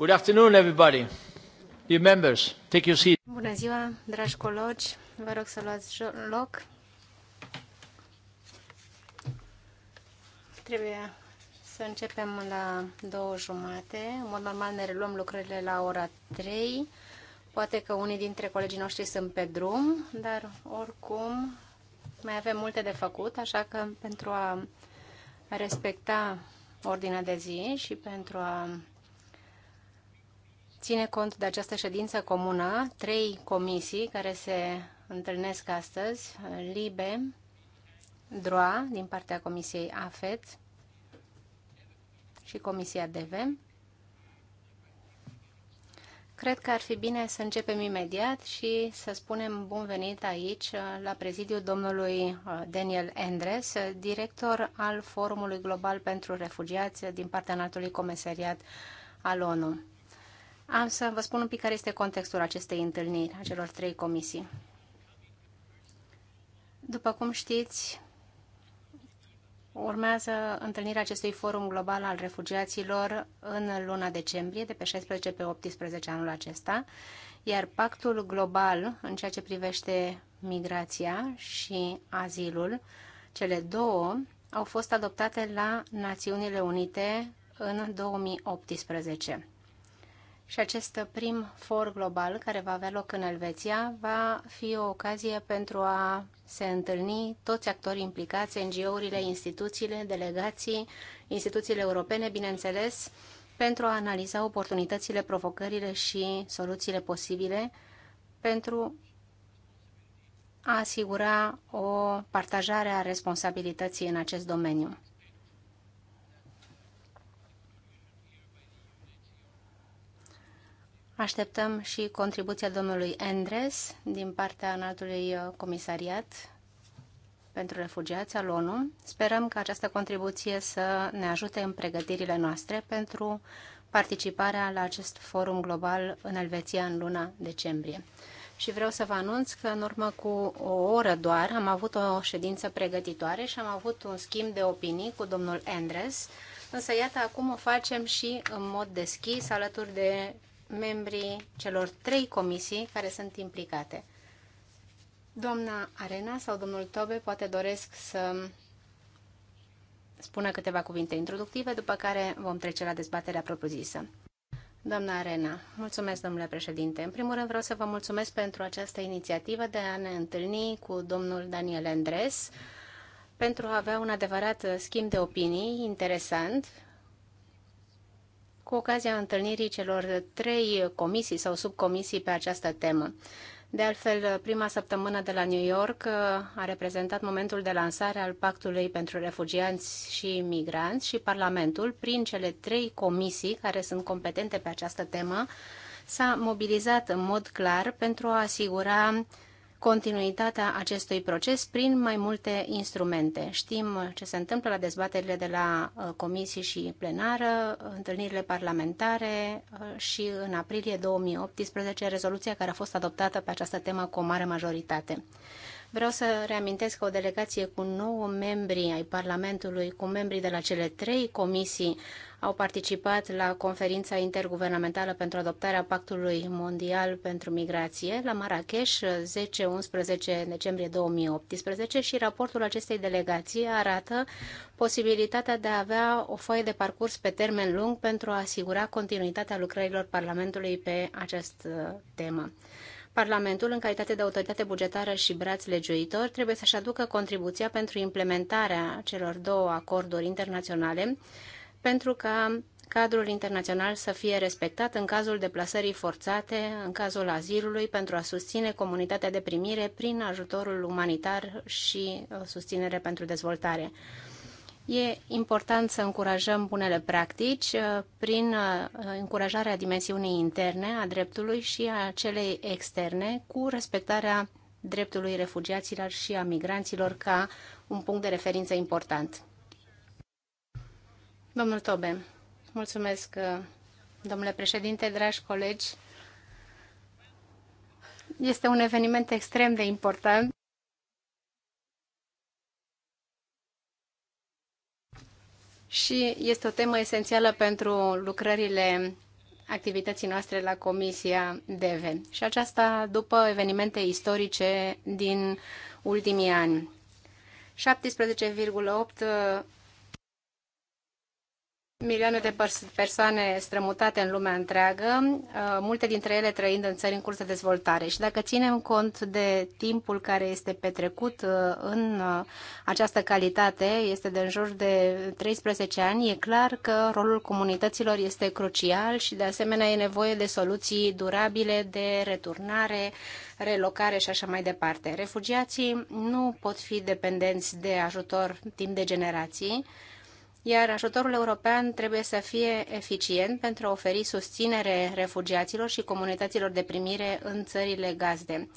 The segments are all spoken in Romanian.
Good afternoon, everybody. Dear members, take your seat. Bună ziua, dragi colegi. Vă rog să luați loc. Trebuie să începem la două jumate. În mod normal ne reluăm lucrările la ora 3. Poate că unii dintre colegii noștri sunt pe drum, dar oricum mai avem multe de făcut, așa că pentru a respecta ordinea de zi și pentru a ține cont de această ședință comună trei comisii care se întâlnesc astăzi, LIBE, DROA din partea Comisiei AFET și Comisia DEVE. Cred că ar fi bine să începem imediat și să spunem bun venit aici la prezidiu domnului uh, Daniel Endres, director al Forumului Global pentru Refugiați din partea Înaltului Comisariat al ONU. Am să vă spun un pic care este contextul acestei întâlniri a celor trei comisii. După cum știți, urmează întâlnirea acestui forum global al refugiaților în luna decembrie, de pe 16 pe 18 anul acesta, iar pactul global în ceea ce privește migrația și azilul, cele două au fost adoptate la Națiunile Unite în 2018. Și acest prim for global care va avea loc în Elveția va fi o ocazie pentru a se întâlni toți actorii implicați, NGO-urile, instituțiile, delegații, instituțiile europene, bineînțeles, pentru a analiza oportunitățile, provocările și soluțiile posibile pentru a asigura o partajare a responsabilității în acest domeniu. Așteptăm și contribuția domnului Endres din partea înaltului uh, comisariat pentru refugiați al ONU. Sperăm că această contribuție să ne ajute în pregătirile noastre pentru participarea la acest forum global în Elveția în luna decembrie. Și vreau să vă anunț că în urmă cu o oră doar am avut o ședință pregătitoare și am avut un schimb de opinii cu domnul Endres, însă iată acum o facem și în mod deschis alături de membrii celor trei comisii care sunt implicate. Doamna Arena sau domnul Tobe poate doresc să spună câteva cuvinte introductive, după care vom trece la dezbaterea propriu-zisă. Doamna Arena, mulțumesc, domnule președinte. În primul rând vreau să vă mulțumesc pentru această inițiativă de a ne întâlni cu domnul Daniel Andres pentru a avea un adevărat schimb de opinii interesant cu ocazia întâlnirii celor trei comisii sau subcomisii pe această temă. De altfel, prima săptămână de la New York uh, a reprezentat momentul de lansare al Pactului pentru Refugiați și Migranți și Parlamentul, prin cele trei comisii care sunt competente pe această temă, s-a mobilizat în mod clar pentru a asigura continuitatea acestui proces prin mai multe instrumente. Știm ce se întâmplă la dezbaterile de la uh, comisii și plenară, întâlnirile parlamentare uh, și în aprilie 2018 rezoluția care a fost adoptată pe această temă cu o mare majoritate. Vreau să reamintesc că o delegație cu 9 membri ai Parlamentului, cu membrii de la cele trei comisii, au participat la conferința interguvernamentală pentru adoptarea Pactului Mondial pentru Migrație la Marrakesh 10-11 decembrie 2018 și raportul acestei delegații arată posibilitatea de a avea o foaie de parcurs pe termen lung pentru a asigura continuitatea lucrărilor Parlamentului pe această temă. Parlamentul, în calitate de autoritate bugetară și braț legiuitor, trebuie să-și aducă contribuția pentru implementarea celor două acorduri internaționale, pentru ca cadrul internațional să fie respectat în cazul deplasării forțate, în cazul azilului, pentru a susține comunitatea de primire prin ajutorul umanitar și uh, susținere pentru dezvoltare. E important să încurajăm bunele practici uh, prin uh, încurajarea dimensiunii interne a dreptului și a celei externe cu respectarea dreptului refugiaților și a migranților ca un punct de referință important. Domnul Tobe, mulțumesc, uh, domnule președinte, dragi colegi. Este un eveniment extrem de important și este o temă esențială pentru lucrările activității noastre la Comisia DEVE. Și aceasta după evenimente istorice din ultimii ani milioane de persoane strămutate în lumea întreagă, uh, multe dintre ele trăind în țări în curs de dezvoltare. Și dacă ținem cont de timpul care este petrecut uh, în uh, această calitate, este de în jur de 13 ani, e clar că rolul comunităților este crucial și de asemenea e nevoie de soluții durabile de returnare, relocare și așa mai departe. Refugiații nu pot fi dependenți de ajutor timp de generații, iar ajutorul european trebuie să fie eficient pentru a oferi susținere refugiaților și comunităților de primire în țările gazde.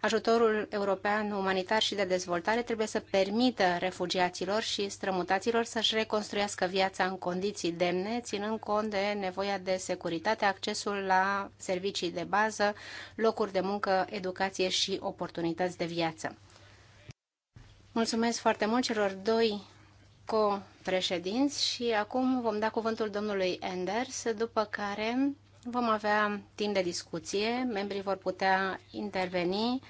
Ajutorul european umanitar și de dezvoltare trebuie să permită refugiaților și strămutaților să-și reconstruiască viața în condiții demne, ținând cont de nevoia de securitate, accesul la servicii de bază, locuri de muncă, educație și oportunități de viață. Mulțumesc foarte mult celor doi co-președinți și acum vom da cuvântul domnului Enders, după care vom avea timp de discuție, membrii vor putea interveni.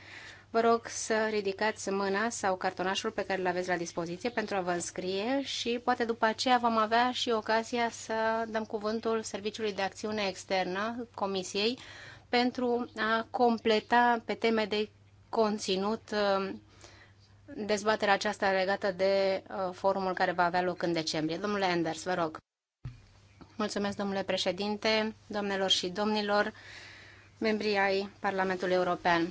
Vă rog să ridicați mâna sau cartonașul pe care îl aveți la dispoziție pentru a vă înscrie și poate după aceea vom avea și ocazia să dăm cuvântul Serviciului de Acțiune Externă, Comisiei, pentru a completa pe teme de conținut dezbaterea aceasta legată de uh, forumul care va avea loc în decembrie. Domnule Enders, vă rog. Mulțumesc, domnule președinte, domnilor și domnilor, membrii ai Parlamentului European.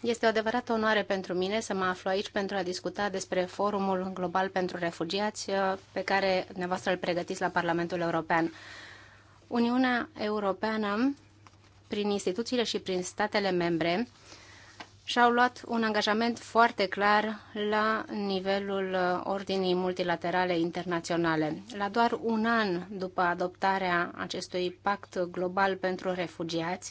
Este o adevărată onoare pentru mine să mă aflu aici pentru a discuta despre Forumul Global pentru Refugiați uh, pe care dumneavoastră îl pregătiți la Parlamentul European. Uniunea Europeană, prin instituțiile și prin statele membre, și-au luat un angajament foarte clar la nivelul uh, ordinii multilaterale internaționale. La doar un an după adoptarea acestui pact global pentru refugiați,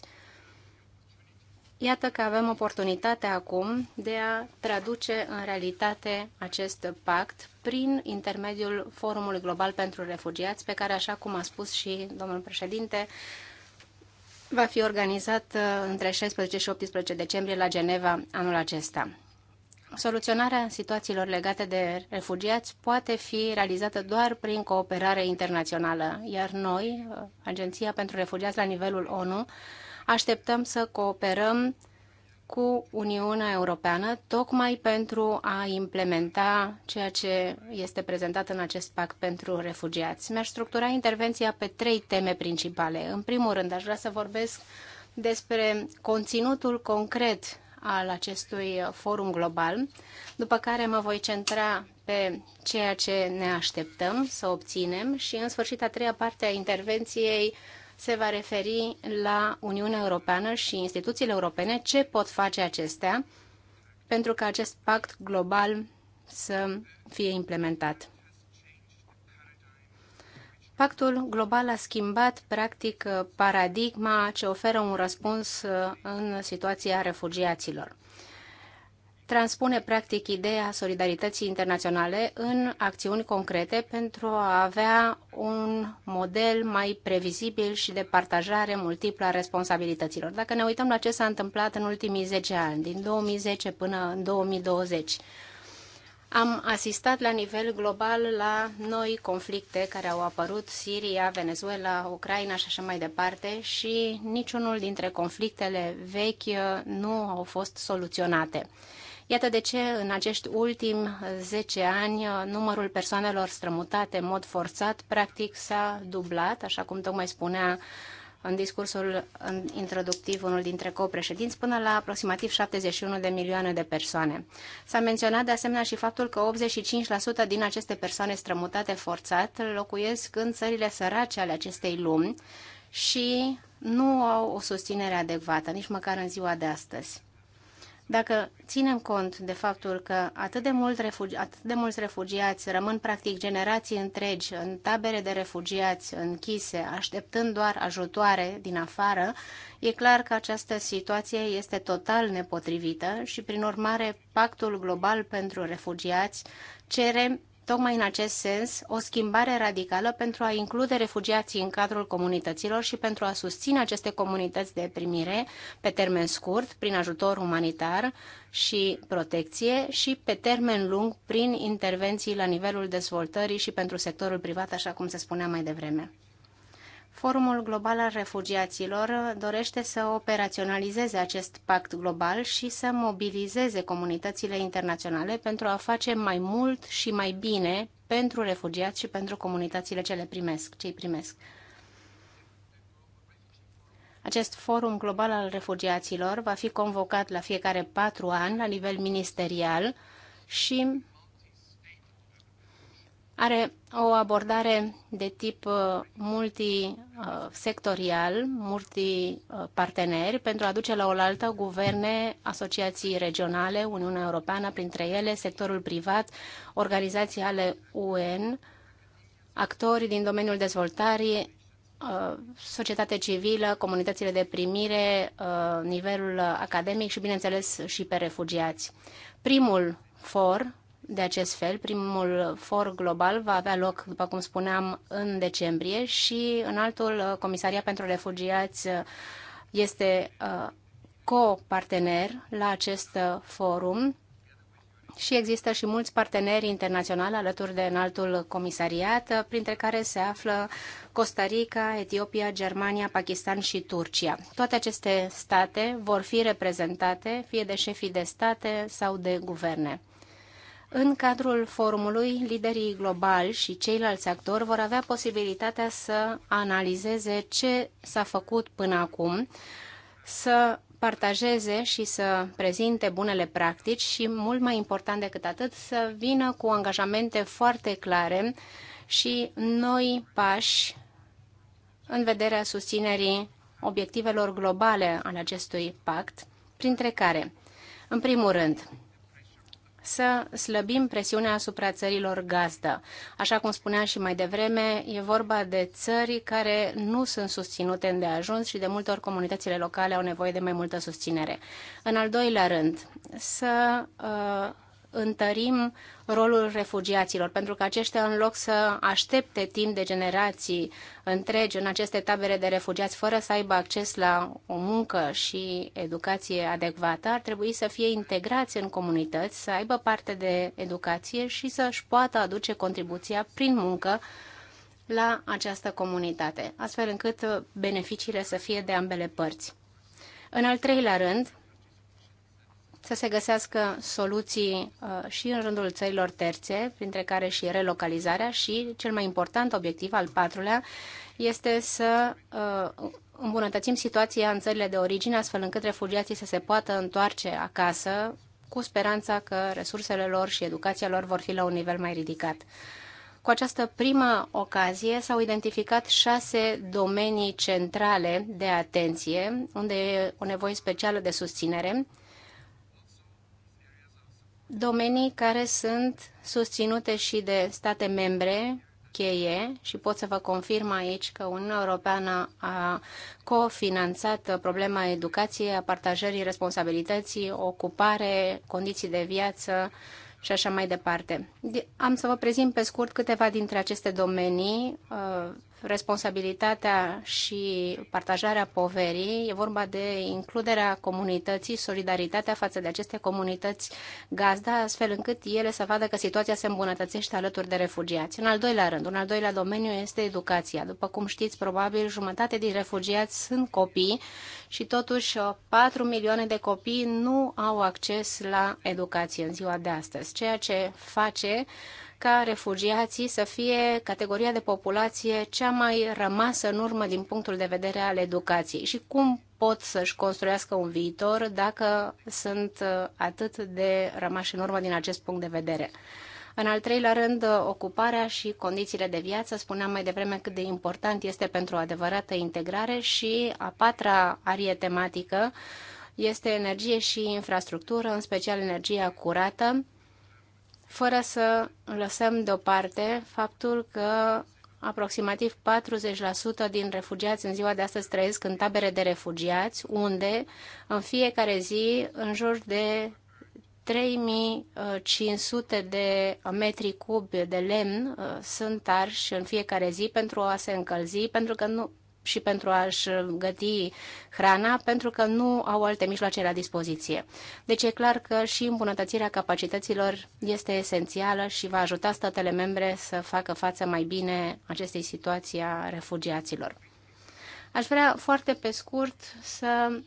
iată că avem oportunitatea acum de a traduce în realitate acest pact prin intermediul Forumului Global pentru Refugiați, pe care, așa cum a spus și domnul președinte, va fi organizat uh, între 16 și 18 decembrie la Geneva anul acesta. Soluționarea situațiilor legate de refugiați poate fi realizată doar prin cooperare internațională, iar noi, uh, Agenția pentru Refugiați la nivelul ONU, așteptăm să cooperăm cu Uniunea Europeană tocmai pentru a implementa ceea ce este prezentat în acest pact pentru refugiați. Mi-aș structura intervenția pe trei teme principale. În primul rând, aș vrea să vorbesc despre conținutul concret al acestui forum global, după care mă voi centra pe ceea ce ne așteptăm să obținem și, în sfârșit, a treia parte a intervenției se va referi la Uniunea Europeană și instituțiile europene, ce pot face acestea pentru ca acest pact global să fie implementat. Pactul global a schimbat, practic, paradigma ce oferă un răspuns uh, în situația refugiaților transpune practic ideea solidarității internaționale în acțiuni concrete pentru a avea un model mai previzibil și de partajare multiplă a responsabilităților. Dacă ne uităm la ce s-a întâmplat în ultimii 10 ani, din 2010 până în 2020, am asistat la nivel global la noi conflicte care au apărut, Siria, Venezuela, Ucraina și așa mai departe și niciunul dintre conflictele vechi uh, nu au fost soluționate. Iată de ce în acești ultimi 10 ani numărul persoanelor strămutate în mod forțat practic s-a dublat, așa cum tocmai spunea în discursul introductiv unul dintre copreședinți, până la aproximativ 71 de milioane de persoane. S-a menționat de asemenea și faptul că 85% din aceste persoane strămutate forțat locuiesc în țările sărace ale acestei lumi și nu au o susținere adecvată, nici măcar în ziua de astăzi. Dacă ținem cont de faptul că atât de, mult refugi, atât de mulți refugiați rămân practic generații întregi în tabere de refugiați închise, așteptând doar ajutoare din afară, e clar că această situație este total nepotrivită și, prin urmare, Pactul Global pentru Refugiați cere tocmai în acest sens o schimbare radicală pentru a include refugiații în cadrul comunităților și pentru a susține aceste comunități de primire pe termen scurt, prin ajutor umanitar și protecție și pe termen lung prin intervenții la nivelul dezvoltării și pentru sectorul privat, așa cum se spunea mai devreme. Forumul Global al Refugiaților dorește să operaționalizeze acest pact global și să mobilizeze comunitățile internaționale pentru a face mai mult și mai bine pentru refugiați și pentru comunitățile ce le primesc, cei primesc. Acest forum global al refugiaților va fi convocat la fiecare patru ani la nivel ministerial și are o abordare de tip uh, multisectorial, multiparteneri, pentru a duce la oaltă guverne, asociații regionale, Uniunea Europeană, printre ele sectorul privat, organizații ale UN, actori din domeniul dezvoltării, uh, societate civilă, comunitățile de primire, uh, nivelul academic și, bineînțeles, și pe refugiați. Primul for de acest fel, primul for global va avea loc, după cum spuneam, în decembrie și în altul, uh, Comisaria pentru Refugiați uh, este uh, co-partener la acest forum și există și mulți parteneri internaționali alături de înaltul comisariat, printre care se află Costa Rica, Etiopia, Germania, Pakistan și Turcia. Toate aceste state vor fi reprezentate fie de șefii de state sau de guverne. În cadrul forumului, liderii globali și ceilalți actori vor avea posibilitatea să analizeze ce s-a făcut până acum, să partajeze și să prezinte bunele practici și, mult mai important decât atât, să vină cu angajamente foarte clare și noi pași în vederea susținerii obiectivelor globale ale acestui pact, printre care, în primul rând, să slăbim presiunea asupra țărilor gazdă. Așa cum spuneam și mai devreme, e vorba de țări care nu sunt susținute de ajuns și de multe ori comunitățile locale au nevoie de mai multă susținere. În al doilea rând, să uh, întărim rolul refugiaților, pentru că aceștia, în loc să aștepte timp de generații întregi în aceste tabere de refugiați, fără să aibă acces la o muncă și educație adecvată, ar trebui să fie integrați în comunități, să aibă parte de educație și să-și poată aduce contribuția prin muncă la această comunitate, astfel încât beneficiile să fie de ambele părți. În al treilea rând, să se găsească soluții uh, și în rândul țărilor terțe, printre care și relocalizarea și cel mai important obiectiv al patrulea este să uh, îmbunătățim situația în țările de origine, astfel încât refugiații să se poată întoarce acasă, cu speranța că resursele lor și educația lor vor fi la un nivel mai ridicat. Cu această primă ocazie s-au identificat șase domenii centrale de atenție, unde e o nevoie specială de susținere, domenii care sunt susținute și de state membre cheie și pot să vă confirm aici că Uniunea Europeană a cofinanțat problema educației, a partajării responsabilității, ocupare, condiții de viață și așa mai departe. Am să vă prezint pe scurt câteva dintre aceste domenii uh, responsabilitatea și partajarea poverii, e vorba de includerea comunității, solidaritatea față de aceste comunități gazda, astfel încât ele să vadă că situația se îmbunătățește alături de refugiați. În al doilea rând, un al doilea domeniu este educația. După cum știți, probabil jumătate din refugiați sunt copii și totuși 4 uh, milioane de copii nu au acces la educație în ziua de astăzi, ceea ce face ca refugiații să fie categoria de populație cea mai rămasă în urmă din punctul de vedere al educației și cum pot să-și construiască un viitor dacă sunt uh, atât de rămași în urmă din acest punct de vedere. În al treilea rând, uh, ocuparea și condițiile de viață. Spuneam mai devreme cât de important este pentru o adevărată integrare și a patra arie tematică este energie și infrastructură, în special energia curată, fără să lăsăm deoparte faptul că aproximativ 40% din refugiați în ziua de astăzi trăiesc în tabere de refugiați, unde în fiecare zi în jur de 3500 de metri cubi de lemn uh, sunt arși în fiecare zi pentru a se încălzi, pentru că nu, și pentru a-și găti hrana, pentru că nu au alte mijloace la dispoziție. Deci e clar că și îmbunătățirea capacităților este esențială și va ajuta statele membre să facă față mai bine acestei situații a refugiaților. Aș vrea foarte pe scurt să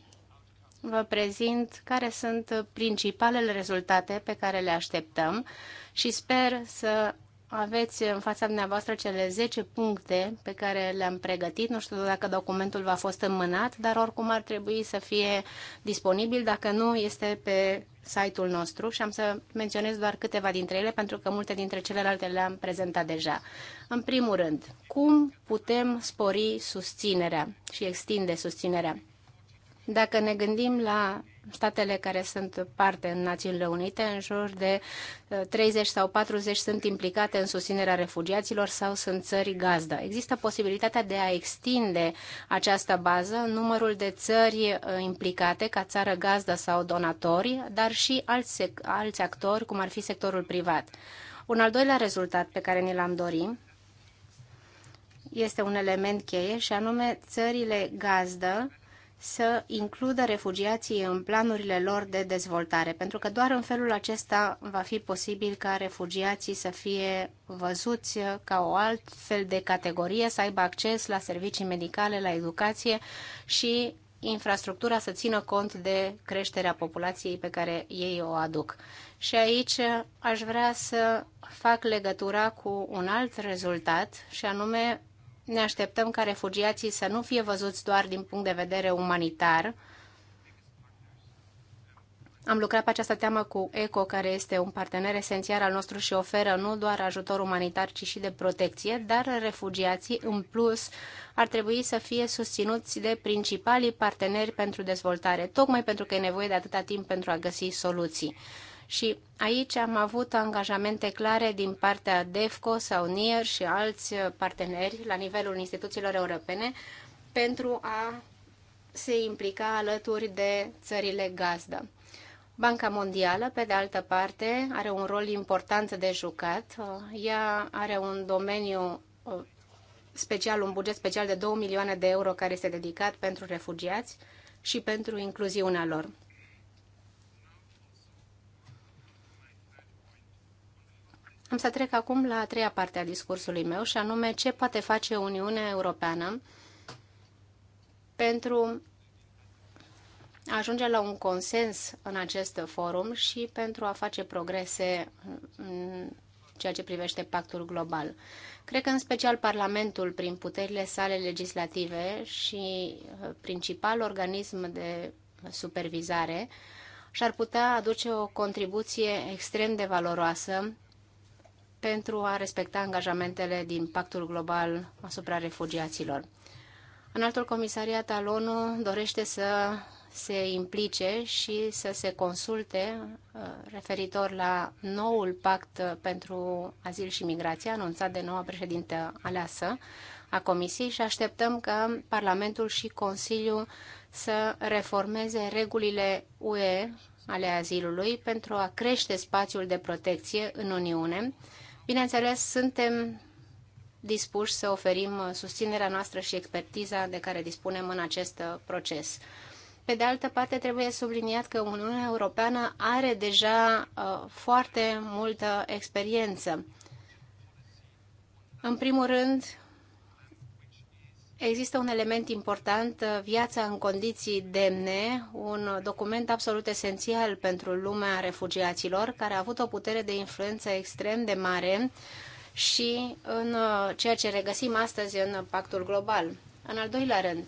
vă prezint care sunt principalele rezultate pe care le așteptăm și sper să aveți în fața dumneavoastră cele 10 puncte pe care le-am pregătit. Nu știu dacă documentul v-a fost înmânat, dar oricum ar trebui să fie disponibil. Dacă nu, este pe site-ul nostru și am să menționez doar câteva dintre ele, pentru că multe dintre celelalte le-am prezentat deja. În primul rând, cum putem spori susținerea și extinde susținerea? Dacă ne gândim la statele care sunt parte în Națiunile Unite, în jur de 30 uh, sau 40 sunt implicate în susținerea refugiaților sau sunt țări gazdă. Există posibilitatea de a extinde această bază, numărul de țări uh, implicate ca țară gazdă sau donatori, dar și alți, alți actori, cum ar fi sectorul privat. Un al doilea rezultat pe care ni l-am dorit este un element cheie și anume țările gazdă să includă refugiații în planurile lor de dezvoltare, pentru că doar în felul acesta va fi posibil ca refugiații să fie văzuți ca o altfel de categorie, să aibă acces la servicii medicale, la educație și infrastructura să țină cont de creșterea populației pe care ei o aduc. Și aici aș vrea să fac legătura cu un alt rezultat, și anume ne așteptăm ca refugiații să nu fie văzuți doar din punct de vedere umanitar. Am lucrat pe această teamă cu ECO, care este un partener esențial al nostru și oferă nu doar ajutor umanitar, ci și de protecție, dar refugiații, în plus, ar trebui să fie susținuți de principalii parteneri pentru dezvoltare, tocmai pentru că e nevoie de atâta timp pentru a găsi soluții. Și aici am avut angajamente clare din partea DEFCO sau NIR și alți parteneri la nivelul instituțiilor europene pentru a se implica alături de țările gazdă. Banca Mondială, pe de altă parte, are un rol important de jucat. Ea are un domeniu uh, special, un buget special de 2 milioane de euro care este dedicat pentru refugiați și pentru incluziunea lor. Am să trec acum la a treia parte a discursului meu și anume ce poate face Uniunea Europeană pentru a ajunge la un consens în acest forum și pentru a face progrese în ceea ce privește pactul global. Cred că în special Parlamentul, prin puterile sale legislative și uh, principal organism de supervizare, și-ar putea aduce o contribuție extrem de valoroasă pentru a respecta angajamentele din Pactul Global asupra refugiaților. Înaltul Comisariat al ONU dorește să se implice și să se consulte uh, referitor la noul pact pentru azil și migrație anunțat de noua președintă aleasă a Comisiei și așteptăm că Parlamentul și Consiliul să reformeze regulile UE ale azilului pentru a crește spațiul de protecție în Uniune Bineînțeles, suntem dispuși să oferim susținerea noastră și expertiza de care dispunem în acest proces. Pe de altă parte, trebuie subliniat că Uniunea Europeană are deja uh, foarte multă experiență. În primul rând, Există un element important, uh, viața în condiții demne, un document absolut esențial pentru lumea refugiaților, care a avut o putere de influență extrem de mare și în uh, ceea ce regăsim astăzi în pactul global. În al doilea rând,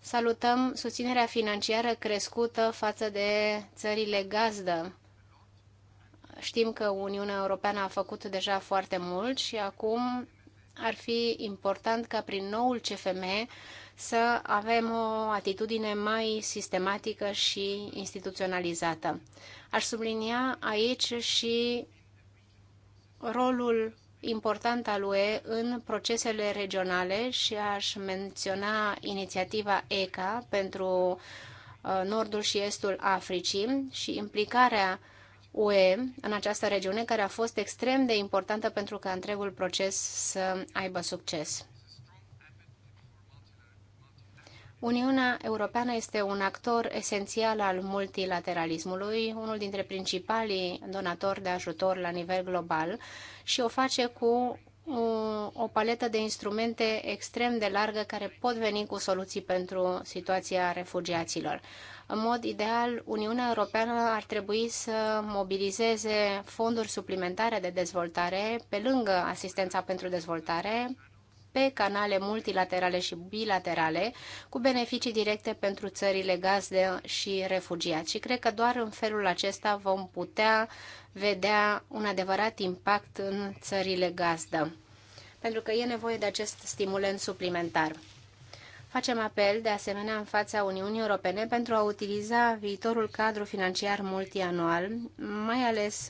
salutăm susținerea financiară crescută față de țările gazdă Știm că Uniunea Europeană a făcut deja foarte mult și acum ar fi important ca prin noul CFM să avem o atitudine mai sistematică și instituționalizată. Aș sublinia aici și rolul important al UE în procesele regionale și aș menționa inițiativa ECA pentru uh, Nordul și Estul Africii și implicarea uh, UE în această regiune, care a fost extrem de importantă pentru ca întregul proces să aibă succes. Uniunea Europeană este un actor esențial al multilateralismului, unul dintre principalii donatori de ajutor la nivel global și o face cu o paletă de instrumente extrem de largă care pot veni cu soluții pentru situația refugiaților. În mod ideal, Uniunea Europeană ar trebui să mobilizeze fonduri suplimentare de dezvoltare pe lângă asistența pentru dezvoltare pe canale multilaterale și bilaterale, cu beneficii directe pentru țările gazde și refugiați. Și cred că doar în felul acesta vom putea vedea un adevărat impact în țările gazdă, pentru că e nevoie de acest stimulent suplimentar. Facem apel, de asemenea, în fața Uniunii Europene pentru a utiliza viitorul cadru financiar multianual, mai ales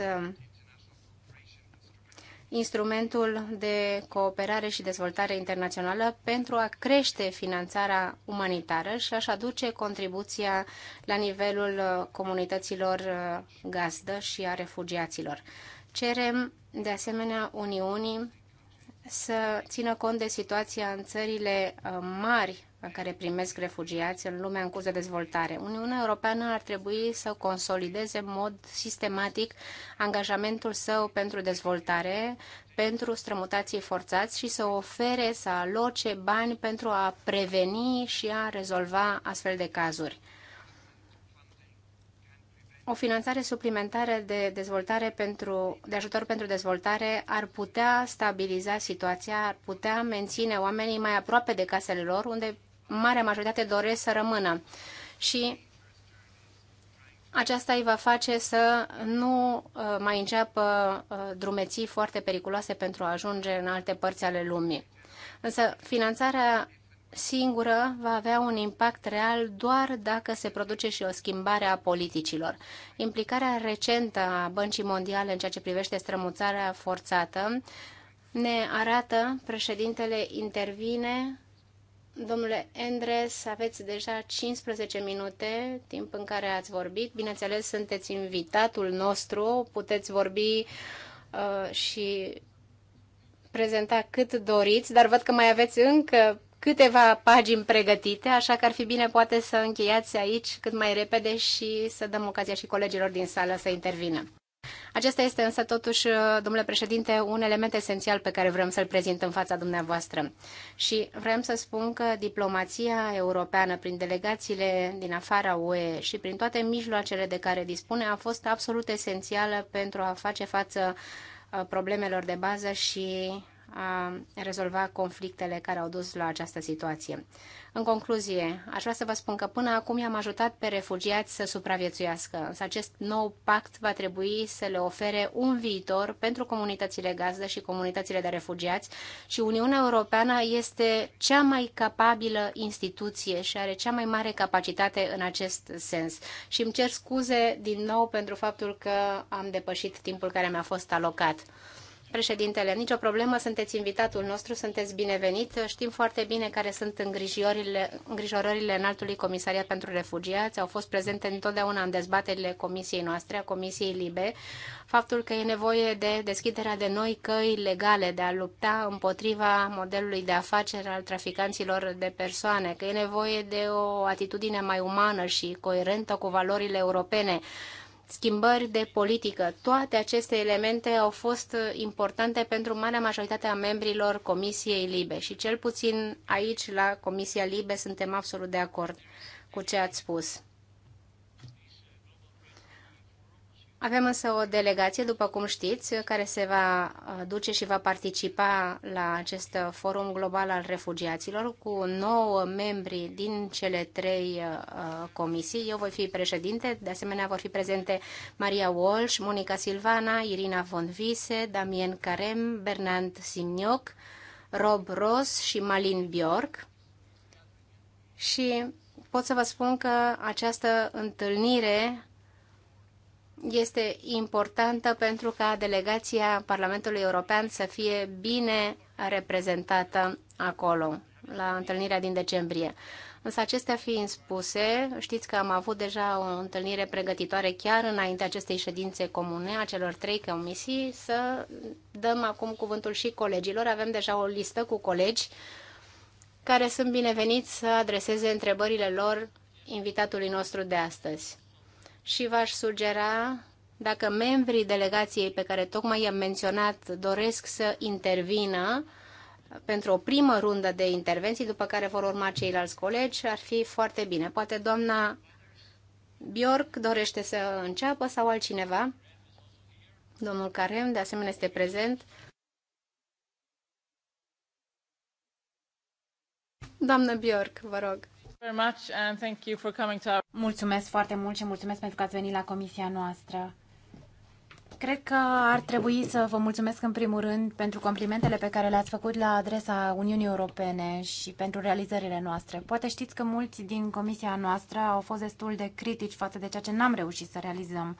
instrumentul de cooperare și dezvoltare internațională pentru a crește finanțarea umanitară și a-și aduce contribuția la nivelul uh, comunităților uh, gazdă și a refugiaților. Cerem, de asemenea, Uniunii să țină cont de situația în țările uh, mari care primesc refugiați în lumea în curs de dezvoltare. Uniunea Europeană ar trebui să consolideze în mod sistematic angajamentul său pentru dezvoltare, pentru strămutații forțați și să ofere, să aloce bani pentru a preveni și a rezolva astfel de cazuri. O finanțare suplimentară de dezvoltare pentru, de ajutor pentru dezvoltare ar putea stabiliza situația, ar putea menține oamenii mai aproape de casele lor, unde marea majoritate doresc să rămână. Și aceasta îi va face să nu uh, mai înceapă uh, drumeții foarte periculoase pentru a ajunge în alte părți ale lumii. Însă finanțarea singură va avea un impact real doar dacă se produce și o schimbare a politicilor. Implicarea recentă a Băncii Mondiale în ceea ce privește strămuțarea forțată ne arată, președintele intervine Domnule Endres, aveți deja 15 minute, timp în care ați vorbit. Bineînțeles, sunteți invitatul nostru, puteți vorbi uh, și prezenta cât doriți, dar văd că mai aveți încă câteva pagini pregătite, așa că ar fi bine poate să încheiați aici cât mai repede și să dăm ocazia și colegilor din sală să intervină. Acesta este însă totuși, uh, domnule președinte, un element esențial pe care vrem să-l prezint în fața dumneavoastră. Și vrem să spun că diplomația europeană prin delegațiile din afara UE și prin toate mijloacele de care dispune a fost absolut esențială pentru a face față uh, problemelor de bază și a rezolva conflictele care au dus la această situație. În concluzie, aș vrea să vă spun că până acum i-am ajutat pe refugiați să supraviețuiască, însă acest nou pact va trebui să le ofere un viitor pentru comunitățile gazdă și comunitățile de refugiați și Uniunea Europeană este cea mai capabilă instituție și are cea mai mare capacitate în acest sens. Și îmi cer scuze din nou pentru faptul că am depășit timpul care mi-a fost alocat. Președintele, nicio problemă, sunteți invitatul nostru, sunteți binevenit. Știm foarte bine care sunt îngrijorările, îngrijorările înaltului comisariat pentru refugiați. Au fost prezente întotdeauna în dezbaterile comisiei noastre, a Comisiei Libe, faptul că e nevoie de deschiderea de noi căi legale de a lupta împotriva modelului de afaceri al traficanților de persoane, că e nevoie de o atitudine mai umană și coerentă cu valorile europene schimbări de politică. Toate aceste elemente au fost importante pentru marea majoritate a membrilor Comisiei Libe și cel puțin aici, la Comisia Libe, suntem absolut de acord cu ce ați spus. Avem însă o delegație, după cum știți, care se va uh, duce și va participa la acest uh, forum global al refugiaților cu nouă membri din cele trei uh, comisii. Eu voi fi președinte, de asemenea vor fi prezente Maria Walsh, Monica Silvana, Irina Von Vise, Damien Carem, Bernard Simnioc, Rob Ross și Malin Bjork. Și pot să vă spun că această întâlnire este importantă pentru ca delegația Parlamentului European să fie bine reprezentată acolo, la întâlnirea din decembrie. Însă acestea fiind spuse, știți că am avut deja o întâlnire pregătitoare chiar înainte acestei ședințe comune a celor trei comisii, să dăm acum cuvântul și colegilor. Avem deja o listă cu colegi care sunt bineveniți să adreseze întrebările lor invitatului nostru de astăzi și v-aș sugera, dacă membrii delegației pe care tocmai i-am menționat doresc să intervină pentru o primă rundă de intervenții, după care vor urma ceilalți colegi, ar fi foarte bine. Poate doamna Bjork dorește să înceapă sau altcineva. Domnul Carem, de asemenea, este prezent. Doamnă Bjork, vă rog. Mulțumesc foarte mult și mulțumesc pentru că ați venit la comisia noastră. Cred că ar trebui să vă mulțumesc în primul rând pentru complimentele pe care le-ați făcut la adresa Uniunii Europene și pentru realizările noastre. Poate știți că mulți din comisia noastră au fost destul de critici față de ceea ce n-am reușit să realizăm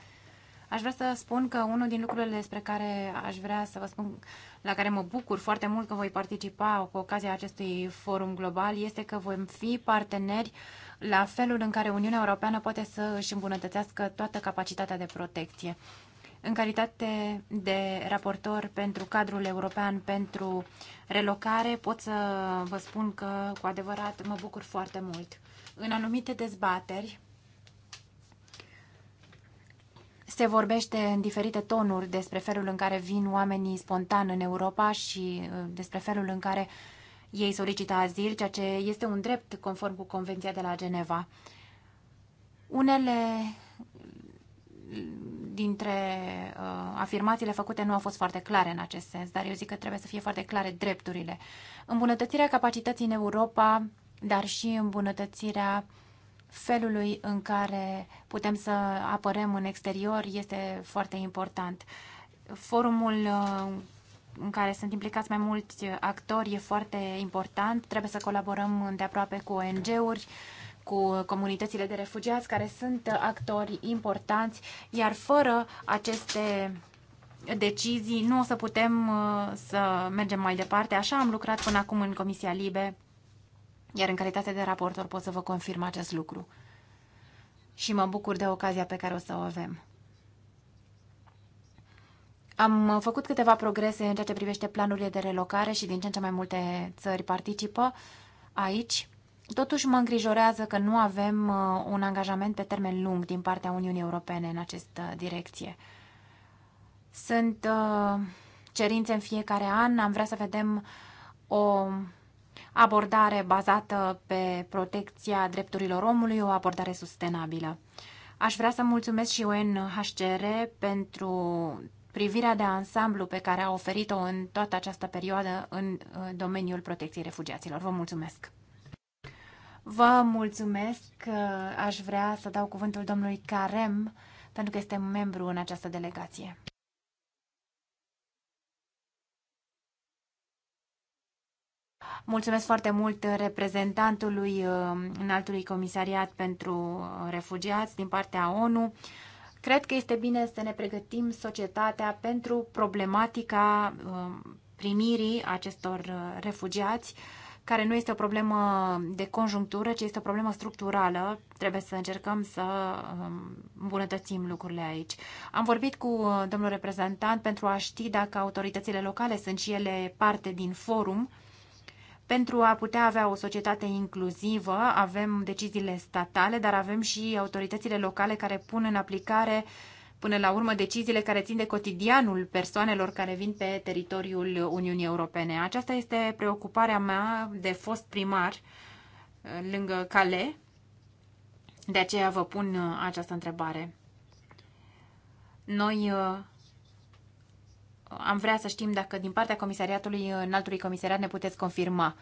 Aș vrea să spun că unul din lucrurile despre care aș vrea să vă spun, la care mă bucur foarte mult că voi participa cu ocazia acestui forum global, este că vom fi parteneri la felul în care Uniunea Europeană poate să își îmbunătățească toată capacitatea de protecție. În calitate de raportor pentru cadrul european pentru relocare, pot să vă spun că, cu adevărat, mă bucur foarte mult. În anumite dezbateri, se vorbește în diferite tonuri despre felul în care vin oamenii spontan în Europa și uh, despre felul în care ei solicită azil, ceea ce este un drept conform cu Convenția de la Geneva. Unele dintre uh, afirmațiile făcute nu au fost foarte clare în acest sens, dar eu zic că trebuie să fie foarte clare drepturile. Îmbunătățirea capacității în Europa, dar și îmbunătățirea uh, felului în care putem să apărăm în exterior este foarte important. Forumul uh, în care sunt implicați mai mulți actori e foarte important. Trebuie să colaborăm îndeaproape cu ONG-uri, cu comunitățile de refugiați care sunt actori importanți, iar fără aceste decizii nu o să putem uh, să mergem mai departe. Așa am lucrat până acum în Comisia Libe iar în calitate de raportor pot să vă confirm acest lucru. Și mă bucur de ocazia pe care o să o avem. Am făcut câteva progrese în ceea ce privește planurile de relocare și din ce în ce mai multe țări participă aici. Totuși mă îngrijorează că nu avem uh, un angajament pe termen lung din partea Uniunii Europene în această direcție. Sunt uh, cerințe în fiecare an, am vrea să vedem o abordare bazată pe protecția drepturilor omului, o abordare sustenabilă. Aș vrea să mulțumesc și UNHCR pentru privirea de ansamblu pe care a oferit-o în toată această perioadă în domeniul protecției refugiaților. Vă mulțumesc! Vă mulțumesc! Aș vrea să dau cuvântul domnului Carem, pentru că este membru în această delegație. Mulțumesc foarte mult reprezentantului uh, înaltului comisariat pentru uh, refugiați din partea ONU. Cred că este bine să ne pregătim societatea pentru problematica uh, primirii acestor refugiați care nu este o problemă de conjunctură, ci este o problemă structurală. Trebuie să încercăm să um, îmbunătățim lucrurile aici. Am vorbit cu domnul reprezentant pentru a ști dacă autoritățile locale sunt și ele parte din forum pentru a putea avea o societate inclusivă, avem deciziile statale, dar avem și autoritățile locale care pun în aplicare până la urmă deciziile care țin de cotidianul persoanelor care vin pe teritoriul Uniunii Europene. Aceasta este preocuparea mea de fost primar eh, lângă Cale. De aceea vă pun eh, această întrebare. Noi eh, am vrea să știm dacă din partea comisariatului înaltului comisariat ne puteți confirma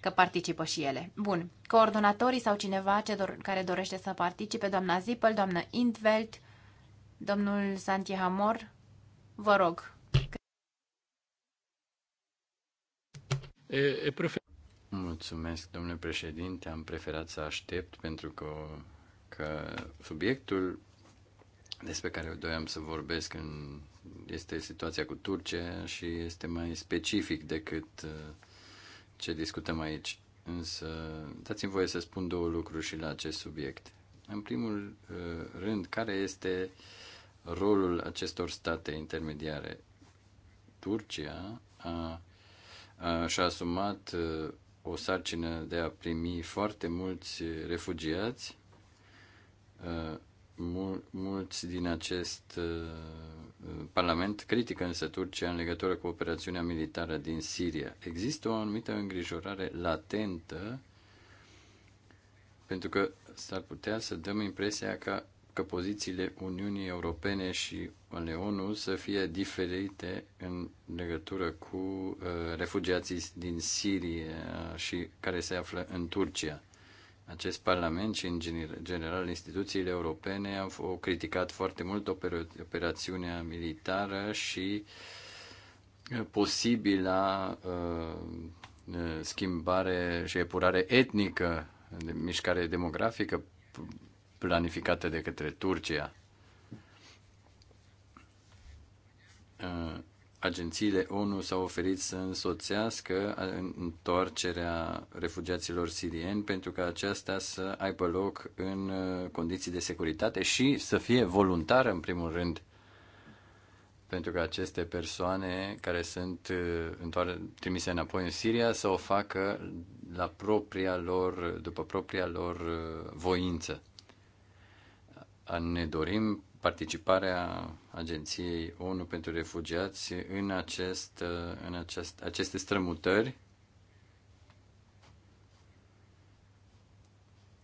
că participă și ele. Bun. Coordonatorii sau cineva ce dor- care dorește să participe, doamna Zippel, doamna Intveld, domnul Hamor, vă rog. E, e prefer- Mulțumesc, domnule președinte. Am preferat să aștept pentru că, că subiectul despre care doream să vorbesc în este situația cu Turcia și este mai specific decât uh, ce discutăm aici. Însă, dați-mi voie să spun două lucruri și la acest subiect. În primul uh, rând, care este rolul acestor state intermediare? Turcia a, a, și-a asumat uh, o sarcină de a primi foarte mulți refugiați Mul, mulți din acest uh, parlament critică însă Turcia în legătură cu operațiunea militară din Siria. Există o anumită îngrijorare latentă pentru că s-ar putea să dăm impresia că, că pozițiile Uniunii Europene și ale ONU să fie diferite în legătură cu uh, refugiații din Siria și care se află în Turcia. Acest Parlament și, în general, instituțiile europene au criticat foarte mult operațiunea militară și uh, posibila uh, uh, schimbare și epurare etnică, de mișcare demografică planificată de către Turcia agențiile ONU s-au oferit să însoțească întoarcerea refugiaților sirieni pentru ca aceasta să aibă loc în uh, condiții de securitate și să fie voluntară în primul rând pentru că aceste persoane care sunt uh, întoar- trimise înapoi în Siria să o facă la propria lor, după propria lor uh, voință. Ne dorim participarea Agenției ONU pentru Refugiați în, acest, în acest, aceste strămutări.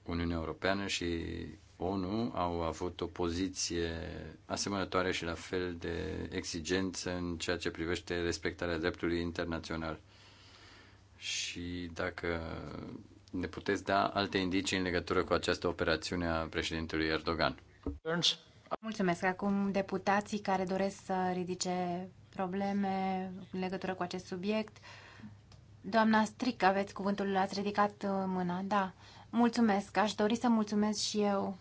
Uniunea Europeană și ONU au avut o poziție asemănătoare și la fel de exigență în ceea ce privește respectarea dreptului internațional. Și dacă ne puteți da alte indicii în legătură cu această operațiune a președintelui Erdogan. Mulțumesc. Acum deputații care doresc să ridice probleme în legătură cu acest subiect. Doamna Stric, aveți cuvântul, ați ridicat uh, mâna. Da, mulțumesc. Aș dori să mulțumesc și eu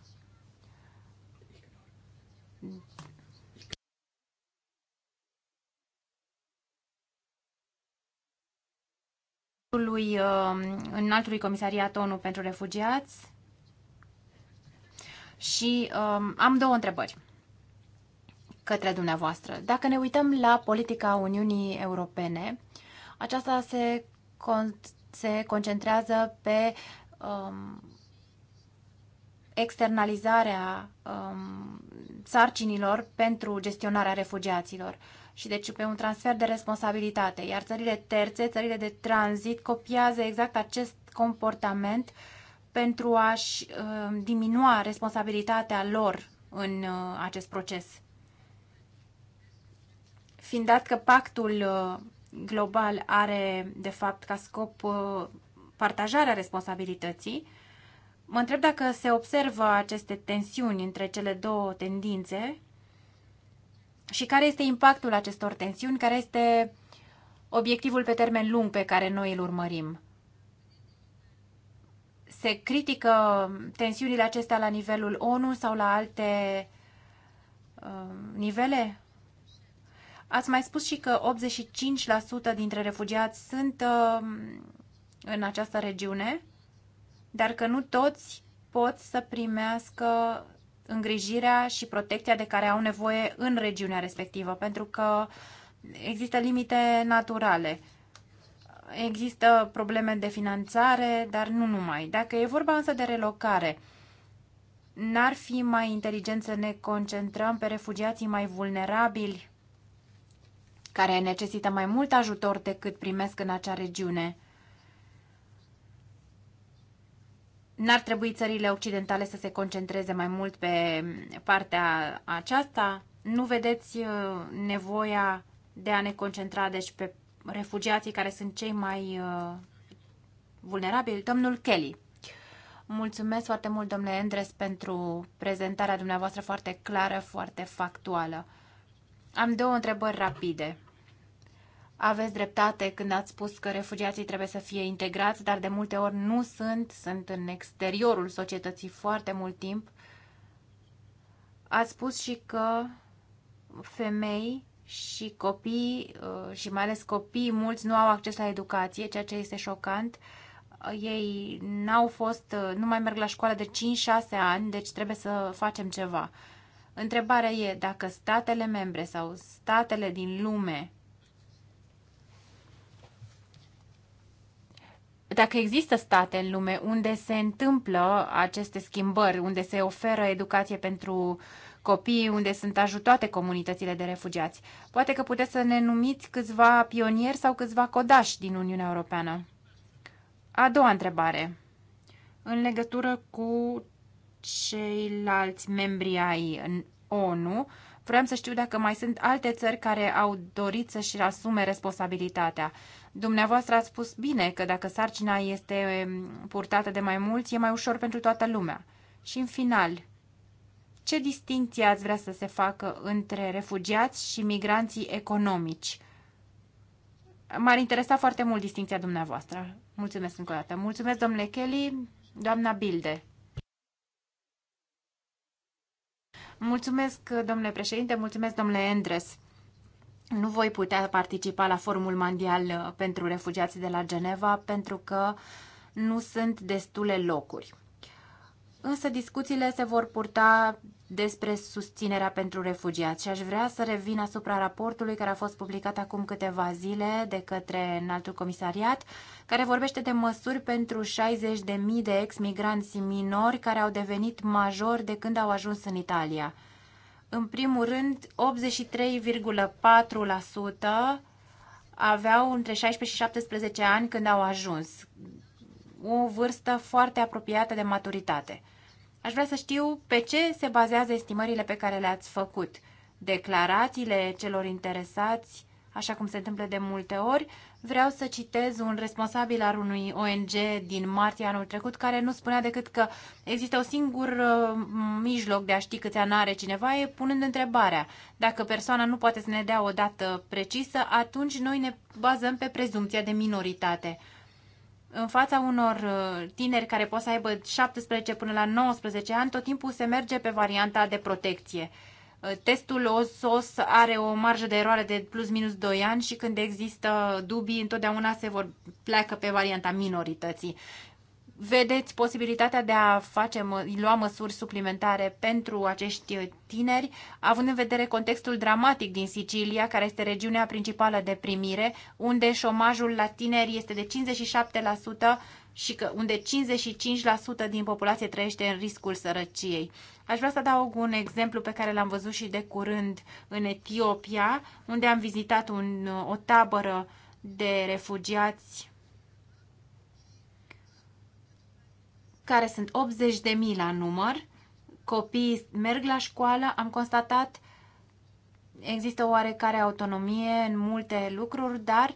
lui uh, înaltului comisariat ONU pentru refugiați și um, am două întrebări către dumneavoastră. Dacă ne uităm la politica Uniunii Europene, aceasta se, con- se concentrează pe um, externalizarea um, sarcinilor pentru gestionarea refugiaților și deci pe un transfer de responsabilitate. Iar țările terțe, țările de tranzit, copiază exact acest comportament uh, pentru a-și uh, diminua responsabilitatea lor în uh, acest proces. Fiind dat că pactul uh, global are, de fapt, ca scop partajarea responsabilității, mă întreb dacă se observă aceste tensiuni între cele două tendințe și care este impactul acestor tensiuni, care este obiectivul pe termen lung pe care noi îl urmărim se critică tensiunile acestea la nivelul ONU sau la alte uh, nivele? Ați mai spus și că 85% dintre refugiați sunt uh, în această regiune, dar că nu toți pot să primească îngrijirea și protecția de care au nevoie în regiunea respectivă, pentru că există limite naturale. Uh, Există probleme de finanțare, dar nu numai. Dacă e vorba însă de relocare, n-ar fi mai inteligent să ne concentrăm pe refugiații mai vulnerabili, care necesită mai mult ajutor decât primesc în acea regiune? N-ar trebui țările occidentale să se concentreze mai mult pe partea aceasta? Nu vedeți uh, nevoia de a ne concentra deci pe refugiații care sunt cei mai uh, vulnerabili, domnul Kelly. Mulțumesc foarte mult, domnule Endres, pentru prezentarea dumneavoastră foarte clară, foarte factuală. Am două întrebări rapide. Aveți dreptate când ați spus că refugiații trebuie să fie integrați, dar de multe ori nu sunt, sunt în exteriorul societății foarte mult timp. Ați spus și că femei și copii, uh, și mai ales copii mulți, nu au acces la educație, ceea ce este șocant. Uh, ei n-au fost, uh, nu mai merg la școală de 5-6 ani, deci trebuie să facem ceva. Întrebarea e dacă statele membre sau statele din lume dacă există state în lume unde se întâmplă aceste schimbări, unde se oferă educație pentru uh, copiii unde sunt ajutate comunitățile de refugiați. Poate că puteți să ne numiți câțiva pionieri sau câțiva codași din Uniunea Europeană. A doua întrebare. În legătură cu ceilalți membri ai ONU, vreau să știu dacă mai sunt alte țări care au dorit să-și asume responsabilitatea. Dumneavoastră ați spus bine că dacă sarcina este purtată de mai mulți, e mai ușor pentru toată lumea. Și în final, ce distinție ați vrea să se facă între refugiați și migranții economici? M-ar interesa foarte mult distinția dumneavoastră. Mulțumesc încă o dată. Mulțumesc, domnule Kelly, doamna Bilde. Mulțumesc, domnule președinte, mulțumesc, domnule Endres. Nu voi putea participa la Forumul Mondial pentru Refugiații de la Geneva pentru că nu sunt destule locuri. Însă discuțiile se vor purta despre susținerea pentru refugiați și aș vrea să revin asupra raportului care a fost publicat acum câteva zile de către înaltul comisariat, care vorbește de măsuri pentru 60.000 de ex-migranți minori care au devenit majori de când au ajuns în Italia. În primul rând, 83,4% aveau între 16 și 17 ani când au ajuns, o vârstă foarte apropiată de maturitate. Aș vrea să știu pe ce se bazează estimările pe care le-ați făcut. Declarațiile celor interesați, așa cum se întâmplă de multe ori, vreau să citez un responsabil al unui ONG din martie anul trecut care nu spunea decât că există un singur uh, mijloc de a ști câți ani are cineva, e punând întrebarea. Dacă persoana nu poate să ne dea o dată precisă, atunci noi ne bazăm pe prezumția de minoritate în fața unor uh, tineri care pot să aibă 17 până la 19 ani, tot timpul se merge pe varianta de protecție. Uh, testul OSOS are o marjă de eroare de plus minus 2 ani și când există dubii, întotdeauna se vor pleacă pe varianta minorității vedeți posibilitatea de a face, lua măsuri suplimentare pentru acești tineri, având în vedere contextul dramatic din Sicilia, care este regiunea principală de primire, unde șomajul la tineri este de 57% și că, unde 55% din populație trăiește în riscul sărăciei. Aș vrea să adaug un exemplu pe care l-am văzut și de curând în Etiopia, unde am vizitat un, o tabără de refugiați care sunt 80.000 la număr, copiii merg la școală, am constatat există oarecare autonomie în multe lucruri, dar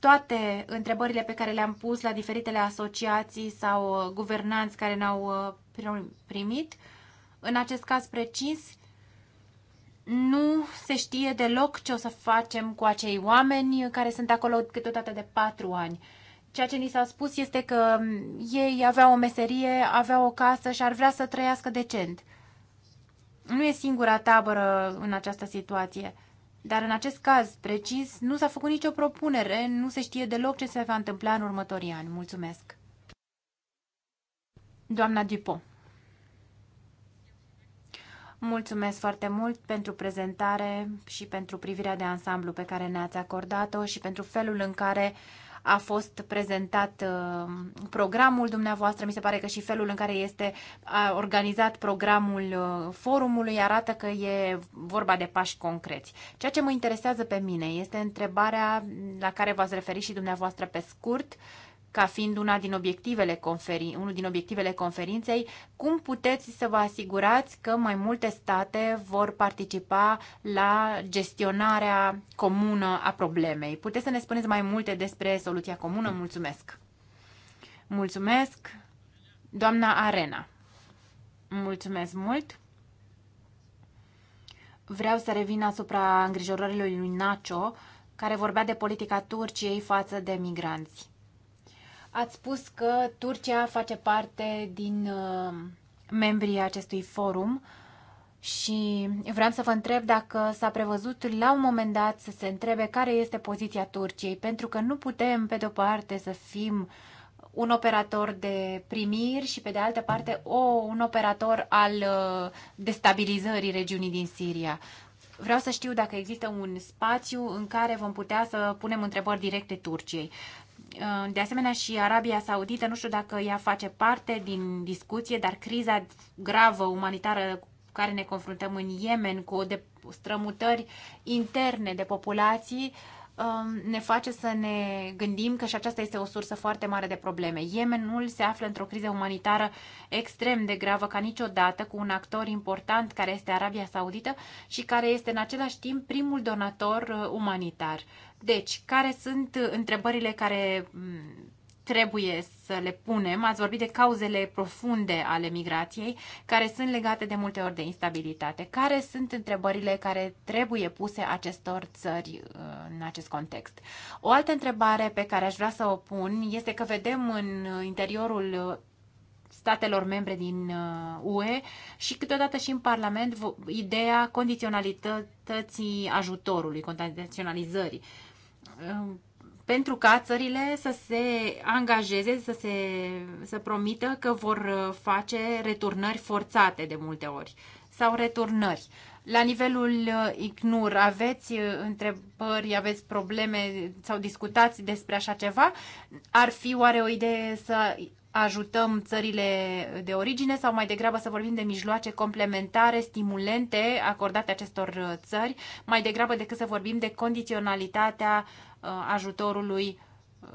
toate întrebările pe care le-am pus la diferitele asociații sau uh, guvernanți care ne-au uh, primit, în acest caz precis, nu se știe deloc ce o să facem cu acei oameni care sunt acolo câteodată de patru ani. Ceea ce ni s-a spus este că mm, ei aveau o meserie, aveau o casă și ar vrea să trăiască decent. Nu e singura tabără în această situație. Dar în acest caz precis, nu s-a făcut nicio propunere, nu se știe deloc ce se va întâmpla în următorii ani. Mulțumesc. Doamna Dupont. Mulțumesc foarte mult pentru prezentare și pentru privirea de ansamblu pe care ne-ați acordat-o și pentru felul în care uh, a fost prezentat uh, programul dumneavoastră. Mi se pare că și felul în care este organizat programul uh, forumului arată că e vorba de pași concreți. Ceea ce mă interesează pe mine este întrebarea la care v-ați referit și dumneavoastră pe scurt, uh, ca fiind una din obiectivele conferi- unul din obiectivele conferinței, cum puteți să vă asigurați că mai multe state vor participa la gestionarea comună a problemei? Puteți să ne spuneți mai multe despre soluția comună? Mulțumesc! Mulțumesc, doamna Arena! Mulțumesc mult! Vreau să revin asupra îngrijorărilor lui Nacho, care vorbea de politica Turciei față de migranți. Ați spus că Turcia face parte din uh, membrii acestui forum și vreau să vă întreb dacă s-a prevăzut la un moment dat să se întrebe care este poziția Turciei, pentru că nu putem, pe de-o parte, să fim un operator de primiri și, pe de altă parte, o, un operator al uh, destabilizării regiunii din Siria. Vreau să știu dacă există un spațiu în care vom putea să punem întrebări directe Turciei. Uh, de asemenea și Arabia Saudită, nu știu dacă ea face parte din discuție, dar criza gravă umanitară cu care ne confruntăm în Yemen, cu o de strămutări interne de populații, um, ne face să ne gândim că și aceasta este o sursă foarte mare de probleme. Yemenul se află într-o criză umanitară extrem de gravă ca niciodată, cu un actor important care este Arabia Saudită și care este în același timp primul donator uh, umanitar. Deci, care sunt întrebările care mm, trebuie să le punem? Ați vorbit de cauzele profunde ale migrației, care sunt legate de multe ori de instabilitate. Care sunt întrebările care trebuie puse acestor țări uh, în acest context? O altă întrebare pe care aș vrea să o pun este că vedem în interiorul statelor membre din UE uh, și câteodată și în Parlament ideea condiționalității ajutorului, condiționalizării. Um, pentru ca țările să se angajeze, să, se, să promită că vor uh, face returnări forțate de multe ori sau returnări. La nivelul uh, ICNUR aveți uh, întrebări, aveți probleme sau discutați despre așa ceva? Ar fi oare o idee să ajutăm țările de origine sau mai degrabă să vorbim de mijloace complementare, stimulente acordate acestor uh, țări, mai degrabă decât să vorbim de condiționalitatea uh, ajutorului uh,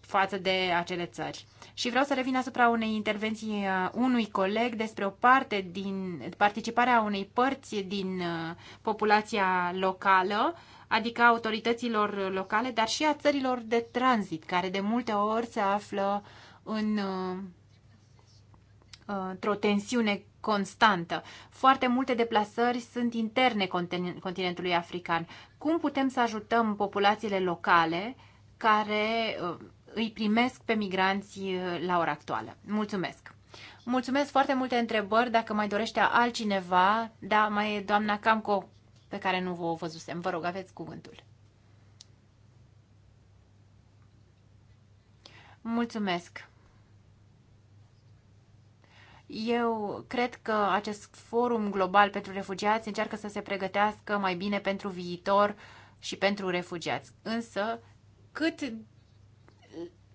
față de acele țări. Și vreau să revin asupra unei intervenții unui coleg despre o parte din participarea unei părți din populația locală, adică autorităților locale, dar și a țărilor de tranzit, care de multe ori se află uh, în uh, uh, într-o tensiune constantă. Foarte multe deplasări sunt interne continentului african. Cum putem să ajutăm populațiile locale care uh, îi primesc pe migranți la ora actuală? Mulțumesc! Mulțumesc foarte multe întrebări. Dacă mai dorește altcineva, da, mai e doamna Camco, pe care nu vă văzusem. Vă rog, aveți cuvântul. Mulțumesc! Eu cred că acest forum global pentru refugiați încearcă să se pregătească mai bine pentru viitor și pentru refugiați. Însă, cât,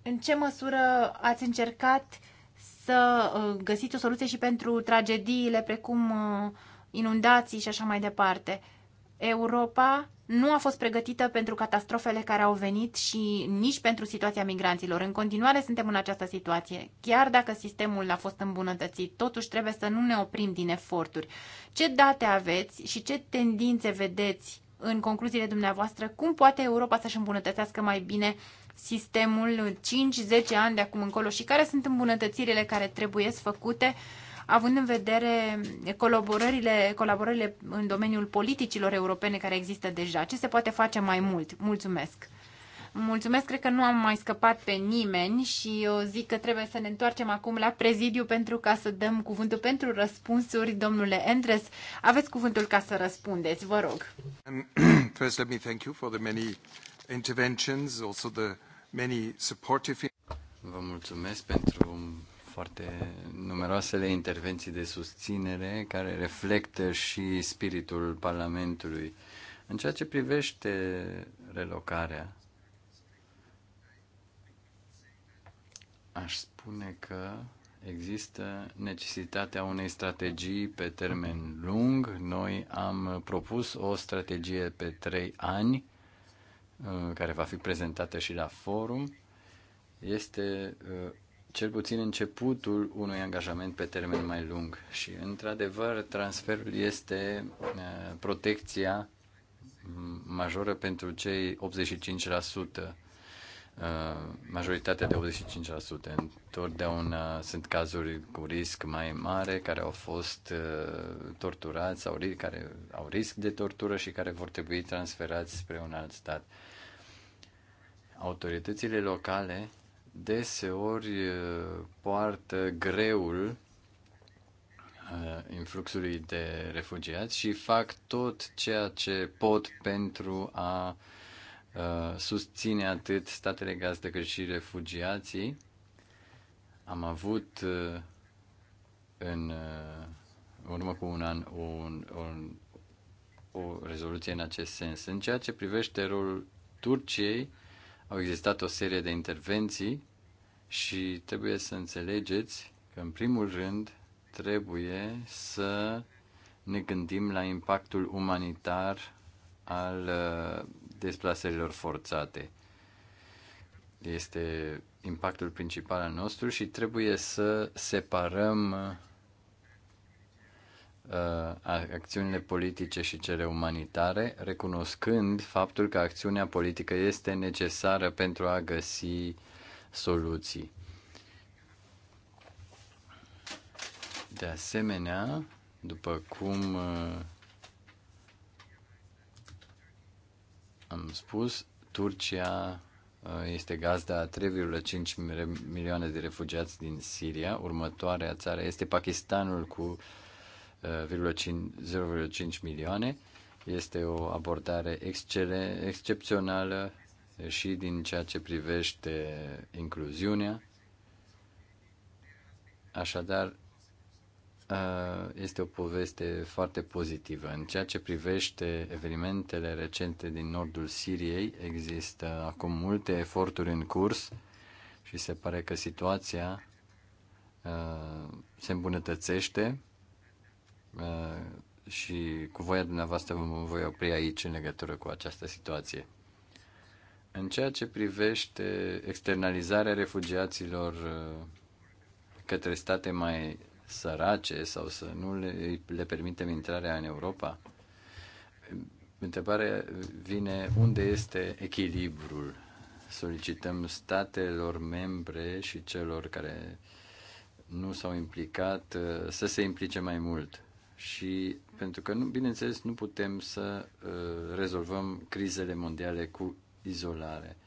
în ce măsură ați încercat să uh, găsiți o soluție și pentru tragediile precum uh, inundații și așa mai departe? Europa nu a fost pregătită pentru catastrofele care au venit și nici pentru situația migranților. În continuare suntem în această situație. Chiar dacă sistemul a fost îmbunătățit, totuși trebuie să nu ne oprim din eforturi. Ce date aveți și ce tendințe vedeți în concluziile dumneavoastră? Cum poate Europa să-și îmbunătățească mai bine sistemul 5-10 ani de acum încolo și care sunt îmbunătățirile care trebuie făcute? având în vedere colaborările, colaborările în domeniul politicilor europene care există deja? Ce se poate face mai mult? Mulțumesc! Mulțumesc, cred că nu am mai scăpat pe nimeni și eu zic că trebuie să ne întoarcem acum la prezidiu pentru ca să dăm cuvântul pentru răspunsuri. Domnule Endres, aveți cuvântul ca să răspundeți, vă rog. Um, first, let me thank you for the many interventions, also the many supportive Vă mulțumesc pentru foarte numeroasele intervenții de susținere care reflectă și spiritul Parlamentului. În ceea ce privește relocarea, aș spune că există necesitatea unei strategii pe termen lung. Noi am propus o strategie pe trei ani, uh, care va fi prezentată și la forum. Este uh, cel puțin începutul unui angajament pe termen mai lung. Și, într-adevăr, transferul este uh, protecția majoră pentru cei 85%, uh, majoritatea de 85%. Întotdeauna sunt cazuri cu risc mai mare care au fost uh, torturați sau care au risc de tortură și care vor trebui transferați spre un alt stat. Autoritățile locale deseori uh, poartă greul uh, influxului de refugiați și fac tot ceea ce pot pentru a uh, susține atât statele gazdă cât și refugiații. Am avut în urmă cu un an un, un, o rezoluție în acest sens. În ceea ce privește rolul Turciei, au existat o serie de intervenții și trebuie să înțelegeți că, în primul rând, trebuie să ne gândim la impactul umanitar al uh, desplasărilor forțate. Este impactul principal al nostru și trebuie să separăm uh, Uh, acțiunile politice și cele umanitare, recunoscând faptul că acțiunea politică este necesară pentru a găsi soluții. De asemenea, după cum uh, am spus, Turcia uh, este gazda a 3,5 milioane de refugiați din Siria. Următoarea țară este Pakistanul cu 0,5 milioane. Este o abordare excele, excepțională și din ceea ce privește incluziunea. Așadar, este o poveste foarte pozitivă. În ceea ce privește evenimentele recente din nordul Siriei, există acum multe eforturi în curs și se pare că situația se îmbunătățește Eh, și cu voia dumneavoastră mă voi opri aici în legătură cu această situație. În ceea ce privește externalizarea refugiaților eh, către state mai sărace sau să nu le, le permitem intrarea în Europa, întrebarea vine unde este echilibrul. Solicităm statelor membre și celor care nu s-au implicat eh, să se implice mai mult și pentru că, nu, bineînțeles, nu putem să uh, rezolvăm crizele mondiale cu izolare.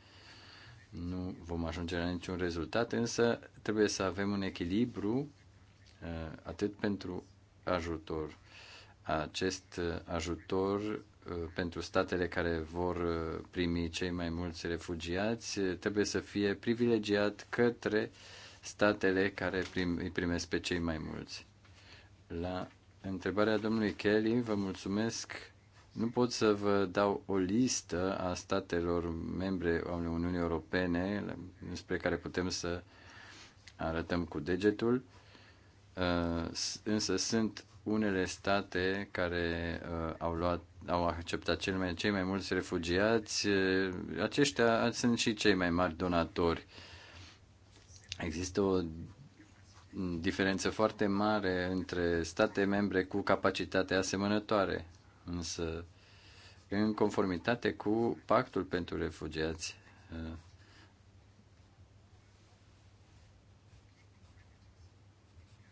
Nu vom ajunge la niciun rezultat, însă trebuie să avem un echilibru uh, atât pentru ajutor. Acest uh, ajutor uh, pentru statele care vor uh, primi cei mai mulți refugiați uh, trebuie să fie privilegiat către statele care prim, îi primesc pe cei mai mulți. La Întrebarea domnului Kelly, vă mulțumesc. Nu pot să vă dau o listă a statelor membre ale Uniunii Europene spre care putem să arătăm cu degetul, uh, însă sunt unele state care uh, au luat au acceptat cel mai, cei mai mulți refugiați, uh, aceștia sunt și cei mai mari donatori. Există o diferență foarte mare între state membre cu capacitate asemănătoare, însă în conformitate cu pactul pentru refugiați. Eh,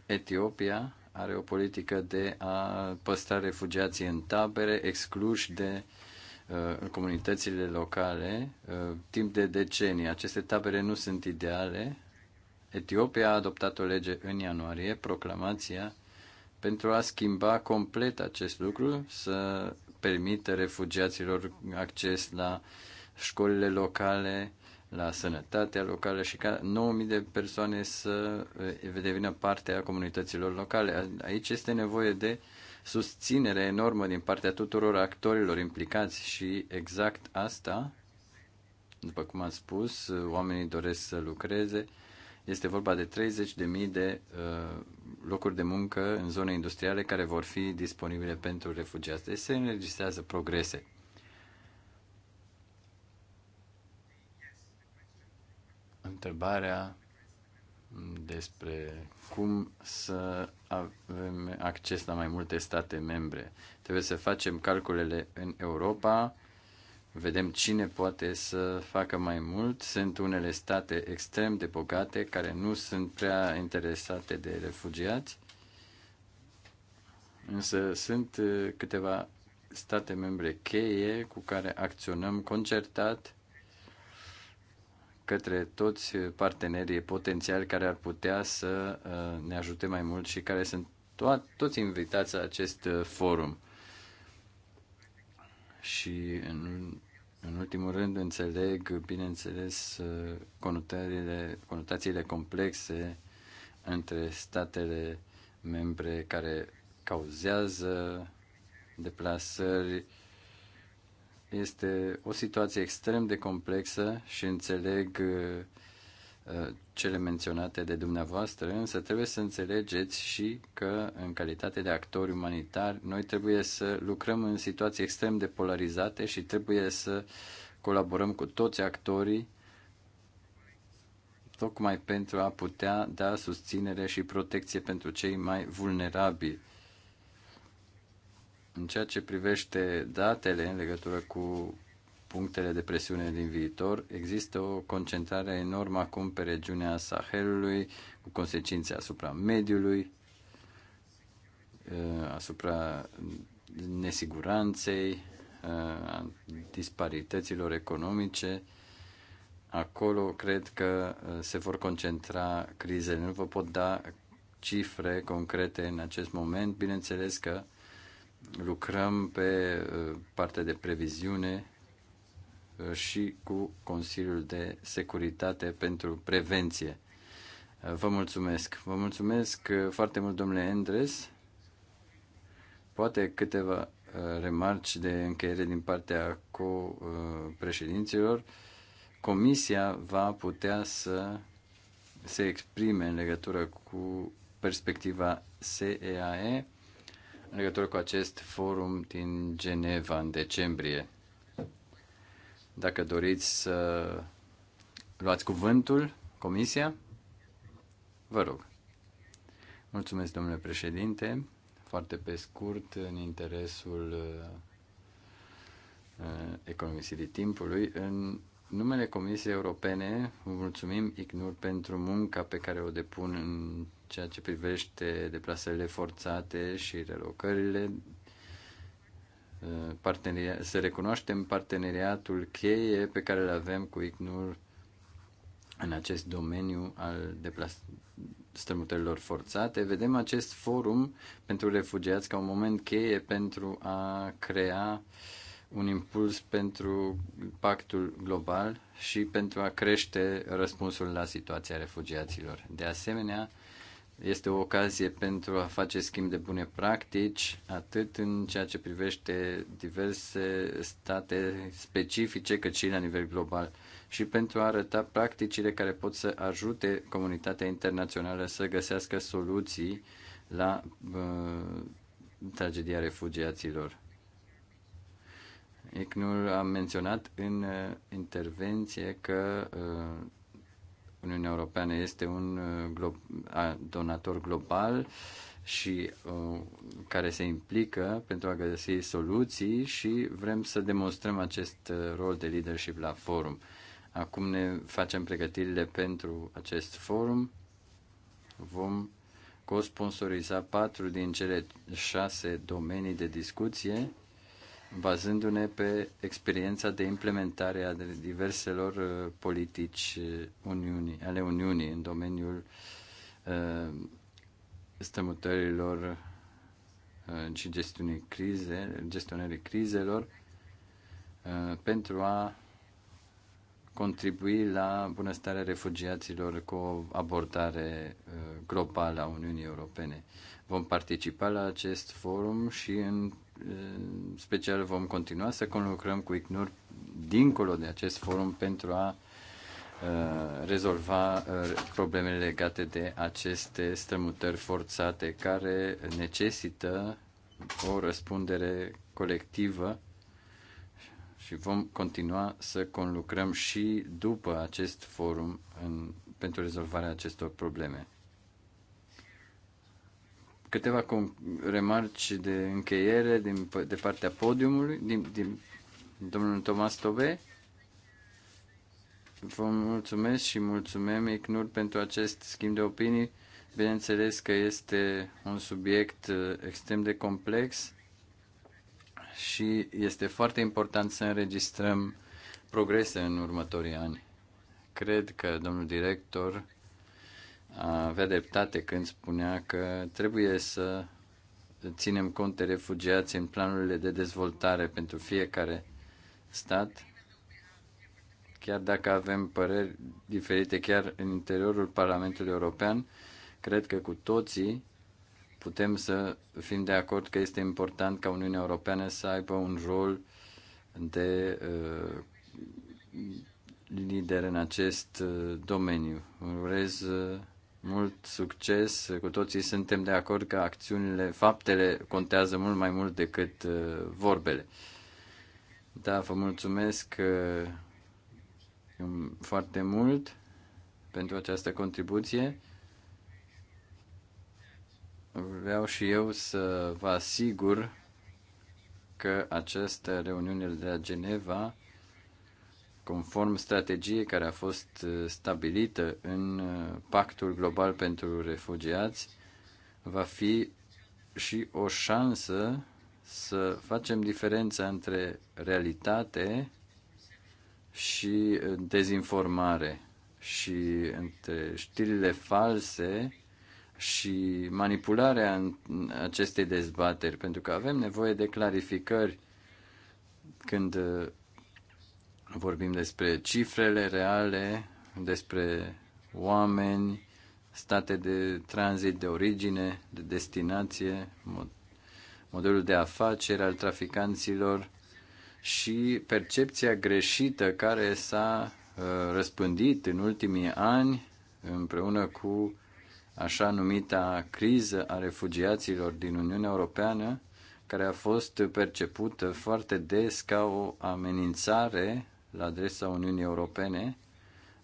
Etiopia are o politică de a păstra refugiații în tabere, excluși de uh, comunitățile locale, uh, timp de decenii. Aceste tabere nu sunt ideale, Etiopia a adoptat o lege în ianuarie, proclamația, pentru a schimba complet acest lucru, să permită refugiaților acces la școlile locale, la sănătatea locală și ca 9.000 de persoane să eh, devină parte a comunităților locale. Aici este nevoie de susținere enormă din partea tuturor actorilor implicați și exact asta, după cum am spus, oamenii doresc să lucreze, este vorba de 30.000 de uh, locuri de muncă în zone industriale care vor fi disponibile pentru refugiați. Deci se înregistrează progrese. Întrebarea despre cum să avem acces la mai multe state membre. Trebuie să facem calculele în Europa, Vedem cine poate să facă mai mult. Sunt unele state extrem de bogate care nu sunt prea interesate de refugiați, însă sunt uh, câteva state membre cheie cu care acționăm concertat către toți partenerii potențiali care ar putea să uh, ne ajute mai mult și care sunt to- toți invitați la acest uh, forum și în, în ultimul rând înțeleg, bineînțeles, conotațiile complexe între statele membre care cauzează deplasări. Este o situație extrem de complexă și înțeleg Uh, cele menționate de dumneavoastră, însă trebuie să înțelegeți și că, în calitate de actori umanitari, noi trebuie să lucrăm în situații extrem de polarizate și trebuie să colaborăm cu toți actorii tocmai pentru a putea da susținere și protecție pentru cei mai vulnerabili. În ceea ce privește datele în legătură cu punctele de presiune din viitor, există o concentrare enormă acum pe regiunea Sahelului, cu consecințe asupra mediului, eh, asupra nesiguranței, eh, a disparităților economice. Acolo cred că eh, se vor concentra crizele. Nu vă pot da cifre concrete în acest moment. Bineînțeles că lucrăm pe partea de previziune și cu Consiliul de Securitate pentru Prevenție. Vă mulțumesc. Vă mulțumesc uh, foarte mult, domnule Endres. Poate câteva uh, remarci de încheiere din partea cu uh, președinților. Comisia va putea să se exprime în legătură cu perspectiva SEAE, în legătură cu acest forum din Geneva în decembrie. Dacă doriți să luați cuvântul, comisia, vă rog. Mulțumesc, domnule președinte. Foarte pe scurt, în interesul uh, economisirii timpului, în numele Comisiei Europene, vă mulțumim ICNUR pentru munca pe care o depun în ceea ce privește deplasările forțate și relocările parteneria- să recunoaștem parteneriatul cheie pe care îl avem cu ICNUR în acest domeniu al strămutărilor forțate. Vedem acest forum pentru refugiați ca un moment cheie pentru a crea un impuls pentru pactul global și pentru a crește răspunsul la situația refugiaților. De asemenea, este o ocazie pentru a face schimb de bune practici, atât în ceea ce privește diverse state specifice, cât și la nivel global, și pentru a arăta practicile care pot să ajute comunitatea internațională să găsească soluții la uh, tragedia refugiaților. ICNUR a menționat în uh, intervenție că uh, Uniunea Europeană este un uh, glo- donator global și uh, care se implică pentru a găsi soluții și vrem să demonstrăm acest uh, rol de leadership la forum. Acum ne facem pregătirile pentru acest forum. Vom co-sponsoriza patru din cele șase domenii de discuție bazându-ne pe experiența de implementare a diverselor uh, politici uh, Uniunii, ale Uniunii în domeniul uh, stămutărilor uh, și gestiunii crize, gestionării crizelor uh, pentru a contribui la bunăstarea refugiaților cu o abordare uh, globală a Uniunii Europene. Vom participa la acest forum și în special vom continua să conlucrăm cu ICNUR dincolo de acest forum pentru a uh, rezolva uh, problemele legate de aceste strămutări forțate care necesită o răspundere colectivă și vom continua să conlucrăm și după acest forum în, pentru rezolvarea acestor probleme. Câteva remarci de încheiere din, de partea podiumului, din, din domnul Tomas Tobe. Vă mulțumesc și mulțumim ICNUR pentru acest schimb de opinii. Bineînțeles că este un subiect uh, extrem de complex și este foarte important să înregistrăm progrese în următorii ani. Cred că domnul director avea dreptate când spunea că trebuie să ținem cont de refugiații în planurile de dezvoltare pentru fiecare stat, chiar dacă avem păreri diferite chiar în interiorul Parlamentului European, cred că cu toții putem să fim de acord că este important ca Uniunea Europeană să aibă un rol de uh, lider în acest uh, domeniu. Urez uh, mult succes! Cu toții suntem de acord că acțiunile, faptele contează mult mai mult decât uh, vorbele. Da, vă mulțumesc uh, um, foarte mult pentru această contribuție. Vreau și eu să vă asigur că această reuniune de la Geneva conform strategiei care a fost uh, stabilită în uh, Pactul Global pentru Refugiați, va fi și o șansă să facem diferența între realitate și uh, dezinformare și între știrile false și manipularea acestei dezbateri, pentru că avem nevoie de clarificări când Vorbim despre cifrele reale, despre oameni, state de tranzit, de origine, de destinație, modelul de afaceri al traficanților și percepția greșită care s-a uh, răspândit în ultimii ani împreună cu așa numita criză a refugiaților din Uniunea Europeană, care a fost percepută foarte des ca o amenințare la adresa Uniunii Europene,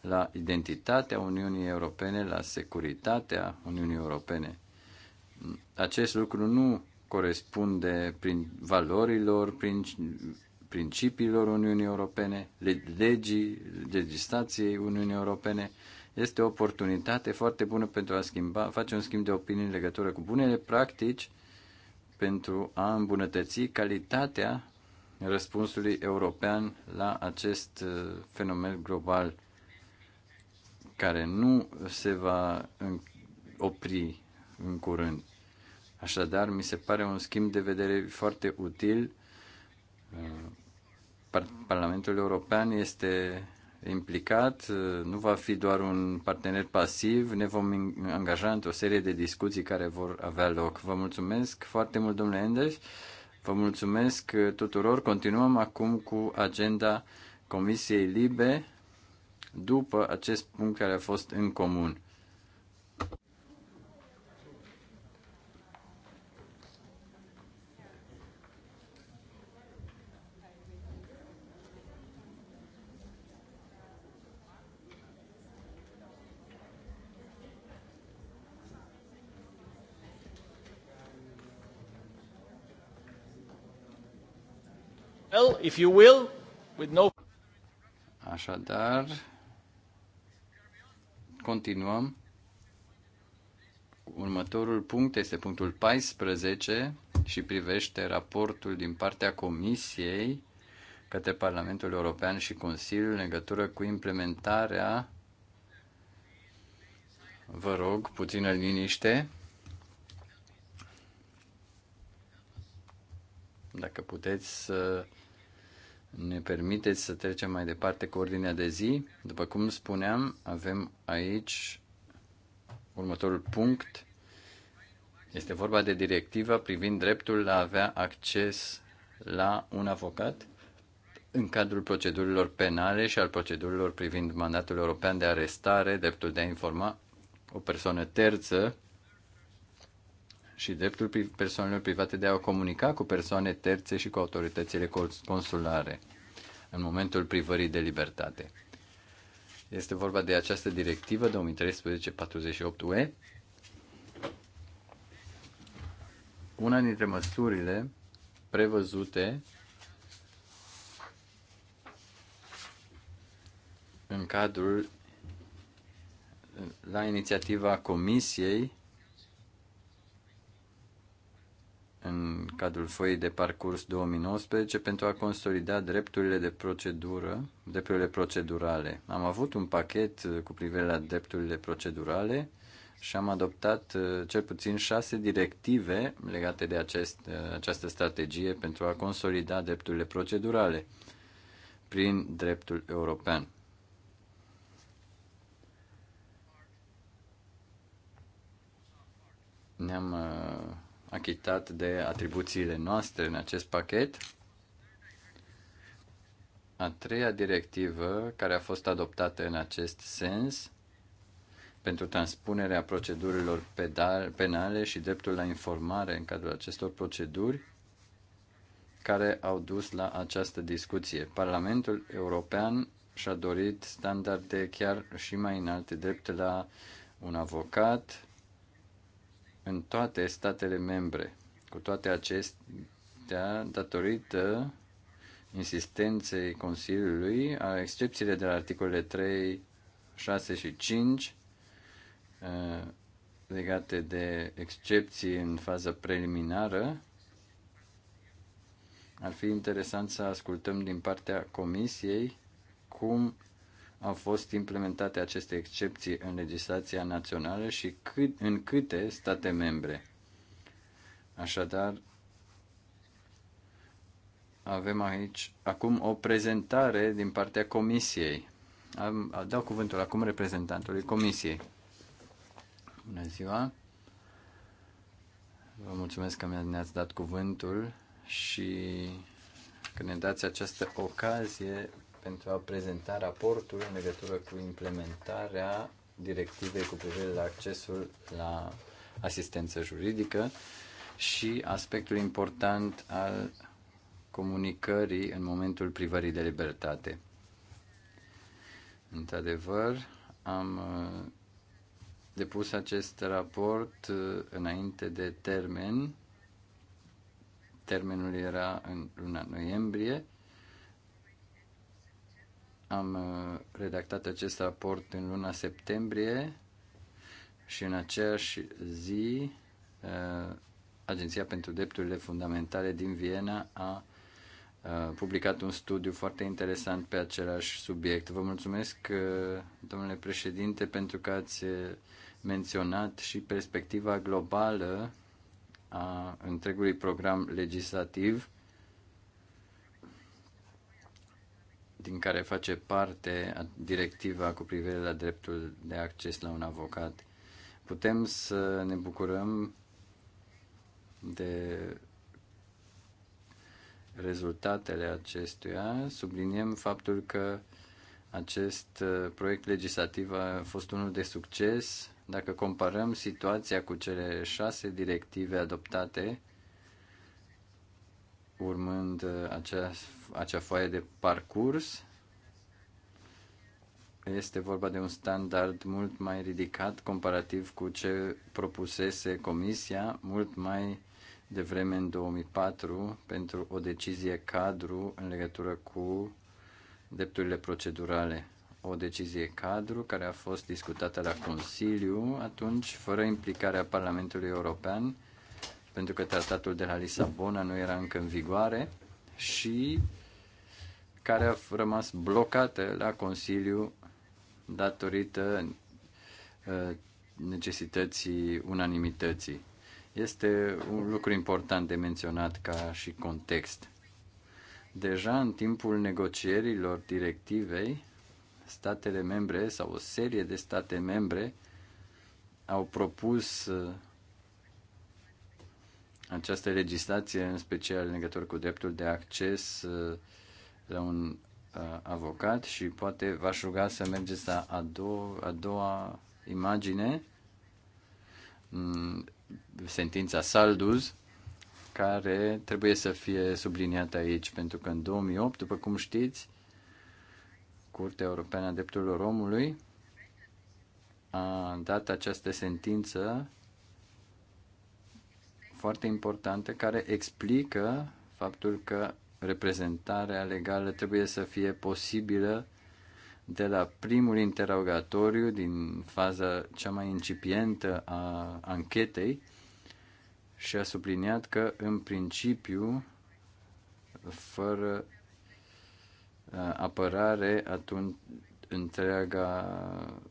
la identitatea Uniunii Europene, la securitatea Uniunii Europene. Acest lucru nu corespunde prin valorilor, prin principiilor Uniunii Europene, legii, legislației Uniunii Europene. Este o oportunitate foarte bună pentru a schimba, face un schimb de opinii în legătură cu bunele practici pentru a îmbunătăți calitatea răspunsului european la acest uh, fenomen global care nu se va opri în curând. Așadar, mi se pare un schimb de vedere foarte util. Uh, Parlamentul European este implicat, uh, nu va fi doar un partener pasiv, ne vom angaja într-o serie de discuții care vor avea loc. Vă mulțumesc foarte mult, domnule Endes. Vă mulțumesc uh, tuturor. Continuăm acum cu agenda Comisiei Libe după acest punct care a fost în comun. Well, if you will, with no... Așadar, continuăm. Următorul punct este punctul 14 și privește raportul din partea Comisiei către Parlamentul European și Consiliul în legătură cu implementarea. Vă rog, puțină liniște. Dacă puteți să ne permiteți să trecem mai departe cu ordinea de zi. După cum spuneam, avem aici următorul punct. Este vorba de directiva privind dreptul la a avea acces la un avocat în cadrul procedurilor penale și al procedurilor privind mandatul european de arestare, dreptul de a informa o persoană terță și dreptul persoanelor private de a comunica cu persoane terțe și cu autoritățile consulare în momentul privării de libertate. Este vorba de această directivă 2013-48-UE. Una dintre măsurile prevăzute în cadrul la inițiativa Comisiei în cadrul foii de parcurs 2019 pentru a consolida drepturile de procedură, drepturile procedurale. Am avut un pachet uh, cu privire la drepturile procedurale și am adoptat uh, cel puțin șase directive legate de acest, uh, această strategie pentru a consolida drepturile procedurale prin dreptul european. Ne-am achitat de atribuțiile noastre în acest pachet. A treia directivă care a fost adoptată în acest sens pentru transpunerea procedurilor penale și dreptul la informare în cadrul acestor proceduri care au dus la această discuție. Parlamentul European și-a dorit standarde chiar și mai înalte, drept la un avocat, în toate statele membre. Cu toate acestea, datorită insistenței Consiliului, a excepțiile de la articolele 3, 6 și 5 eh, legate de excepții în fază preliminară, ar fi interesant să ascultăm din partea Comisiei cum au fost implementate aceste excepții în legislația națională și cât, în câte state membre. Așadar, avem aici acum o prezentare din partea Comisiei. Am, dau cuvântul acum reprezentantului Comisiei. Bună ziua! Vă mulțumesc că mi ați dat cuvântul și că ne dați această ocazie pentru a prezenta raportul în legătură cu implementarea directivei cu privire la accesul la asistență juridică și aspectul important al comunicării în momentul privării de libertate. Într-adevăr, am uh, depus acest raport uh, înainte de termen. Termenul era în luna noiembrie am uh, redactat acest raport în luna septembrie și în aceeași zi uh, Agenția pentru Drepturile Fundamentale din Viena a uh, publicat un studiu foarte interesant pe același subiect. Vă mulțumesc, domnule președinte, pentru că ați menționat și perspectiva globală a întregului program legislativ din care face parte directiva cu privire la dreptul de acces la un avocat. Putem să ne bucurăm de rezultatele acestuia, subliniem faptul că acest uh, proiect legislativ a fost unul de succes dacă comparăm situația cu cele șase directive adoptate urmând uh, acea acea foaie de parcurs. Este vorba de un standard mult mai ridicat comparativ cu ce propusese Comisia mult mai devreme în 2004 pentru o decizie cadru în legătură cu drepturile procedurale. O decizie cadru care a fost discutată la Consiliu atunci, fără implicarea Parlamentului European, pentru că tratatul de la Lisabona nu era încă în vigoare și care a rămas blocată la Consiliu datorită uh, necesității unanimității. Este un lucru important de menționat ca și context. Deja în timpul negocierilor directivei, statele membre sau o serie de state membre au propus uh, această legislație, în special în legătură cu dreptul de acces uh, la un uh, avocat și poate v-aș ruga să mergeți la a doua, a doua imagine, mm, sentința Saldus, care trebuie să fie subliniată aici, pentru că în 2008, după cum știți, Curtea Europeană a Drepturilor Omului a dat această sentință foarte importante care explică faptul că reprezentarea legală trebuie să fie posibilă de la primul interogatoriu din faza cea mai incipientă a anchetei și a subliniat că, în principiu, fără uh, apărare, atunci întreaga,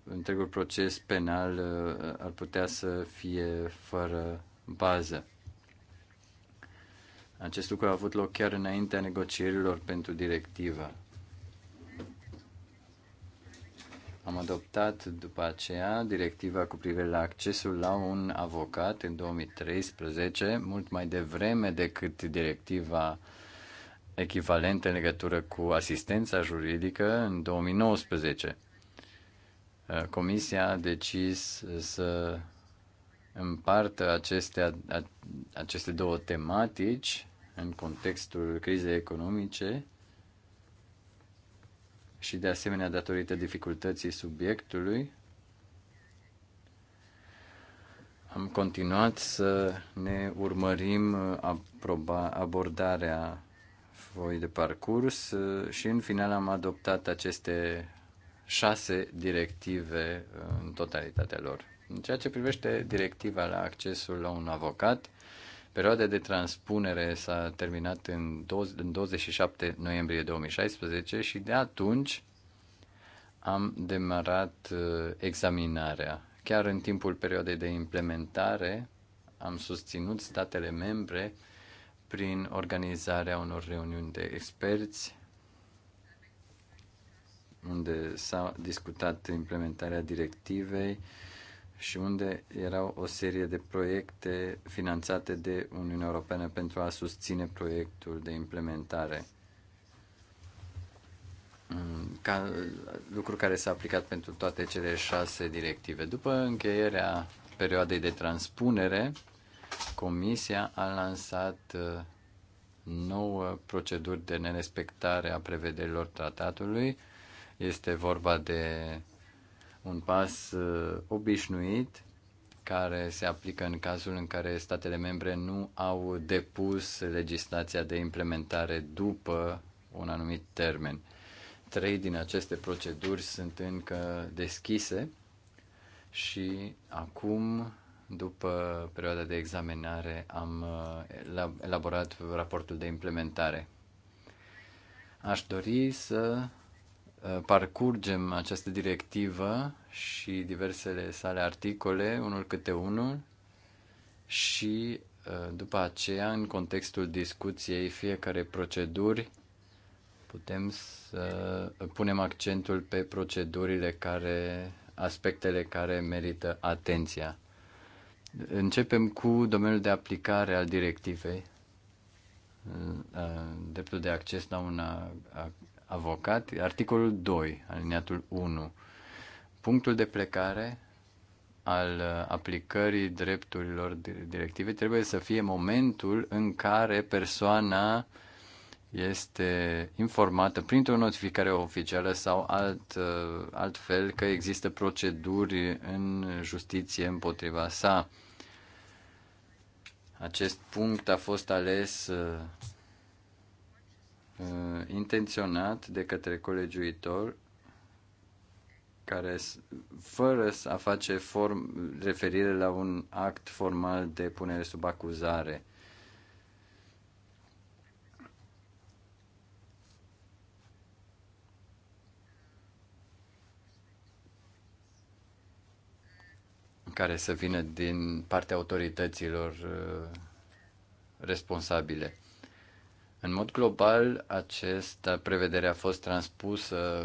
întregul proces penal uh, ar putea să fie fără bază. Acest lucru a avut loc chiar înaintea negocierilor pentru directivă. Am adoptat după aceea directiva cu privire la accesul la un avocat în 2013, mult mai devreme decât directiva echivalentă în legătură cu asistența juridică în 2019. Comisia a decis să împartă aceste, aceste două tematici în contextul crizei economice și de asemenea datorită dificultății subiectului, am continuat să ne urmărim uh, aproba, abordarea foi de parcurs uh, și în final am adoptat aceste șase directive uh, în totalitatea lor. În ceea ce privește directiva la accesul la un avocat, perioada de transpunere s-a terminat în, 27 noiembrie 2016 și de atunci am demarat uh, examinarea. Chiar în timpul perioadei de implementare am susținut statele membre prin organizarea unor reuniuni de experți unde s-a discutat implementarea directivei și unde erau o serie de proiecte finanțate de Uniunea Europeană pentru a susține proiectul de implementare. Mm, ca, lucru care s-a aplicat pentru toate cele șase directive. După încheierea perioadei de transpunere, Comisia a lansat uh, nouă proceduri de nerespectare a prevederilor tratatului. Este vorba de un pas uh, obișnuit care se aplică în cazul în care statele membre nu au depus legislația de implementare după un anumit termen. Trei din aceste proceduri sunt încă deschise și acum, după perioada de examinare, am uh, elaborat raportul de implementare. Aș dori să Uh, parcurgem această directivă și diversele sale articole, unul câte unul, și uh, după aceea, în contextul discuției fiecare proceduri, putem să uh, punem accentul pe procedurile care, aspectele care merită atenția. Începem cu domeniul de aplicare al directivei, dreptul de acces la un avocat, articolul 2, alineatul 1. Punctul de plecare al uh, aplicării drepturilor directive trebuie să fie momentul în care persoana este informată printr-o notificare oficială sau alt, uh, altfel că există proceduri în justiție împotriva sa. Acest punct a fost ales uh, uh, intenționat de către colegiuitor care, fără a face form, referire la un act formal de punere sub acuzare, care să vină din partea autorităților uh, responsabile. În mod global, această prevedere a fost transpusă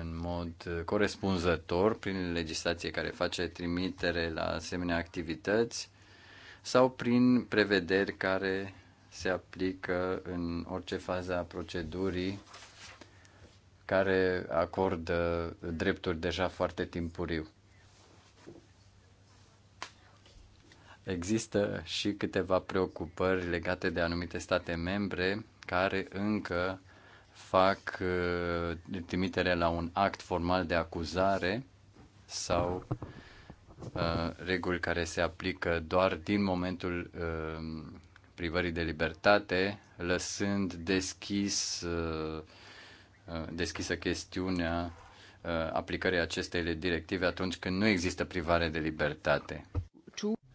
în mod corespunzător prin legislație care face trimitere la asemenea activități sau prin prevederi care se aplică în orice fază a procedurii care acordă drepturi deja foarte timpuriu. Există și câteva preocupări legate de anumite state membre care încă fac uh, trimitere la un act formal de acuzare sau uh, reguli care se aplică doar din momentul uh, privării de libertate, lăsând deschis, deschisă chestiunea aplicării acestei directive atunci când nu există privare de libertate.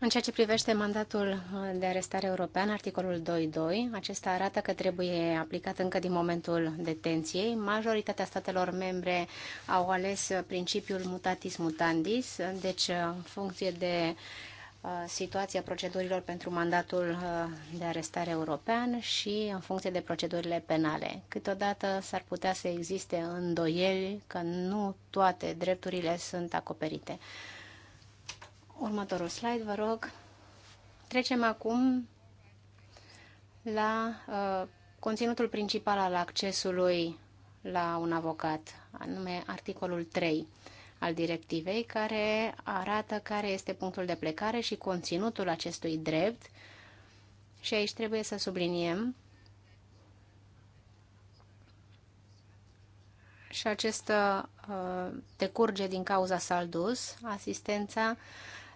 În ceea ce privește mandatul uh, de arestare european, articolul 2.2, acesta arată că trebuie aplicat încă din momentul detenției. Majoritatea statelor membre au ales principiul mutatis mutandis, deci uh, în funcție de uh, situația procedurilor pentru mandatul de arestare european și în funcție de procedurile penale. Câteodată s-ar putea să existe îndoieli că nu toate drepturile sunt acoperite. Următorul slide, vă rog. Trecem acum la uh, conținutul principal al accesului la un avocat, anume articolul 3 al directivei, care arată care este punctul de plecare și conținutul acestui drept. Și aici trebuie să subliniem și acesta uh, decurge din cauza saldus, asistența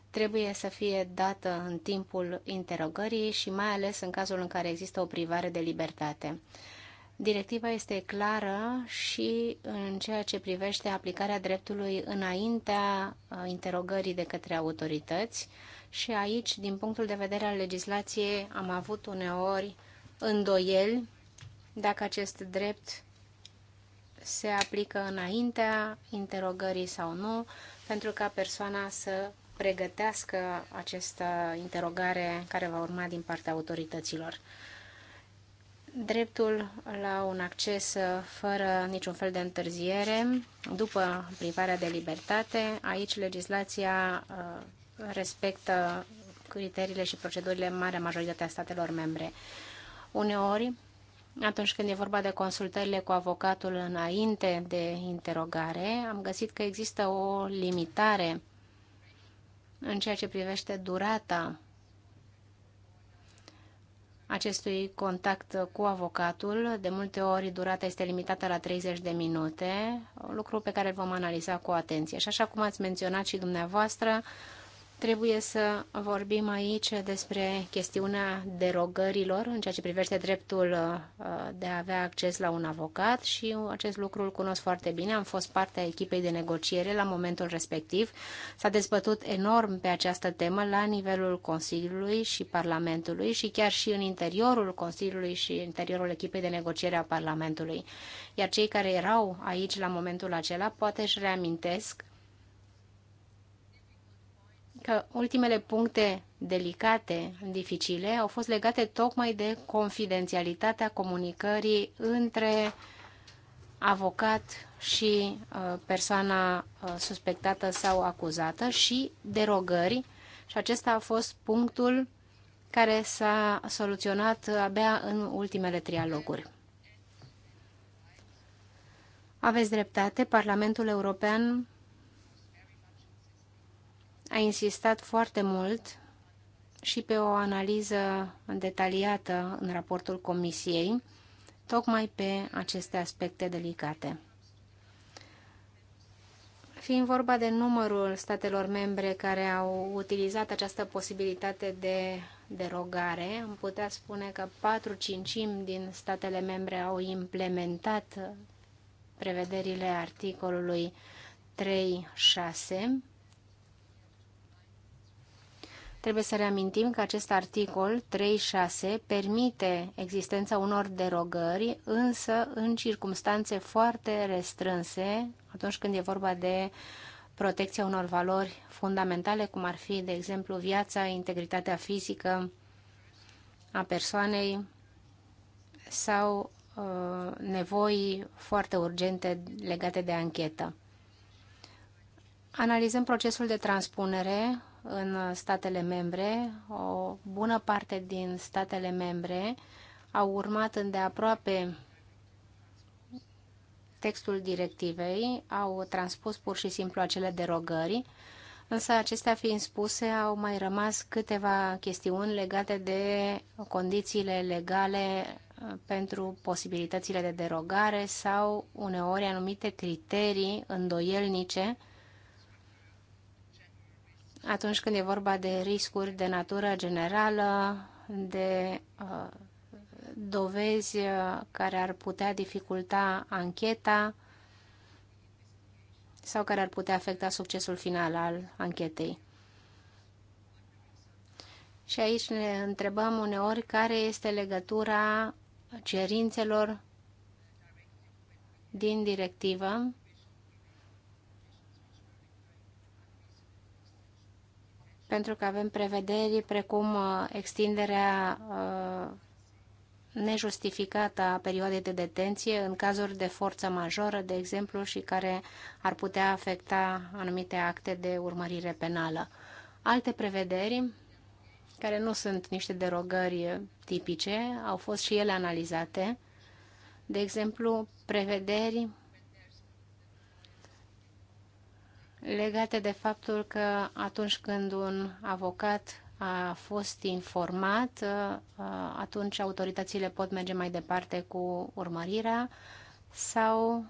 trebuie să fie dată în timpul interogării și mai ales în cazul în care există o privare de libertate. Directiva este clară și în ceea ce privește aplicarea dreptului înaintea uh, interogării de către autorități și aici, din punctul de vedere al legislației, am avut uneori îndoieli dacă acest drept se aplică înaintea interogării sau nu, pentru ca persoana să pregătească această interogare care va urma din partea autorităților. Dreptul la un acces fără niciun fel de întârziere după privarea de libertate. Aici legislația uh, respectă criteriile și procedurile în marea majoritate a statelor membre. Uneori, atunci când e vorba de consultările cu avocatul înainte de interogare, am găsit că există o limitare în ceea ce privește durata acestui contact cu avocatul. De multe ori durata este limitată la 30 de minute, lucru pe care îl vom analiza cu atenție. Și așa cum ați menționat și dumneavoastră, Trebuie să vorbim aici despre chestiunea derogărilor în ceea ce privește dreptul uh, de a avea acces la un avocat și acest lucru îl cunosc foarte bine. Am fost parte a echipei de negociere la momentul respectiv. S-a dezbătut enorm pe această temă la nivelul Consiliului și Parlamentului și chiar și în interiorul Consiliului și interiorul echipei de negociere a Parlamentului. Iar cei care erau aici la momentul acela poate își reamintesc că ultimele puncte delicate, dificile, au fost legate tocmai de confidențialitatea comunicării între avocat și uh, persoana uh, suspectată sau acuzată și derogări. Și acesta a fost punctul care s-a soluționat uh, abia în ultimele trialoguri. Aveți dreptate, Parlamentul European a insistat foarte mult și pe o analiză detaliată în raportul Comisiei, tocmai pe aceste aspecte delicate. Fiind vorba de numărul statelor membre care au utilizat această posibilitate de derogare, am putea spune că 4 5 din statele membre au implementat prevederile articolului 3.6 Trebuie să reamintim că acest articol 3.6 permite existența unor derogări, însă în circunstanțe foarte restrânse, atunci când e vorba de protecția unor valori fundamentale, cum ar fi, de exemplu, viața, integritatea fizică a persoanei sau uh, nevoi foarte urgente legate de anchetă. Analizăm procesul de transpunere în statele membre. O bună parte din statele membre au urmat îndeaproape textul directivei, au transpus pur și simplu acele derogări, însă acestea fiind spuse, au mai rămas câteva chestiuni legate de condițiile legale uh, pentru posibilitățile de derogare sau uneori anumite criterii îndoielnice atunci când e vorba de riscuri de natură generală, de uh, dovezi uh, care ar putea dificulta ancheta sau care ar putea afecta succesul final al anchetei. Și aici ne întrebăm uneori care este legătura cerințelor din directivă pentru că avem prevederi precum uh, extinderea uh, nejustificată a perioadei de detenție în cazuri de forță majoră, de exemplu, și care ar putea afecta anumite acte de urmărire penală. Alte prevederi, care nu sunt niște derogări tipice, au fost și ele analizate, de exemplu, prevederi legate de faptul că atunci când un avocat a fost informat, uh, atunci autoritățile pot merge mai departe cu urmărirea sau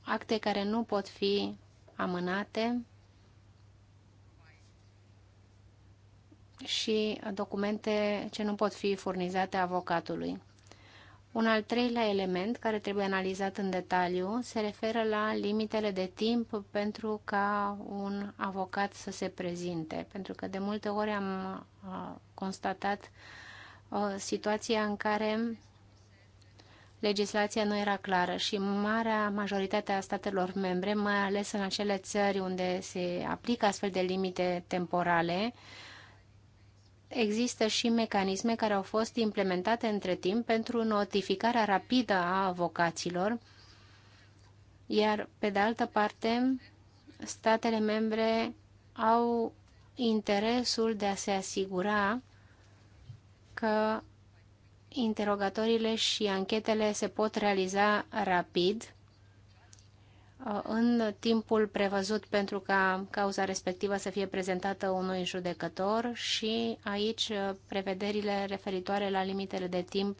acte care nu pot fi amânate și documente ce nu pot fi furnizate avocatului. Un al treilea element care trebuie analizat în detaliu se referă la limitele de timp pentru ca un avocat să se prezinte, pentru că de multe ori am constatat situația în care legislația nu era clară și marea majoritate a statelor membre, mai ales în acele țări unde se aplică astfel de limite temporale, uh, există și mecanisme care au fost implementate între timp pentru notificarea rapidă a avocaților, iar pe de altă parte, statele membre au interesul de a se asigura că interogatoriile și anchetele se pot realiza rapid Uh, în timpul prevăzut pentru ca cauza respectivă să fie prezentată unui judecător și aici uh, prevederile referitoare la limitele de timp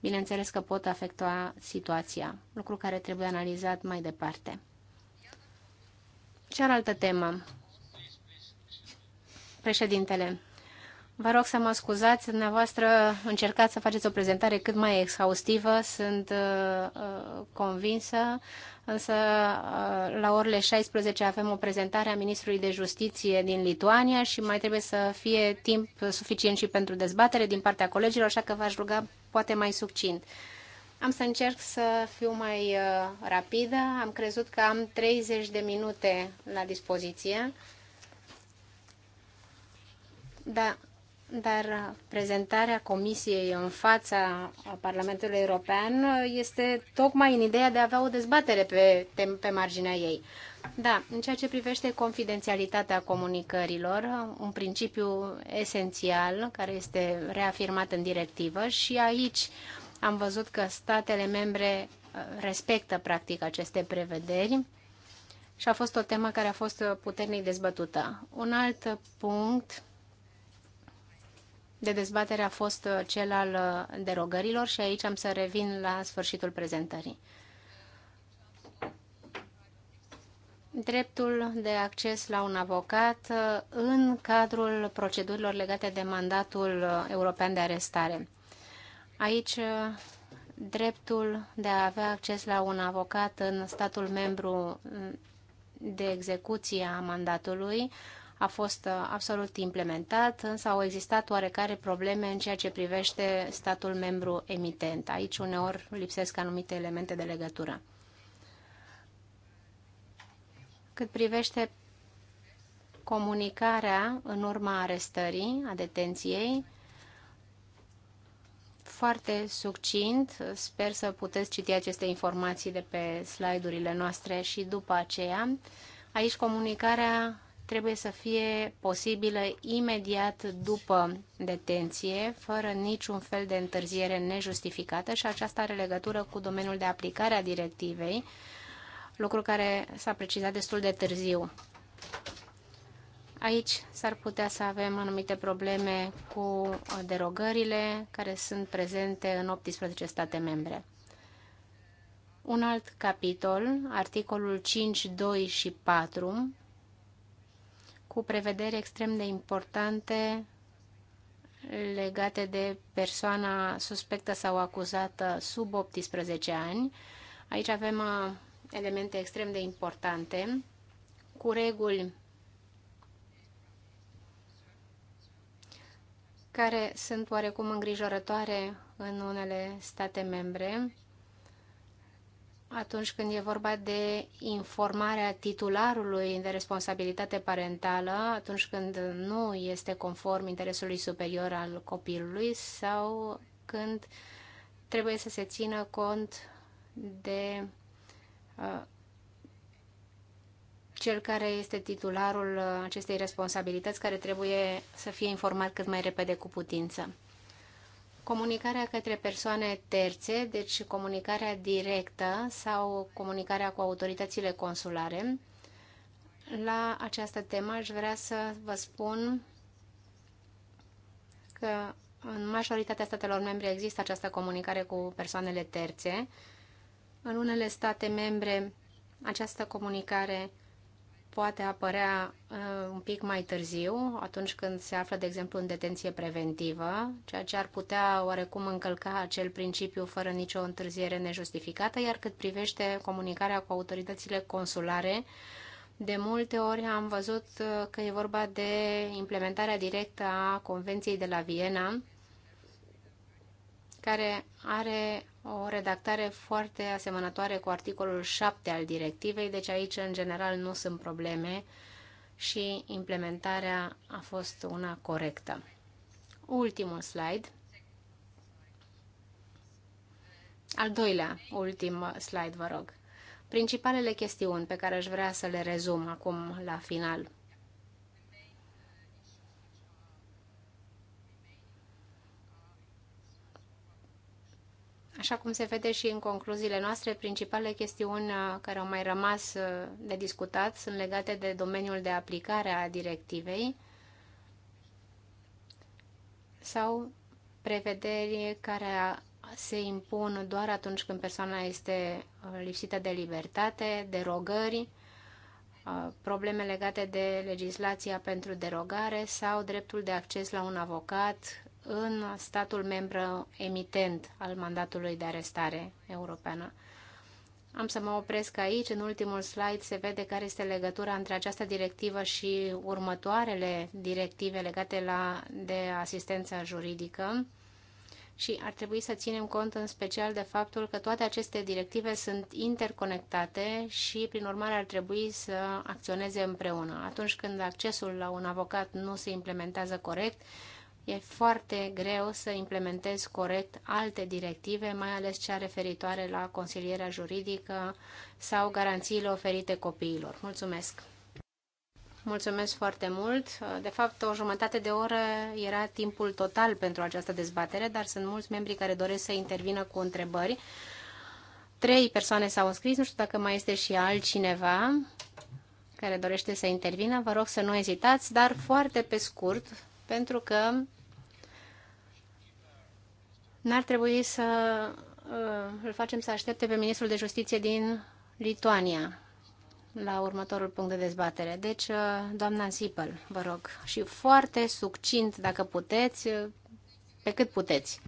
bineînțeles că pot afecta situația, lucru care trebuie analizat mai departe. Cealaltă temă, președintele, Vă rog să mă scuzați, dumneavoastră încercați să faceți o prezentare cât mai exhaustivă, sunt uh, uh convinsă, însă uh, la orele 16 avem o prezentare a Ministrului de Justiție din Lituania și mai trebuie să fie timp suficient și pentru dezbatere din partea colegilor, așa că v-aș ruga poate mai succint. Am să încerc să fiu mai uh, rapidă, am crezut că am 30 de minute la dispoziție. Da, dar prezentarea Comisiei în fața Parlamentului European este tocmai în ideea de a avea o dezbatere pe, pe marginea ei. Da, în ceea ce privește confidențialitatea comunicărilor, un principiu esențial care este reafirmat în directivă și aici am văzut că statele membre uh, respectă practic aceste prevederi și a fost o temă care a fost puternic dezbătută. Un alt punct de dezbatere a fost uh, cel al uh, derogărilor și aici am să revin la sfârșitul prezentării. dreptul de acces la un avocat uh, în cadrul procedurilor legate de mandatul european de arestare. Aici, dreptul de a avea acces la un avocat în statul membru mm, de execuție a mandatului a fost uh, absolut implementat, însă au existat oarecare probleme în ceea ce privește statul membru emitent. Aici uneori lipsesc anumite elemente de legătură. Cât privește comunicarea în urma arestării, a detenției, foarte succint. Sper să puteți citi aceste informații de pe slide-urile noastre și după aceea. Aici comunicarea trebuie să fie posibilă imediat după detenție, fără niciun fel de întârziere nejustificată și aceasta are legătură cu domeniul de aplicare a directivei, lucru care s-a precizat destul de târziu. Aici s-ar putea să avem anumite probleme cu derogările care sunt prezente în 18 state membre. Un alt capitol, articolul 5, 2 și 4, cu prevederi extrem de importante legate de persoana suspectă sau acuzată sub 18 ani. Aici avem uh, elemente extrem de importante cu reguli care sunt oarecum îngrijorătoare în unele state membre atunci când e vorba de informarea titularului de responsabilitate parentală, atunci când nu este conform interesului superior al copilului sau când trebuie să se țină cont de uh, cel care este titularul acestei responsabilități, care trebuie să fie informat cât mai repede cu putință comunicarea către persoane terțe, deci comunicarea directă sau comunicarea cu autoritățile consulare. La această temă aș vrea să vă spun că în majoritatea statelor membre există această comunicare cu persoanele terțe. În unele state membre această comunicare poate apărea uh, un pic mai târziu, atunci când se află, de exemplu, în detenție preventivă, ceea ce ar putea oarecum încălca acel principiu fără nicio întârziere nejustificată, iar cât privește comunicarea cu autoritățile consulare, de multe ori am văzut uh, că e vorba de implementarea directă a Convenției de la Viena, care are o redactare foarte asemănătoare cu articolul 7 al directivei, deci aici, în general, nu sunt probleme și implementarea a fost una corectă. Ultimul slide. Al doilea, ultim slide, vă rog. Principalele chestiuni pe care aș vrea să le rezum acum la final. Așa cum se vede și în concluziile noastre, principalele chestiuni uh, care au mai rămas uh, de discutat sunt legate de domeniul de aplicare a directivei sau prevederi care se impun doar atunci când persoana este uh, lipsită de libertate, derogări, probleme legate de legislația pentru derogare sau dreptul de acces la un avocat în statul membru emitent al mandatului de arestare europeană. Am să mă opresc aici. În ultimul slide se vede care este legătura între această directivă și următoarele directive legate la, de asistența juridică și ar trebui să ținem cont în special de faptul că toate aceste directive sunt interconectate și, prin urmare, ar trebui să acționeze împreună. Atunci când accesul la un avocat nu se implementează corect, E foarte greu să implementezi corect alte directive, mai ales cea referitoare la consilierea juridică sau garanțiile oferite copiilor. Mulțumesc! Mulțumesc foarte mult. De fapt, o jumătate de oră era timpul total pentru această dezbatere, dar sunt mulți membri care doresc să intervină cu întrebări. Trei persoane s-au înscris, nu știu dacă mai este și altcineva care dorește să intervină. Vă rog să nu ezitați, dar foarte pe scurt, pentru că n-ar trebui să uh, îl facem să aștepte pe ministrul de justiție din Lituania la următorul punct de dezbatere. Deci, uh, doamna Zipel, vă rog, și foarte succint, dacă puteți, uh, pe cât puteți.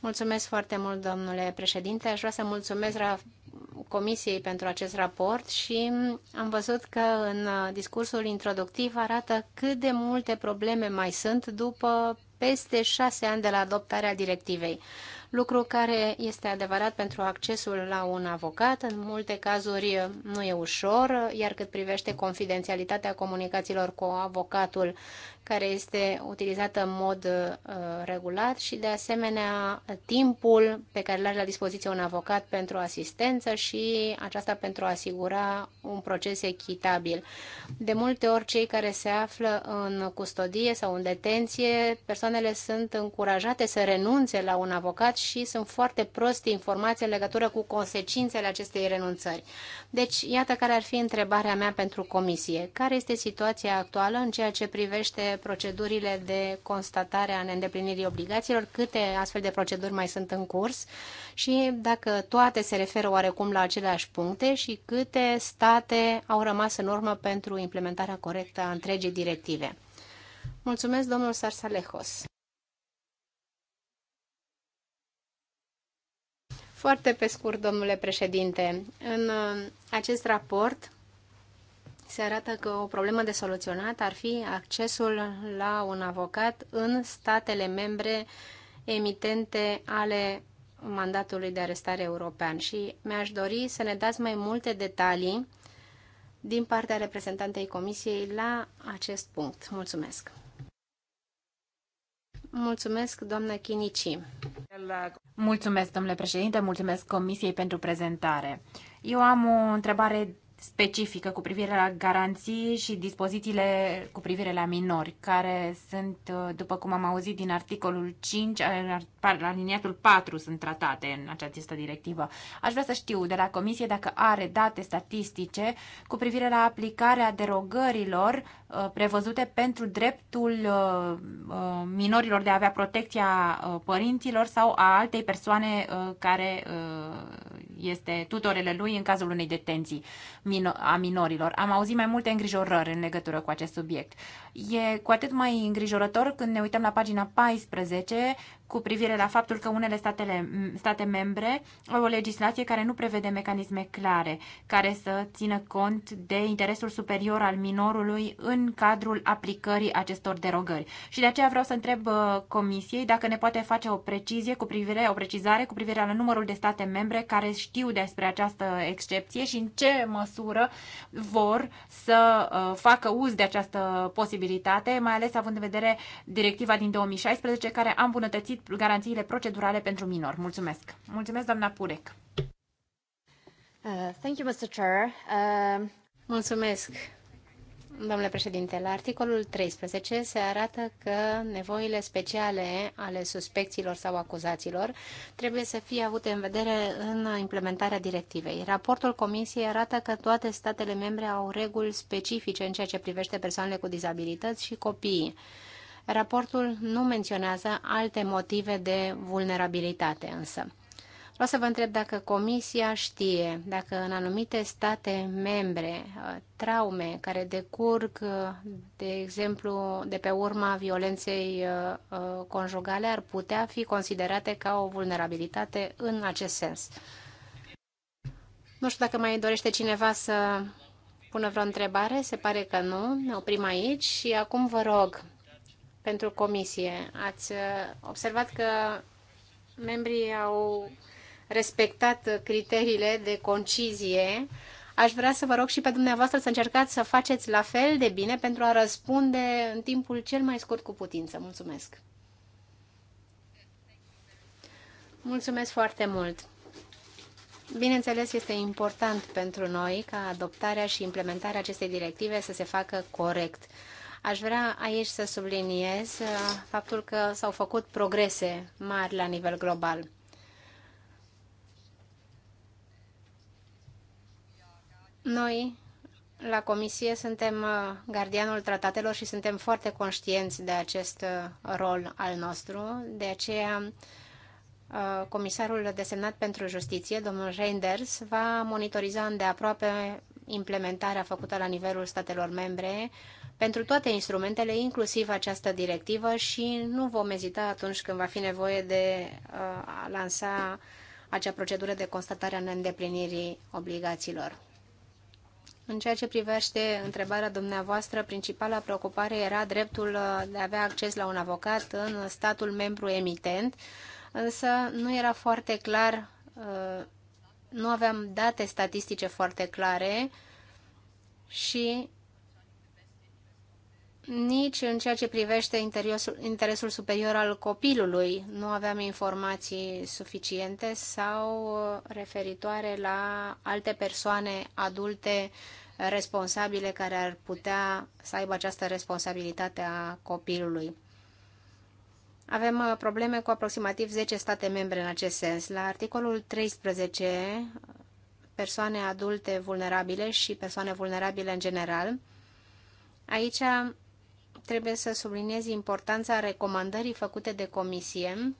Mulțumesc foarte mult, domnule președinte. Aș vrea să mulțumesc Comisiei pentru acest raport și am văzut că în discursul introductiv arată cât de multe probleme mai sunt după peste șase ani de la adoptarea directivei. Lucru care este adevărat pentru accesul la un avocat, în multe cazuri nu e ușor, iar cât privește confidențialitatea comunicațiilor cu avocatul, care este utilizată în mod uh, regulat și, de asemenea, timpul pe care îl are la dispoziție un avocat pentru asistență și aceasta pentru a asigura un proces echitabil. De multe ori, cei care se află în custodie sau în detenție, persoanele sunt încurajate să renunțe la un avocat și sunt foarte proste informații în legătură cu consecințele acestei renunțări. Deci, iată care ar fi întrebarea mea pentru comisie. Care este situația actuală în ceea ce privește procedurile de constatare a neîndeplinirii obligațiilor, câte astfel de proceduri mai sunt în curs și dacă toate se referă oarecum la aceleași puncte și câte state au rămas în urmă pentru implementarea corectă a întregii directive. Mulțumesc, domnul Sarsalehos. Foarte pe scurt, domnule președinte, în uh, acest raport se arată că o problemă de soluționat ar fi accesul la un avocat în statele membre emitente ale mandatului de arestare european și mi-aș dori să ne dați mai multe detalii din partea reprezentantei Comisiei la acest punct. Mulțumesc! Mulțumesc, doamnă Chinici. Mulțumesc, domnule președinte, mulțumesc Comisiei pentru prezentare. Eu am o întrebare specifică cu privire la garanții și dispozițiile cu privire la minori, care sunt, uh, după cum am auzit din articolul 5, aliniatul 4 sunt tratate în această directivă. Aș vrea să știu de la Comisie dacă are date statistice cu privire la aplicarea derogărilor Uh, prevăzute pentru dreptul uh, uh, minorilor de a avea protecția părinților sau a altei persoane care este tutorele lui în cazul unei detenții a minorilor. Am auzit mai multe îngrijorări în legătură cu acest subiect. E cu atât mai îngrijorător când ne uităm la pagina 14 cu privire la faptul că unele statele, state membre au o legislație care nu prevede mecanisme clare, care să țină cont de interesul superior al minorului în cadrul aplicării acestor derogări. Și de aceea vreau să întreb uh, Comisiei dacă ne poate face o precizie cu privire, o precizare cu privire la numărul de state membre care știu despre această excepție și în ce măsură vor să uh, facă uz de această posibilitate, mai ales având în vedere directiva din 2016 care a îmbunătățit și garanțiile procedurale pentru minor. Mulțumesc. Mulțumesc, doamna Purec. Uh, thank you, Mr. Chair. Uh... Mulțumesc. Domnule președinte, la articolul 13 se arată că nevoile speciale ale suspecțiilor sau acuzaților trebuie să fie avute în vedere în implementarea directivei. Raportul Comisiei arată că toate statele membre au reguli specifice în ceea ce privește persoanele cu dizabilități și copiii. Raportul nu menționează alte motive de vulnerabilitate însă. Vreau să vă întreb dacă Comisia știe dacă în anumite state membre uh, traume care decurg, uh, de exemplu, de pe urma violenței uh, conjugale ar putea fi considerate ca o vulnerabilitate în acest sens. Nu știu dacă mai dorește cineva să pună vreo întrebare, se pare că nu. Ne oprim aici și acum vă rog pentru comisie. Ați uh, observat că membrii au respectat criteriile de concizie. Aș vrea să vă rog și pe dumneavoastră să încercați să faceți la fel de bine pentru a răspunde în timpul cel mai scurt cu putință. Mulțumesc! Mulțumesc foarte mult! Bineînțeles, este important pentru noi ca adoptarea și implementarea acestei directive să se facă corect. Aș vrea aici să subliniez uh, faptul că s-au făcut progrese mari la nivel global. Noi, la Comisie, suntem uh, gardianul tratatelor și suntem foarte conștienți de acest uh, rol al nostru. De aceea, comisarul desemnat pentru justiție, domnul Reinders, va monitoriza îndeaproape implementarea făcută la nivelul statelor membre pentru toate instrumentele, inclusiv această directivă și nu vom ezita atunci când va fi nevoie de uh, a lansa acea procedură de constatare a neîndeplinirii obligațiilor. În ceea ce privește întrebarea dumneavoastră, principala preocupare era dreptul uh, de a avea acces la un avocat în statul membru emitent, însă nu era foarte clar, uh, nu aveam date statistice foarte clare și nici în ceea ce privește interesul, interesul superior al copilului nu aveam informații suficiente sau uh, referitoare la alte persoane adulte responsabile care ar putea să aibă această responsabilitate a copilului. Avem uh, probleme cu aproximativ 10 state membre în acest sens. La articolul 13, persoane adulte vulnerabile și persoane vulnerabile în general, aici trebuie să subliniez importanța recomandării făcute de comisie,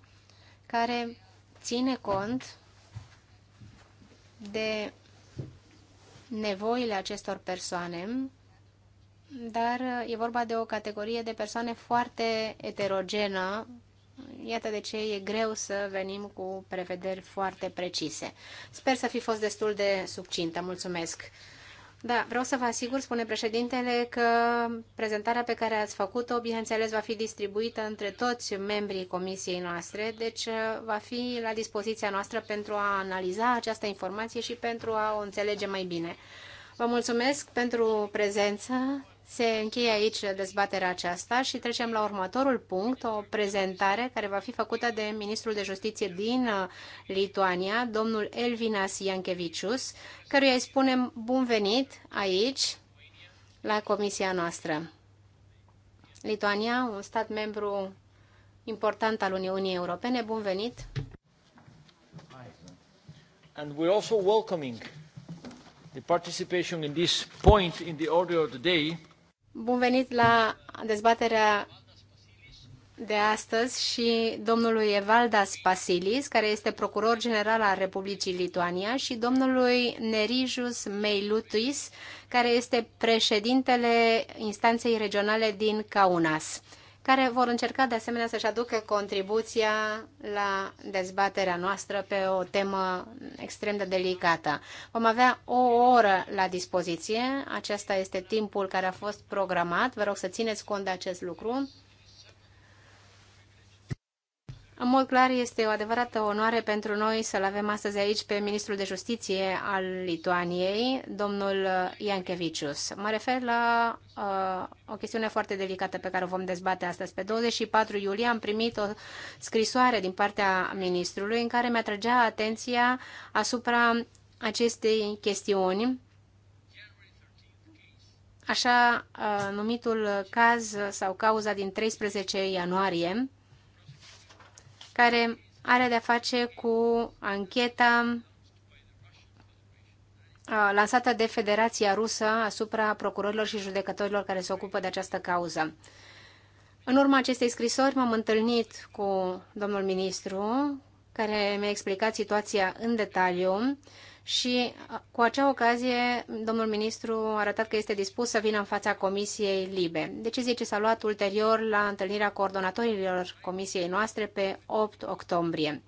care ține cont de nevoile acestor persoane, dar e vorba de o categorie de persoane foarte eterogenă, Iată de ce e greu să venim cu prevederi foarte precise. Sper să fi fost destul de succintă. Mulțumesc! Da, vreau să vă asigur, spune președintele, că prezentarea pe care ați făcut-o, bineînțeles, va fi distribuită între toți membrii comisiei noastre, deci uh, va fi la dispoziția noastră pentru a analiza această informație și pentru a o înțelege mai bine. Vă mulțumesc pentru prezență. Se încheie aici dezbaterea aceasta și trecem la următorul punct, o prezentare care va fi făcută de ministrul de justiție din uh, Lituania, domnul Elvinas Iankevicius, căruia îi spunem bun venit aici, la comisia noastră. Lituania, un stat membru important al Uniunii Europene, bun venit! And we're also welcoming the participation in this point in the order of the day Bun venit la dezbaterea de astăzi și domnului Evaldas Pasilis, care este procuror general al Republicii Lituania, și domnului Nerijus Meilutis, care este președintele instanței regionale din Kaunas care vor încerca de asemenea să-și aducă contribuția la dezbaterea noastră pe o temă extrem de delicată. Vom avea o oră la dispoziție. Acesta este timpul care a fost programat. Vă rog să țineți cont de acest lucru. În mod clar, este o adevărată onoare pentru noi să-l avem astăzi aici pe ministrul de justiție al Lituaniei, domnul Iankevicius. Mă refer la uh, o chestiune foarte delicată pe care o vom dezbate astăzi. Pe 24 iulie am primit o scrisoare din partea ministrului în care mi trăgea atenția asupra acestei chestiuni așa uh, numitul caz sau cauza din 13 ianuarie, care are de-a face cu ancheta uh, lansată de Federația Rusă asupra procurorilor și judecătorilor care se ocupă de această cauză. În urma acestei scrisori m-am întâlnit cu domnul ministru, care mi-a explicat situația în detaliu și cu acea ocazie domnul ministru a arătat că este dispus să vină în fața Comisiei Libe. Decizie ce s-a luat ulterior la întâlnirea coordonatorilor Comisiei noastre pe 8 octombrie.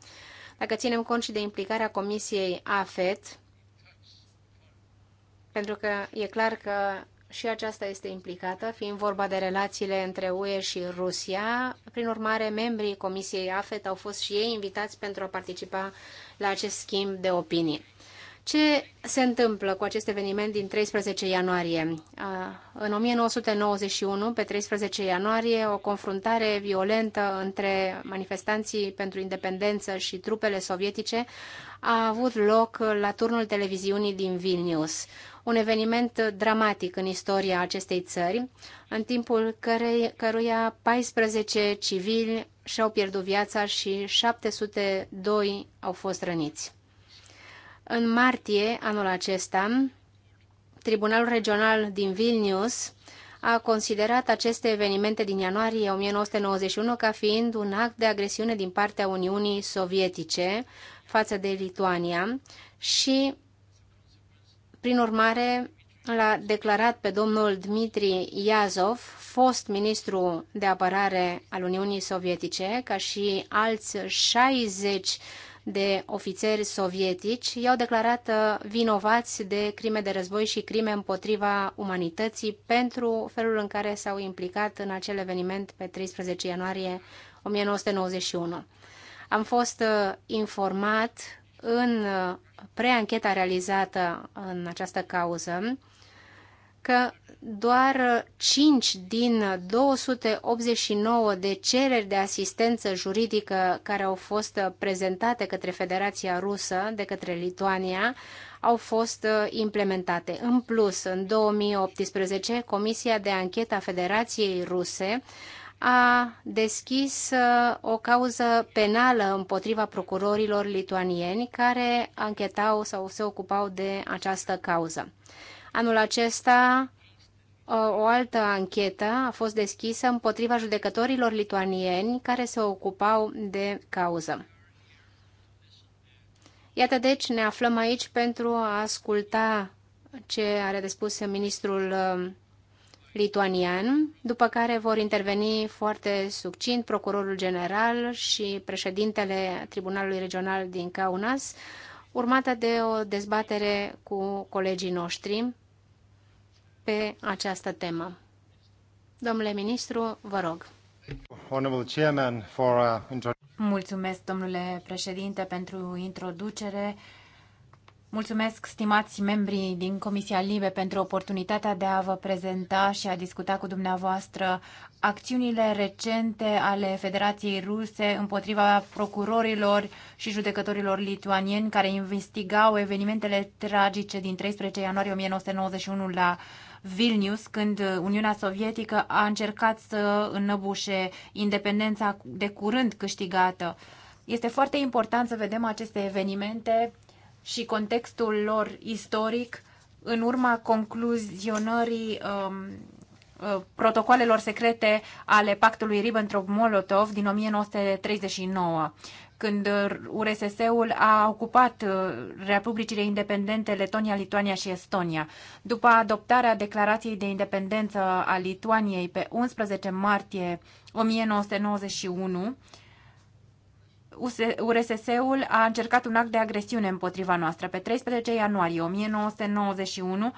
Dacă ținem cont și de implicarea Comisiei AFET, pentru că e clar că și aceasta este implicată, fiind vorba de relațiile între UE și Rusia. Prin urmare, membrii Comisiei AFET au fost și ei invitați pentru a participa la acest schimb de opinii. Ce se întâmplă cu acest eveniment din 13 ianuarie? În 1991, pe 13 ianuarie, o confruntare violentă între manifestanții pentru independență și trupele sovietice a avut loc la turnul televiziunii din Vilnius. Un eveniment dramatic în istoria acestei țări, în timpul cărei, căruia 14 civili și-au pierdut viața și 702 au fost răniți. În martie anul acesta, Tribunalul Regional din Vilnius a considerat aceste evenimente din ianuarie 1991 ca fiind un act de agresiune din partea Uniunii Sovietice față de Lituania și, prin urmare, l-a declarat pe domnul Dmitri Iazov, fost ministru de apărare al Uniunii Sovietice, ca și alți 60 de ofițeri sovietici i-au declarat uh, vinovați de crime de război și crime împotriva umanității pentru felul în care s-au implicat în acel eveniment pe 13 ianuarie 1991. Am fost uh, informat în uh, preancheta realizată în această cauză că doar 5 din 289 de cereri de asistență juridică care au fost prezentate către Federația Rusă de către Lituania au fost uh, implementate. În plus, în 2018, Comisia de Anchetă a Federației Ruse a deschis uh, o cauză penală împotriva procurorilor lituanieni care anchetau sau se ocupau de această cauză. Anul acesta, o altă anchetă a fost deschisă împotriva judecătorilor lituanieni care se ocupau de cauză. Iată deci, ne aflăm aici pentru a asculta ce are de spus ministrul ă, lituanian, după care vor interveni foarte succint procurorul general și președintele Tribunalului Regional din Kaunas, urmată de o dezbatere cu colegii noștri pe această temă. Domnule ministru, vă rog. Uh, Mulțumesc, domnule președinte, pentru introducere. Mulțumesc, stimați membrii din Comisia Libe, pentru oportunitatea de a vă prezenta și a discuta cu dumneavoastră acțiunile recente ale Federației Ruse împotriva procurorilor și judecătorilor lituanieni care investigau evenimentele tragice din 13 ianuarie 1991 la Vilnius, când Uniunea Sovietică a încercat să înnăbușe independența de curând câștigată. Este foarte important să vedem aceste evenimente și contextul lor istoric în urma concluzionării um, uh, protocoalelor secrete ale pactului Ribbentrop-Molotov din 1939 când URSS-ul uh, a ocupat uh, republicile independente Letonia, Lituania și Estonia. După adoptarea declarației de independență a Lituaniei pe 11 martie 1991, URSS-ul a încercat un act de agresiune împotriva noastră. Pe 13 ianuarie 1991,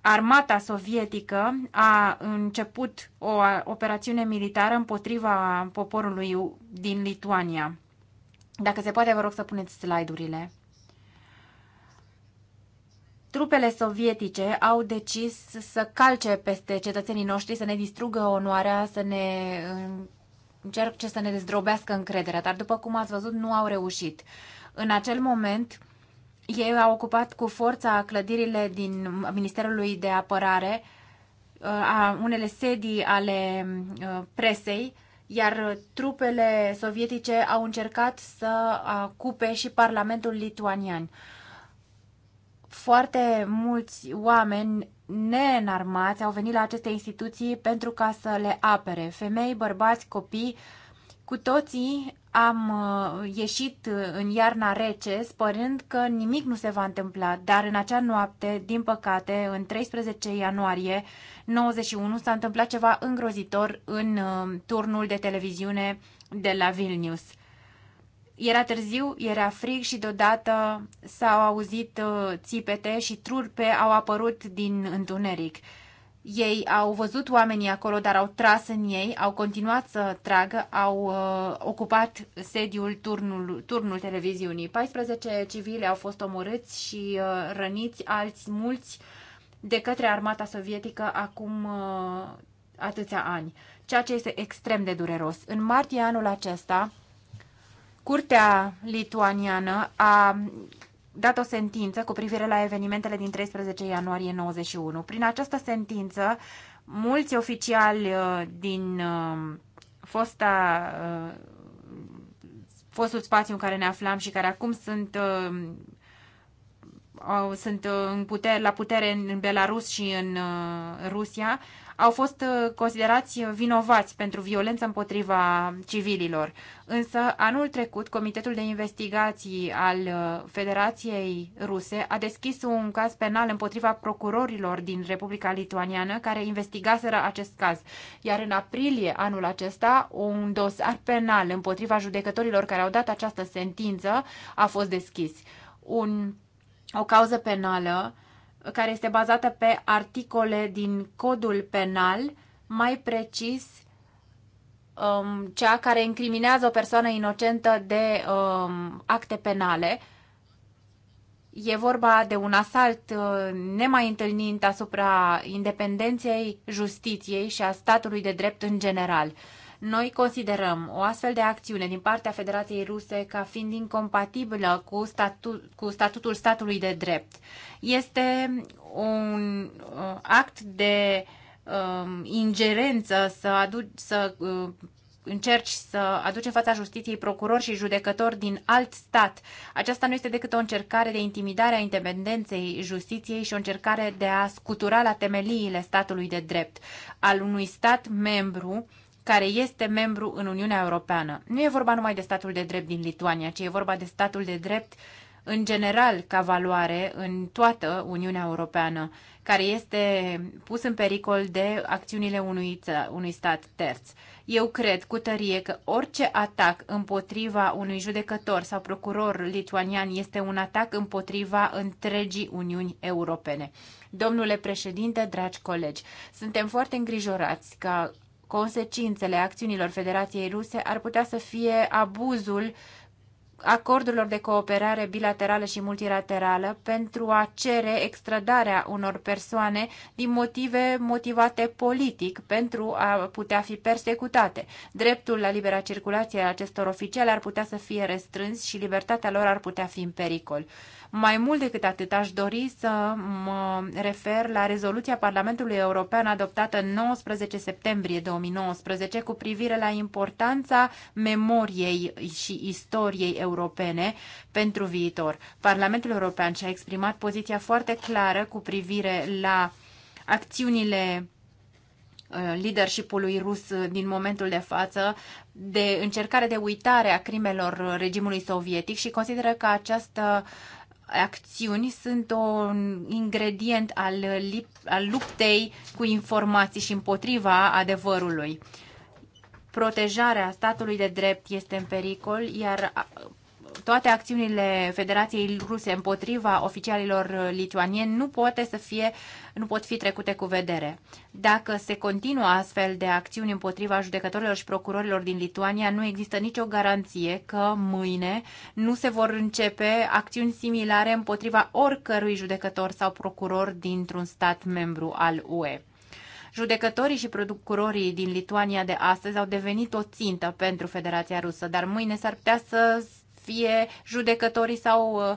armata sovietică a început o operațiune militară împotriva poporului din Lituania. Dacă se poate, vă rog să puneți slide-urile. Trupele sovietice au decis să calce peste cetățenii noștri, să ne distrugă onoarea, să ne încerce să ne dezdrobească încrederea, dar după cum ați văzut, nu au reușit. În acel moment, ei au ocupat cu forța clădirile din Ministerului de Apărare, uh, a unele sedii ale uh, presei, iar trupele sovietice au încercat să cupe și Parlamentul lituanian. Foarte mulți oameni neînarmați au venit la aceste instituții pentru ca să le apere. Femei, bărbați, copii, cu toții am uh, ieșit uh, în iarna rece spărând că nimic nu se va întâmpla, dar în acea noapte, din păcate, în 13 ianuarie 91 s-a întâmplat ceva îngrozitor în uh, turnul de televiziune de la Vilnius. Era târziu, era frig și deodată s-au auzit țipete și trurpe au apărut din întuneric. Ei au văzut oamenii acolo, dar au tras în ei, au continuat să tragă, au uh, ocupat sediul turnul, turnul televiziunii. 14 civile au fost omorâți și uh, răniți, alți mulți, de către armata sovietică acum uh, atâția ani, ceea ce este extrem de dureros. În martie anul acesta, Curtea lituaniană a dat o sentință cu privire la evenimentele din 13 ianuarie 91. Prin această sentință, mulți oficiali uh, din uh, fosta uh, fostul spațiu în care ne aflam și care acum sunt sunt în putere, la putere în Belarus și în Rusia, au fost uh, considerați vinovați pentru violență împotriva civililor. Însă, anul trecut, Comitetul de Investigații al uh, Federației Ruse a deschis un caz penal împotriva procurorilor din Republica Lituaniană care investigaseră acest caz. Iar în aprilie anul acesta, un dosar penal împotriva judecătorilor care au dat această sentință a fost deschis. Un, o cauză penală care este bazată pe articole din codul penal, mai precis um, cea care incriminează o persoană inocentă de um, acte penale. E vorba de un asalt uh, nemai întâlnit asupra independenței justiției și a statului de drept în general. Noi considerăm o astfel de acțiune din partea Federației Ruse ca fiind incompatibilă cu, statu- cu statutul statului de drept. Este un uh, act de um, ingerență să, adu- să uh, încerci să aduci în fața justiției procurori și judecători din alt stat. Aceasta nu este decât o încercare de intimidare a independenței justiției și o încercare de a scutura la temeliile statului de drept al unui stat membru care este membru în Uniunea Europeană. Nu e vorba numai de statul de drept din Lituania, ci e vorba de statul de drept în general ca valoare în toată Uniunea Europeană, care este pus în pericol de acțiunile unui, unui stat terț. Eu cred cu tărie că orice atac împotriva unui judecător sau procuror lituanian este un atac împotriva întregii Uniuni Europene. Domnule președinte, dragi colegi, suntem foarte îngrijorați că Consecințele acțiunilor Federației Ruse ar putea să fie abuzul acordurilor de cooperare bilaterală și multilaterală pentru a cere extradarea unor persoane din motive motivate politic pentru a putea fi persecutate. Dreptul la libera circulație a acestor oficiale ar putea să fie restrâns și libertatea lor ar putea fi în pericol. Mai mult decât atât, aș dori să mă refer la rezoluția Parlamentului European adoptată în 19 septembrie 2019 cu privire la importanța memoriei și istoriei europene pentru viitor. Parlamentul European și-a exprimat poziția foarte clară cu privire la acțiunile uh, leadership-ului rus uh, din momentul de față de încercare de uitare a crimelor uh, regimului sovietic și consideră că această acțiuni sunt un ingredient al, al luptei cu informații și împotriva adevărului protejarea statului de drept este în pericol, iar toate acțiunile Federației Ruse împotriva oficialilor lituanieni nu, poate să fie, nu pot fi trecute cu vedere. Dacă se continuă astfel de acțiuni împotriva judecătorilor și procurorilor din Lituania, nu există nicio garanție că mâine nu se vor începe acțiuni similare împotriva oricărui judecător sau procuror dintr-un stat membru al UE. Judecătorii și procurorii din Lituania de astăzi au devenit o țintă pentru Federația Rusă, dar mâine s-ar putea să fie judecătorii sau,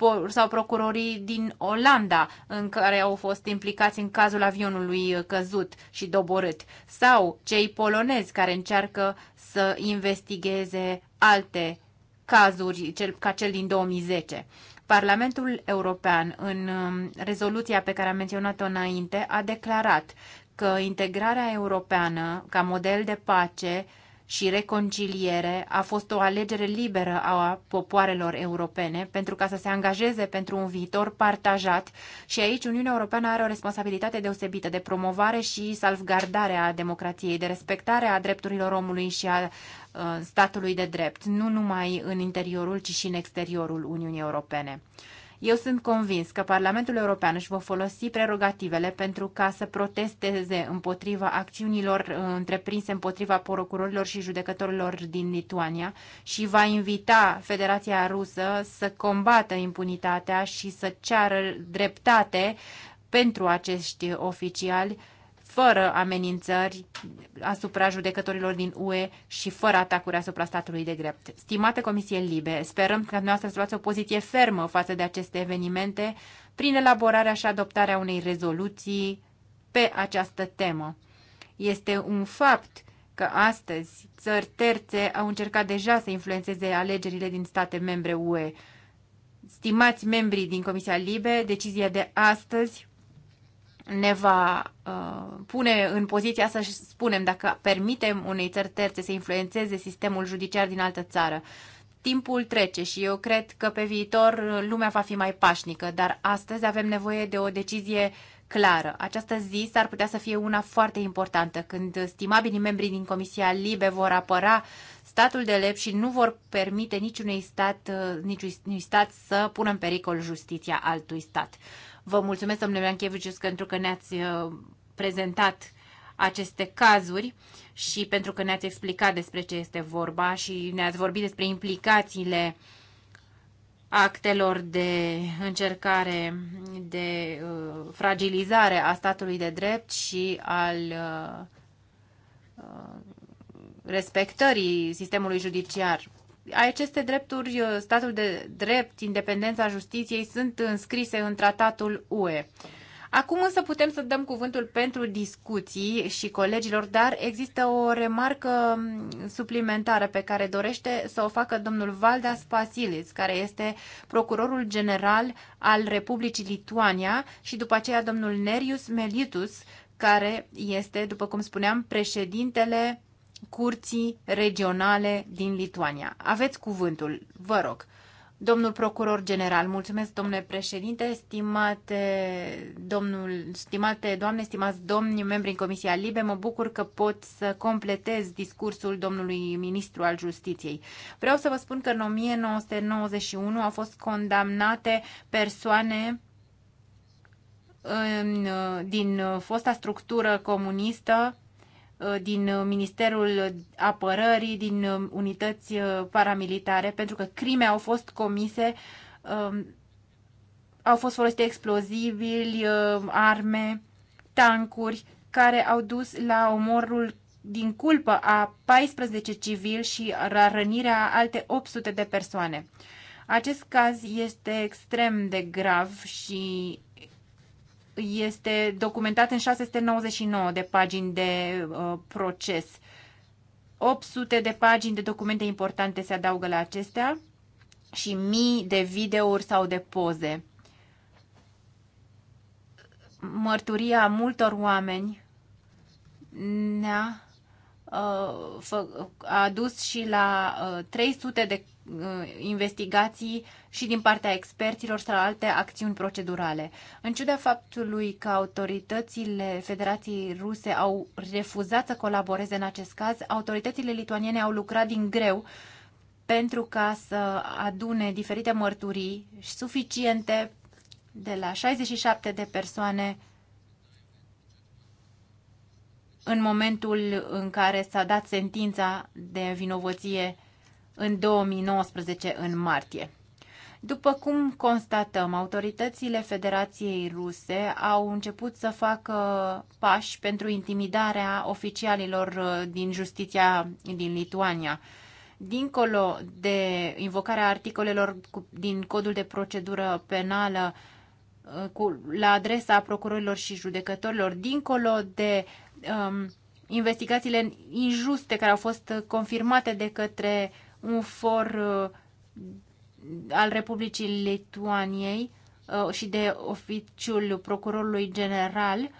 uh, sau procurorii din Olanda în care au fost implicați în cazul avionului uh, căzut și doborât sau cei polonezi care încearcă să investigheze alte cazuri cel, ca cel din 2010. Parlamentul European, în um, rezoluția pe care am menționat-o înainte, a declarat că integrarea europeană ca model de pace și reconciliere a fost o alegere liberă a popoarelor europene pentru ca să se angajeze pentru un viitor partajat și aici Uniunea Europeană are o responsabilitate deosebită de promovare și salvgardare a democrației, de respectare a drepturilor omului și a uh, statului de drept, nu numai în interiorul, ci și în exteriorul Uniunii Europene. Eu sunt convins că Parlamentul European își va folosi prerogativele pentru ca să protesteze împotriva acțiunilor uh, întreprinse împotriva procurorilor și judecătorilor din Lituania și va invita Federația Rusă să combată impunitatea și să ceară dreptate pentru acești oficiali fără amenințări asupra judecătorilor din UE și fără atacuri asupra statului de drept. Stimată Comisie Libe, sperăm că dumneavoastră să luați o poziție fermă față de aceste evenimente prin elaborarea și adoptarea unei rezoluții pe această temă. Este un fapt că astăzi țări terțe au încercat deja să influențeze alegerile din state membre UE. Stimați membrii din Comisia Libe, decizia de astăzi ne va uh, pune în poziția să spunem dacă permitem unei țări terțe să influențeze sistemul judiciar din altă țară. Timpul trece și eu cred că pe viitor lumea va fi mai pașnică, dar astăzi avem nevoie de o decizie clară. Această zi s-ar putea să fie una foarte importantă, când stimabilii membrii din Comisia Libe vor apăra statul de lep și nu vor permite niciunui stat, uh, niciunui stat să pună în pericol justiția altui stat. Vă mulțumesc, domnule Mianchevicius, pentru că ne-ați uh, prezentat aceste cazuri și pentru că ne-ați explicat despre ce este vorba și ne-ați vorbit despre implicațiile actelor de încercare de uh, fragilizare a statului de drept și al uh, uh respectării sistemului judiciar aceste drepturi, uh, statul de drept, independența justiției sunt înscrise în tratatul UE. Acum însă putem să dăm cuvântul pentru discuții și colegilor, dar există o remarcă mm, suplimentară pe care dorește să o facă domnul Valdas Pasilis, care este procurorul general al Republicii Lituania și după aceea domnul Nerius Melitus, care este, după cum spuneam, președintele curții regionale din Lituania. Aveți cuvântul, vă rog. Domnul procuror general, mulțumesc, domnule președinte, stimate, domnul, stimate doamne, stimați domni, membri în Comisia Libe, mă bucur că pot să completez discursul domnului ministru al justiției. Vreau să vă spun că în 1991 au fost condamnate persoane în, din fosta structură comunistă Uh, din uh, Ministerul Apărării, din uh, unități paramilitare, pentru că crime au fost comise, um, au fost folosite explozibili, arme, tancuri, care au dus la omorul din culpă a 14 civili și la rănirea alte 800 de persoane. Acest caz este extrem de grav și este documentat în 699 de pagini de uh, proces. 800 de pagini de documente importante se adaugă la acestea și mii de videouri sau de poze. Mărturia multor oameni ne-a uh, adus și la uh, 300 de Uh, investigații și din partea experților sau alte acțiuni procedurale. În ciuda faptului că autoritățile Federației Ruse au refuzat să colaboreze în acest caz, autoritățile lituaniene au lucrat din greu pentru ca să adune diferite mărturii suficiente de la 67 de persoane în momentul în care s-a dat sentința de vinovăție în 2019, în martie. După cum constatăm, autoritățile Federației Ruse au început să facă pași pentru intimidarea oficialilor uh, din justiția din Lituania. Dincolo de invocarea articolelor din codul de procedură penală uh, cu, la adresa procurorilor și judecătorilor, dincolo de um, investigațiile injuste care au fost confirmate de către uh, un for uh, al Republicii Lituaniei uh, și de oficiul procurorului general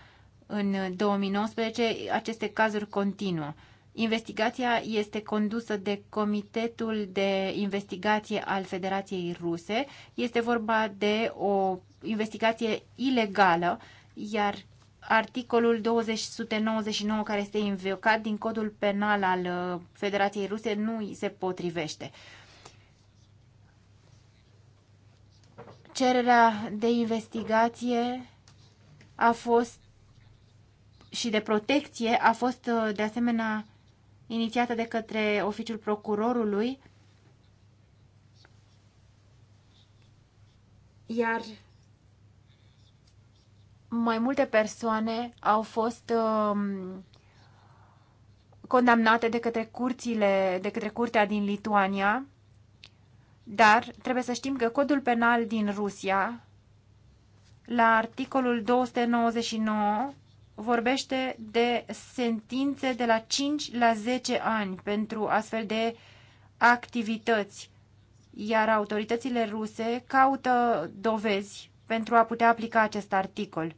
în 2019, aceste cazuri continuă. Investigația este condusă de Comitetul de Investigație al Federației Ruse. Este vorba de o investigație ilegală, iar articolul 299 care este invocat din codul penal al uh, Federației Ruse nu îi se potrivește. Cererea de investigație a fost și de protecție a fost uh, de asemenea inițiată de către oficiul procurorului iar mai multe persoane au fost um, condamnate de către curțile, de către curtea din Lituania, dar trebuie să știm că codul penal din Rusia, la articolul 299, vorbește de sentințe de la 5 la 10 ani pentru astfel de activități, iar autoritățile ruse caută dovezi pentru a putea aplica acest articol.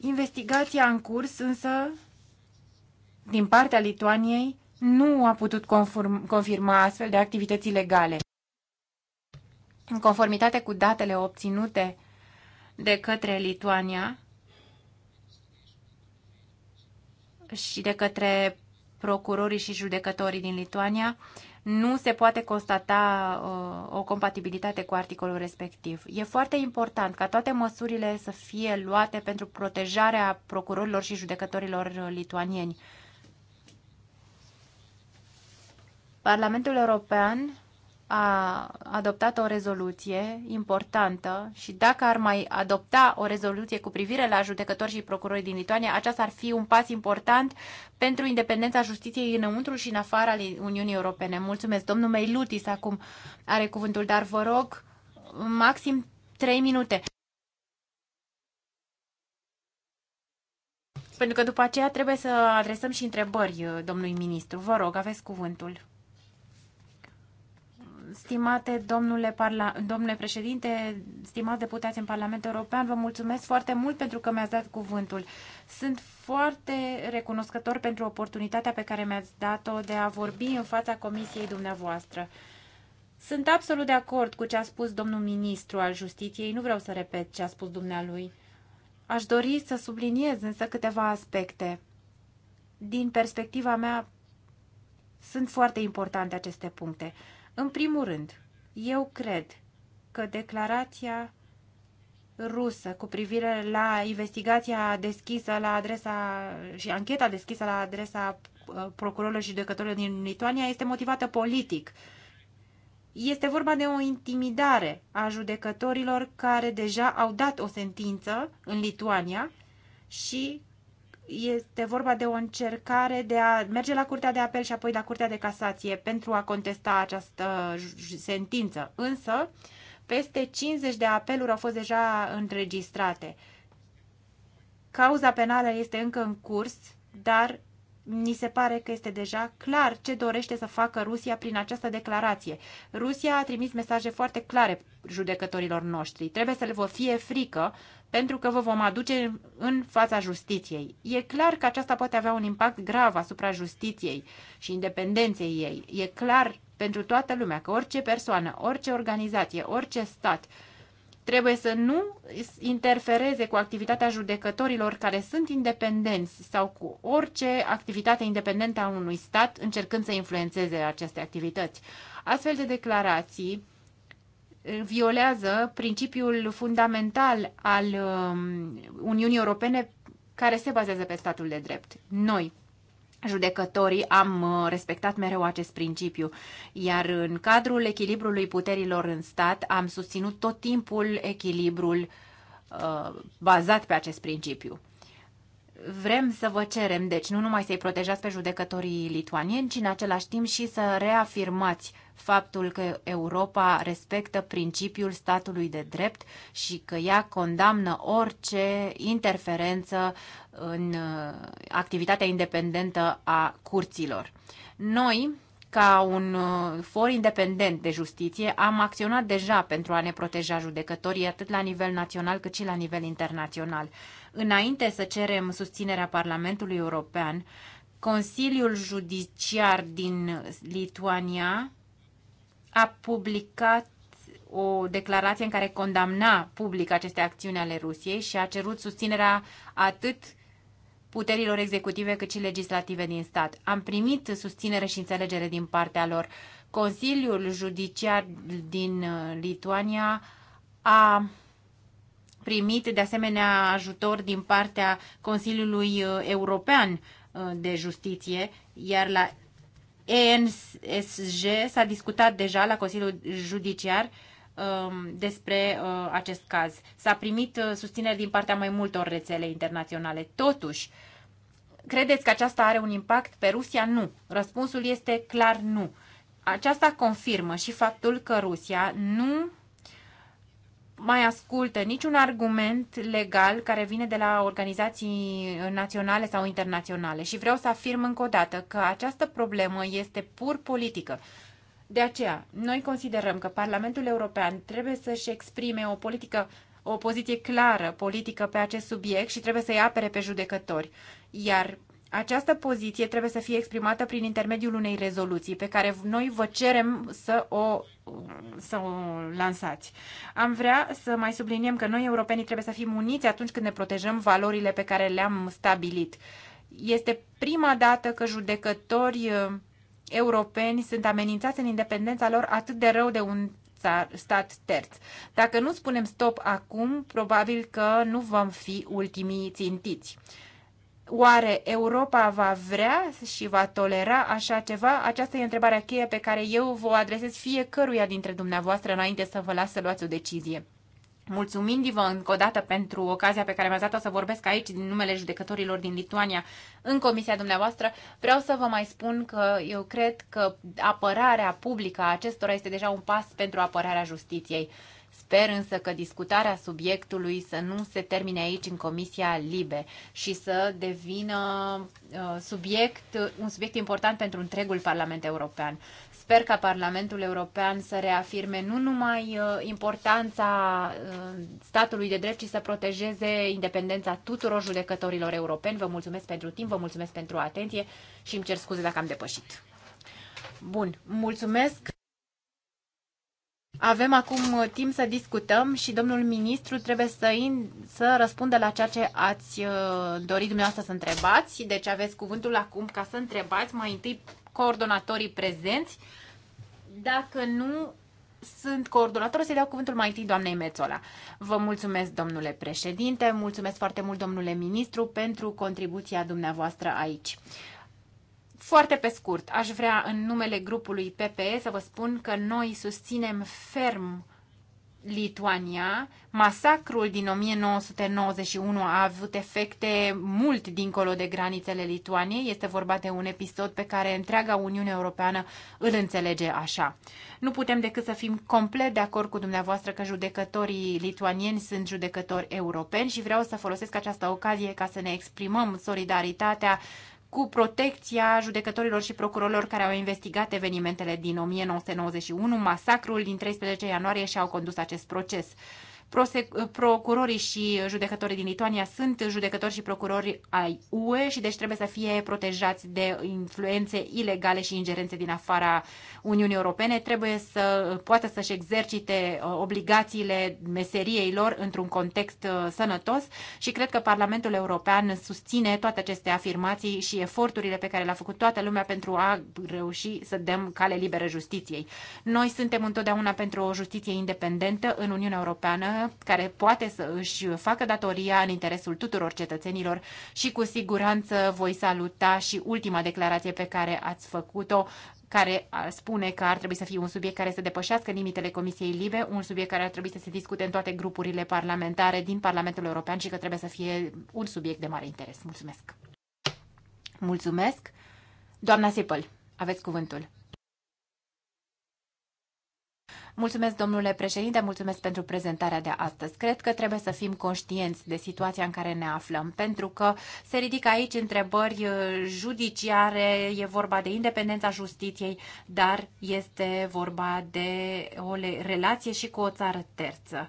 Investigația în curs, însă, din partea Lituaniei, nu a putut conform, confirma astfel de activități legale. În conformitate cu datele obținute de către Lituania și de către procurorii și judecătorii din Lituania, nu se poate constata uh, o compatibilitate cu articolul respectiv. E foarte important ca toate măsurile să fie luate pentru protejarea procurorilor și judecătorilor uh, lituanieni. Parlamentul European a adoptat o rezoluție importantă și dacă ar mai adopta o rezoluție cu privire la judecători și procurori din Lituania, aceasta ar fi un pas important pentru independența justiției înăuntru și în afara Uniunii Europene. Mulțumesc. Domnul Meilutis acum are cuvântul, dar vă rog maxim 3 minute. Pentru că după aceea trebuie să adresăm și întrebări domnului ministru. Vă rog, aveți cuvântul. Stimate domnule, parla... domnule președinte, stimați deputați în Parlamentul European, vă mulțumesc foarte mult pentru că mi-ați dat cuvântul. Sunt foarte recunoscător pentru oportunitatea pe care mi-ați dat-o de a vorbi în fața comisiei dumneavoastră. Sunt absolut de acord cu ce a spus domnul ministru al justiției, nu vreau să repet ce a spus dumnealui. Aș dori să subliniez însă câteva aspecte. Din perspectiva mea, sunt foarte importante aceste puncte. În primul rând, eu cred că declarația rusă cu privire la investigația deschisă la adresa și ancheta deschisă la adresa uh, procurorilor și judecătorilor din Lituania este motivată politic. Este vorba de o intimidare a judecătorilor care deja au dat o sentință în Lituania și este vorba de o încercare de a merge la Curtea de Apel și apoi la Curtea de Casație pentru a contesta această sentință. Însă, peste 50 de apeluri au fost deja înregistrate. Cauza penală este încă în curs, dar ni se pare că este deja clar ce dorește să facă Rusia prin această declarație. Rusia a trimis mesaje foarte clare judecătorilor noștri. Trebuie să le vă fie frică pentru că vă vom aduce în fața justiției. E clar că aceasta poate avea un impact grav asupra justiției și independenței ei. E clar pentru toată lumea că orice persoană, orice organizație, orice stat trebuie să nu interfereze cu activitatea judecătorilor care sunt independenți sau cu orice activitate independentă a unui stat încercând să influențeze aceste activități. Astfel de declarații violează principiul fundamental al um, Uniunii Europene care se bazează pe statul de drept. Noi, judecătorii, am uh, respectat mereu acest principiu, iar în cadrul echilibrului puterilor în stat am susținut tot timpul echilibrul uh, bazat pe acest principiu. Vrem să vă cerem, deci, nu numai să-i protejați pe judecătorii lituanieni, ci în același timp și să reafirmați faptul că Europa respectă principiul statului de drept și că ea condamnă orice interferență în uh, activitatea independentă a curților. Noi, ca un uh, for independent de justiție, am acționat deja pentru a ne proteja judecătorii atât la nivel național cât și la nivel internațional. Înainte să cerem susținerea Parlamentului European, Consiliul Judiciar din Lituania a publicat o declarație în care condamna public aceste acțiuni ale Rusiei și a cerut susținerea atât puterilor executive cât și legislative din stat. Am primit susținere și înțelegere din partea lor. Consiliul Judiciar din Lituania a primit de asemenea ajutor din partea Consiliului uh, European uh, de Justiție, iar la ENSG s-a discutat deja la Consiliul Judiciar um, despre uh, acest caz. S-a primit susținere din partea mai multor rețele internaționale. Totuși, credeți că aceasta are un impact pe Rusia? Nu. Răspunsul este clar nu. Aceasta confirmă și faptul că Rusia nu mai ascultă niciun argument legal care vine de la organizații naționale sau internaționale. Și vreau să afirm încă o dată că această problemă este pur politică. De aceea, noi considerăm că Parlamentul European trebuie să-și exprime o politică o poziție clară politică pe acest subiect și trebuie să-i apere pe judecători. Iar această poziție trebuie să fie exprimată prin intermediul unei rezoluții pe care noi vă cerem să o, să o lansați. Am vrea să mai subliniem că noi, europenii, trebuie să fim uniți atunci când ne protejăm valorile pe care le-am stabilit. Este prima dată că judecători uh, europeni sunt amenințați în independența lor atât de rău de un stat terț. Dacă nu spunem stop acum, probabil că nu vom fi ultimii țintiți. Oare Europa va vrea și va tolera așa ceva? Aceasta e întrebarea cheie pe care eu vă adresez fiecăruia dintre dumneavoastră înainte să vă las să luați o decizie. Mulțumindu-vă încă o dată pentru ocazia pe care mi-ați dat-o să vorbesc aici din numele judecătorilor din Lituania în comisia dumneavoastră, vreau să vă mai spun că eu cred că apărarea publică a acestora este deja un pas pentru apărarea justiției. Sper însă că discutarea subiectului să nu se termine aici în Comisia Libe și să devină uh, subiect, un subiect important pentru întregul Parlament European. Sper ca Parlamentul European să reafirme nu numai uh, importanța uh, statului de drept, ci să protejeze independența tuturor judecătorilor europeni. Vă mulțumesc pentru timp, vă mulțumesc pentru atenție și îmi cer scuze dacă am depășit. Bun, mulțumesc! Avem acum uh, timp să discutăm și domnul ministru trebuie să, in, să răspundă la ceea ce ați uh, dorit dumneavoastră să întrebați. Deci aveți cuvântul acum ca să întrebați mai întâi coordonatorii prezenți. Dacă nu sunt coordonator, o să-i dau cuvântul mai întâi doamnei Mețola. Vă mulțumesc, domnule președinte, mulțumesc foarte mult, domnule ministru, pentru contribuția dumneavoastră aici. Foarte pe scurt, aș vrea în numele grupului PPE să vă spun că noi susținem ferm Lituania. Masacrul din 1991 a avut efecte mult dincolo de granițele Lituaniei. Este vorba de un episod pe care întreaga Uniune Europeană îl înțelege așa. Nu putem decât să fim complet de acord cu dumneavoastră că judecătorii lituanieni sunt judecători europeni și vreau să folosesc această ocazie ca să ne exprimăm solidaritatea cu protecția judecătorilor și procurorilor care au investigat evenimentele din 1991, masacrul din 13 ianuarie și au condus acest proces. Procurorii și judecătorii din Lituania sunt judecători și procurori ai UE și deci trebuie să fie protejați de influențe ilegale și ingerențe din afara Uniunii Europene. Trebuie să poată să-și exercite uh, obligațiile meseriei lor într-un context uh, sănătos și cred că Parlamentul European susține toate aceste afirmații și eforturile pe care le-a făcut toată lumea pentru a reuși să dăm cale liberă justiției. Noi suntem întotdeauna pentru o justiție independentă în Uniunea Europeană care poate să își facă datoria în interesul tuturor cetățenilor și cu siguranță voi saluta și ultima declarație pe care ați făcut-o care spune că ar trebui să fie un subiect care să depășească limitele Comisiei Libe, un subiect care ar trebui să se discute în toate grupurile parlamentare din Parlamentul European și că trebuie să fie un subiect de mare interes. Mulțumesc! Mulțumesc! Doamna Sipăl, aveți cuvântul. Mulțumesc, domnule președinte, mulțumesc pentru prezentarea de astăzi. Cred că trebuie să fim conștienți de situația în care ne aflăm, pentru că se ridică aici întrebări uh, judiciare, e vorba de independența justiției, dar este vorba de o relație și cu o țară terță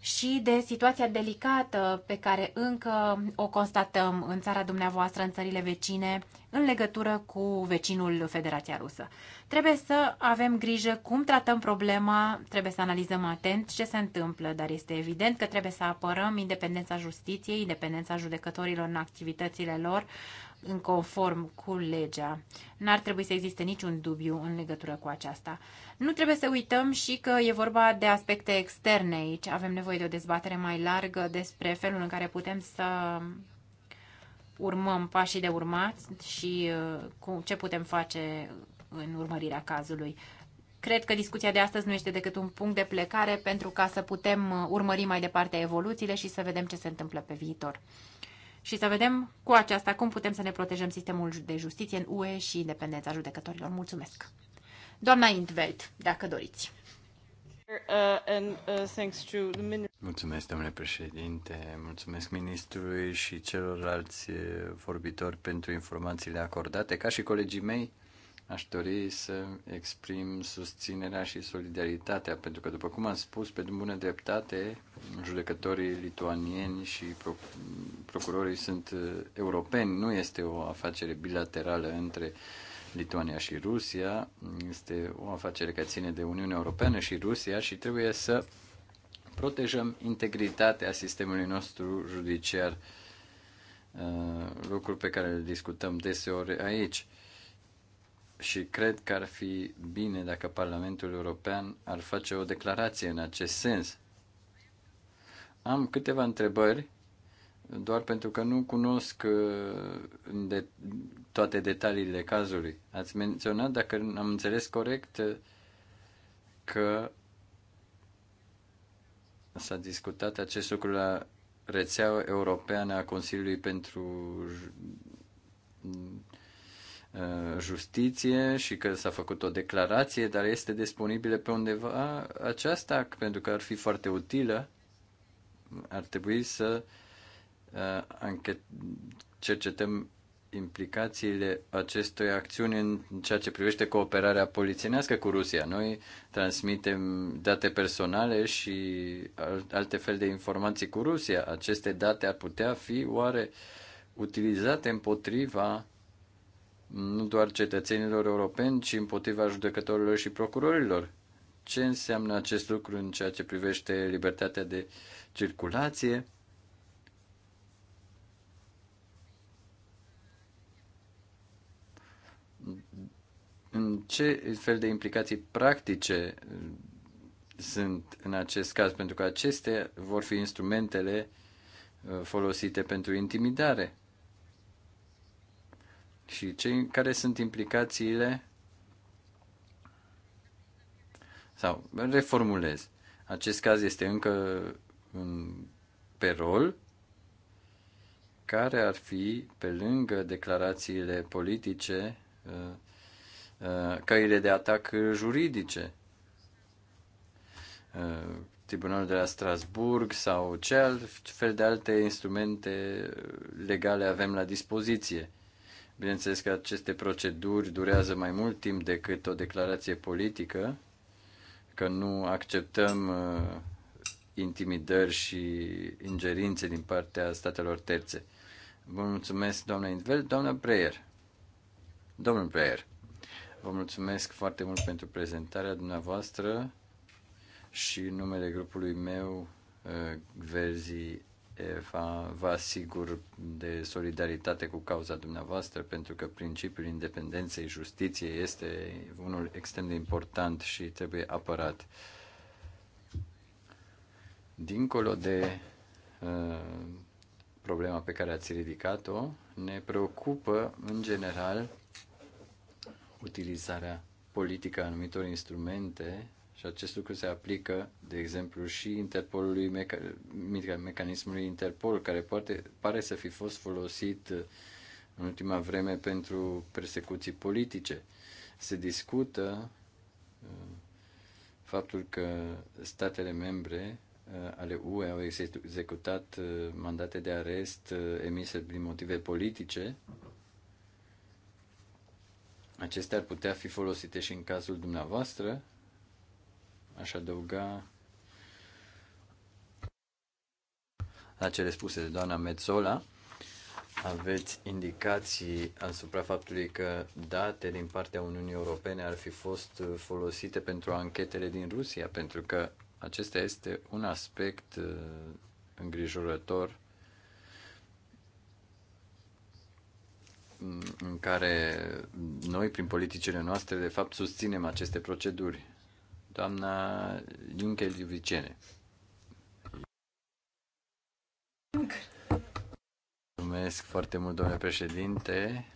și de situația delicată pe care încă o constatăm în țara dumneavoastră, în țările vecine, în legătură cu vecinul Federația Rusă. Trebuie să avem grijă cum tratăm problema, trebuie să analizăm atent ce se întâmplă, dar este evident că trebuie să apărăm independența justiției, independența judecătorilor în activitățile lor, în conform cu legea. N-ar trebui să existe niciun dubiu în legătură cu aceasta. Nu trebuie să uităm și că e vorba de aspecte externe aici. Avem nevoie de o dezbatere mai largă despre felul în care putem să urmăm pașii de urmat și uh, cu ce putem face în urmărirea cazului. Cred că discuția de astăzi nu este decât un punct de plecare pentru ca să putem uh, urmări mai departe evoluțiile și să vedem ce se întâmplă pe viitor și să vedem cu aceasta cum putem să ne protejăm sistemul de justiție în UE și independența judecătorilor. Mulțumesc! Doamna Intveld, dacă doriți. Uh, uh, mulțumesc, domnule președinte, mulțumesc ministrului și celorlalți uh, vorbitori pentru informațiile acordate. Ca și colegii mei, aș dori să exprim susținerea și solidaritatea, pentru că, după cum am spus, pe bună dreptate, judecătorii lituanieni și procurorii sunt uh, europeni, nu este o afacere bilaterală între Lituania și Rusia, este o afacere care ține de Uniunea Europeană și Rusia și trebuie să protejăm integritatea sistemului nostru judiciar, uh, Lucruri pe care le discutăm deseori aici și cred că ar fi bine dacă Parlamentul European ar face o declarație în acest sens. Am câteva întrebări, doar pentru că nu cunosc uh, de toate detaliile cazului. Ați menționat, dacă am înțeles corect, uh, că s-a discutat acest lucru la rețeaua europeană a Consiliului pentru Uh, justiție și că s-a făcut o declarație, dar este disponibilă pe undeva aceasta, pentru că ar fi foarte utilă, ar trebui să uh, cercetăm implicațiile acestei acțiuni în ceea ce privește cooperarea polițienească cu Rusia. Noi transmitem date personale și alte fel de informații cu Rusia. Aceste date ar putea fi oare utilizate împotriva nu doar cetățenilor europeni, ci împotriva judecătorilor și procurorilor. Ce înseamnă acest lucru în ceea ce privește libertatea de circulație? În ce fel de implicații practice sunt în acest caz? Pentru că acestea vor fi instrumentele uh, folosite pentru intimidare și cei care sunt implicațiile sau reformulez. Acest caz este încă în pe rol care ar fi pe lângă declarațiile politice uh, uh, căile de atac juridice. Uh, Tribunalul de la Strasburg sau ce fel de alte instrumente legale avem la dispoziție. Bineînțeles că aceste proceduri durează mai mult timp decât o declarație politică, că nu acceptăm uh, intimidări și ingerințe din partea statelor terțe. Vă mulțumesc, doamna Indvel, doamna Breyer. Domnul Breyer, vă mulțumesc foarte mult pentru prezentarea dumneavoastră și numele grupului meu, uh, Verzii va vă asigur de solidaritate cu cauza dumneavoastră, pentru că principiul independenței justiției este unul extrem de important și trebuie apărat. Dincolo de uh, problema pe care ați ridicat-o, ne preocupă, în general, utilizarea politică a anumitor instrumente și acest lucru se aplică, de exemplu, și Interpolului, meca- mecanismului Interpol, care poate, pare să fi fost folosit uh, în ultima vreme pentru persecuții politice. Se discută uh, faptul că statele membre uh, ale UE au executat mandate de arest emise din motive politice, acestea ar putea fi folosite și în cazul dumneavoastră Aș adăuga la cele spuse de doamna Metzola, aveți indicații asupra faptului că date din partea Uniunii Europene ar fi fost folosite pentru anchetele din Rusia, pentru că acesta este un aspect uh, îngrijorător în care noi, prin politicile noastre, de fapt, susținem aceste proceduri doamna Junkel Iuricene. Mulțumesc foarte mult, domnule președinte.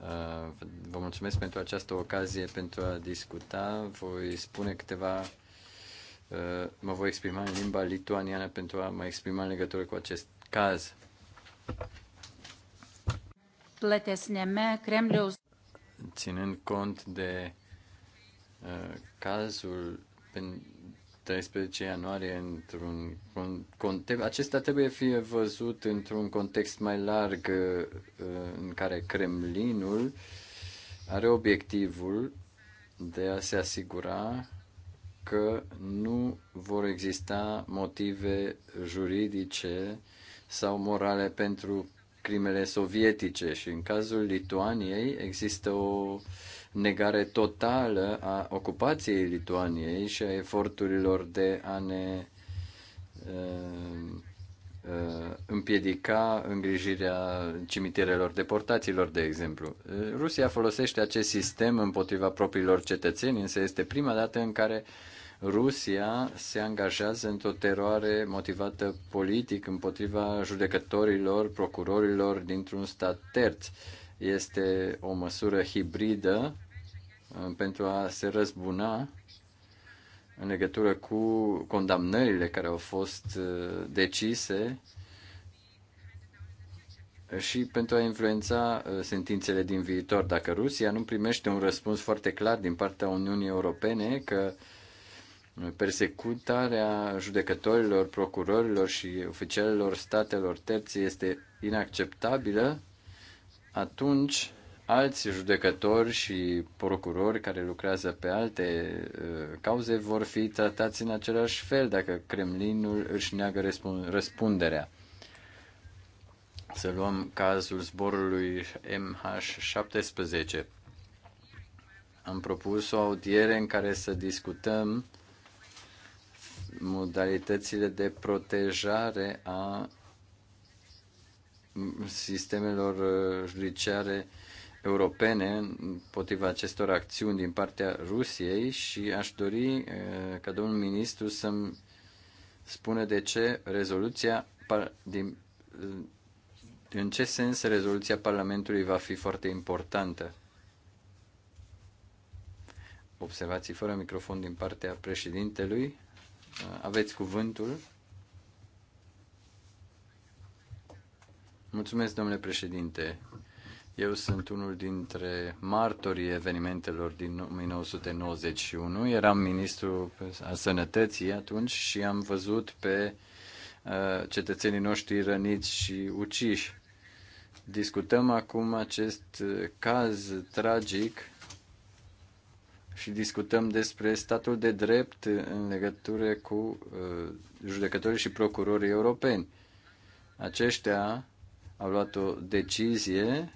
Uh, vă mulțumesc pentru această ocazie pentru a discuta. Voi spune câteva. Uh, mă voi exprima în limba lituaniană pentru a mă exprima în legătură cu acest caz. Platesneme Kremliaus. Ținând cont de cazul pe 13 ianuarie într-un context, acesta trebuie fi văzut într-un context mai larg uh, în care Kremlinul are obiectivul de a se asigura că nu vor exista motive juridice sau morale pentru crimele sovietice și în cazul Lituaniei există o negare totală a ocupației Lituaniei și a eforturilor de a ne uh, uh, împiedica îngrijirea cimitirelor deportaților, de exemplu. Uh, Rusia folosește acest sistem împotriva propriilor cetățeni, însă este prima dată în care Rusia se angajează într-o teroare motivată politic împotriva judecătorilor, procurorilor dintr-un stat terț. Este o măsură hibridă Uh, pentru a se răzbuna în legătură cu condamnările care au fost uh, decise și pentru a influența uh, sentințele din viitor. Dacă Rusia nu primește un răspuns foarte clar din partea Uniunii Europene că persecutarea judecătorilor, procurorilor și oficialilor statelor terții este inacceptabilă, atunci alți judecători și procurori care lucrează pe alte uh, cauze vor fi tratați în același fel dacă Kremlinul își neagă răspund- răspunderea. Să luăm cazul zborului MH17. Am propus o audiere în care să discutăm modalitățile de protejare a sistemelor judiciare uh, europene împotriva acestor acțiuni din partea Rusiei și aș dori eh, ca domnul ministru să-mi spune de ce rezoluția din, eh, în ce sens rezoluția Parlamentului va fi foarte importantă. Observații fără microfon din partea președintelui. Eh, aveți cuvântul. Mulțumesc, domnule președinte. Eu sunt unul dintre martorii evenimentelor din 1991. Eram ministru a sănătății atunci și am văzut pe uh, cetățenii noștri răniți și uciși. Discutăm acum acest uh, caz tragic și discutăm despre statul de drept în legătură cu uh, judecătorii și procurorii europeni. Aceștia au luat o decizie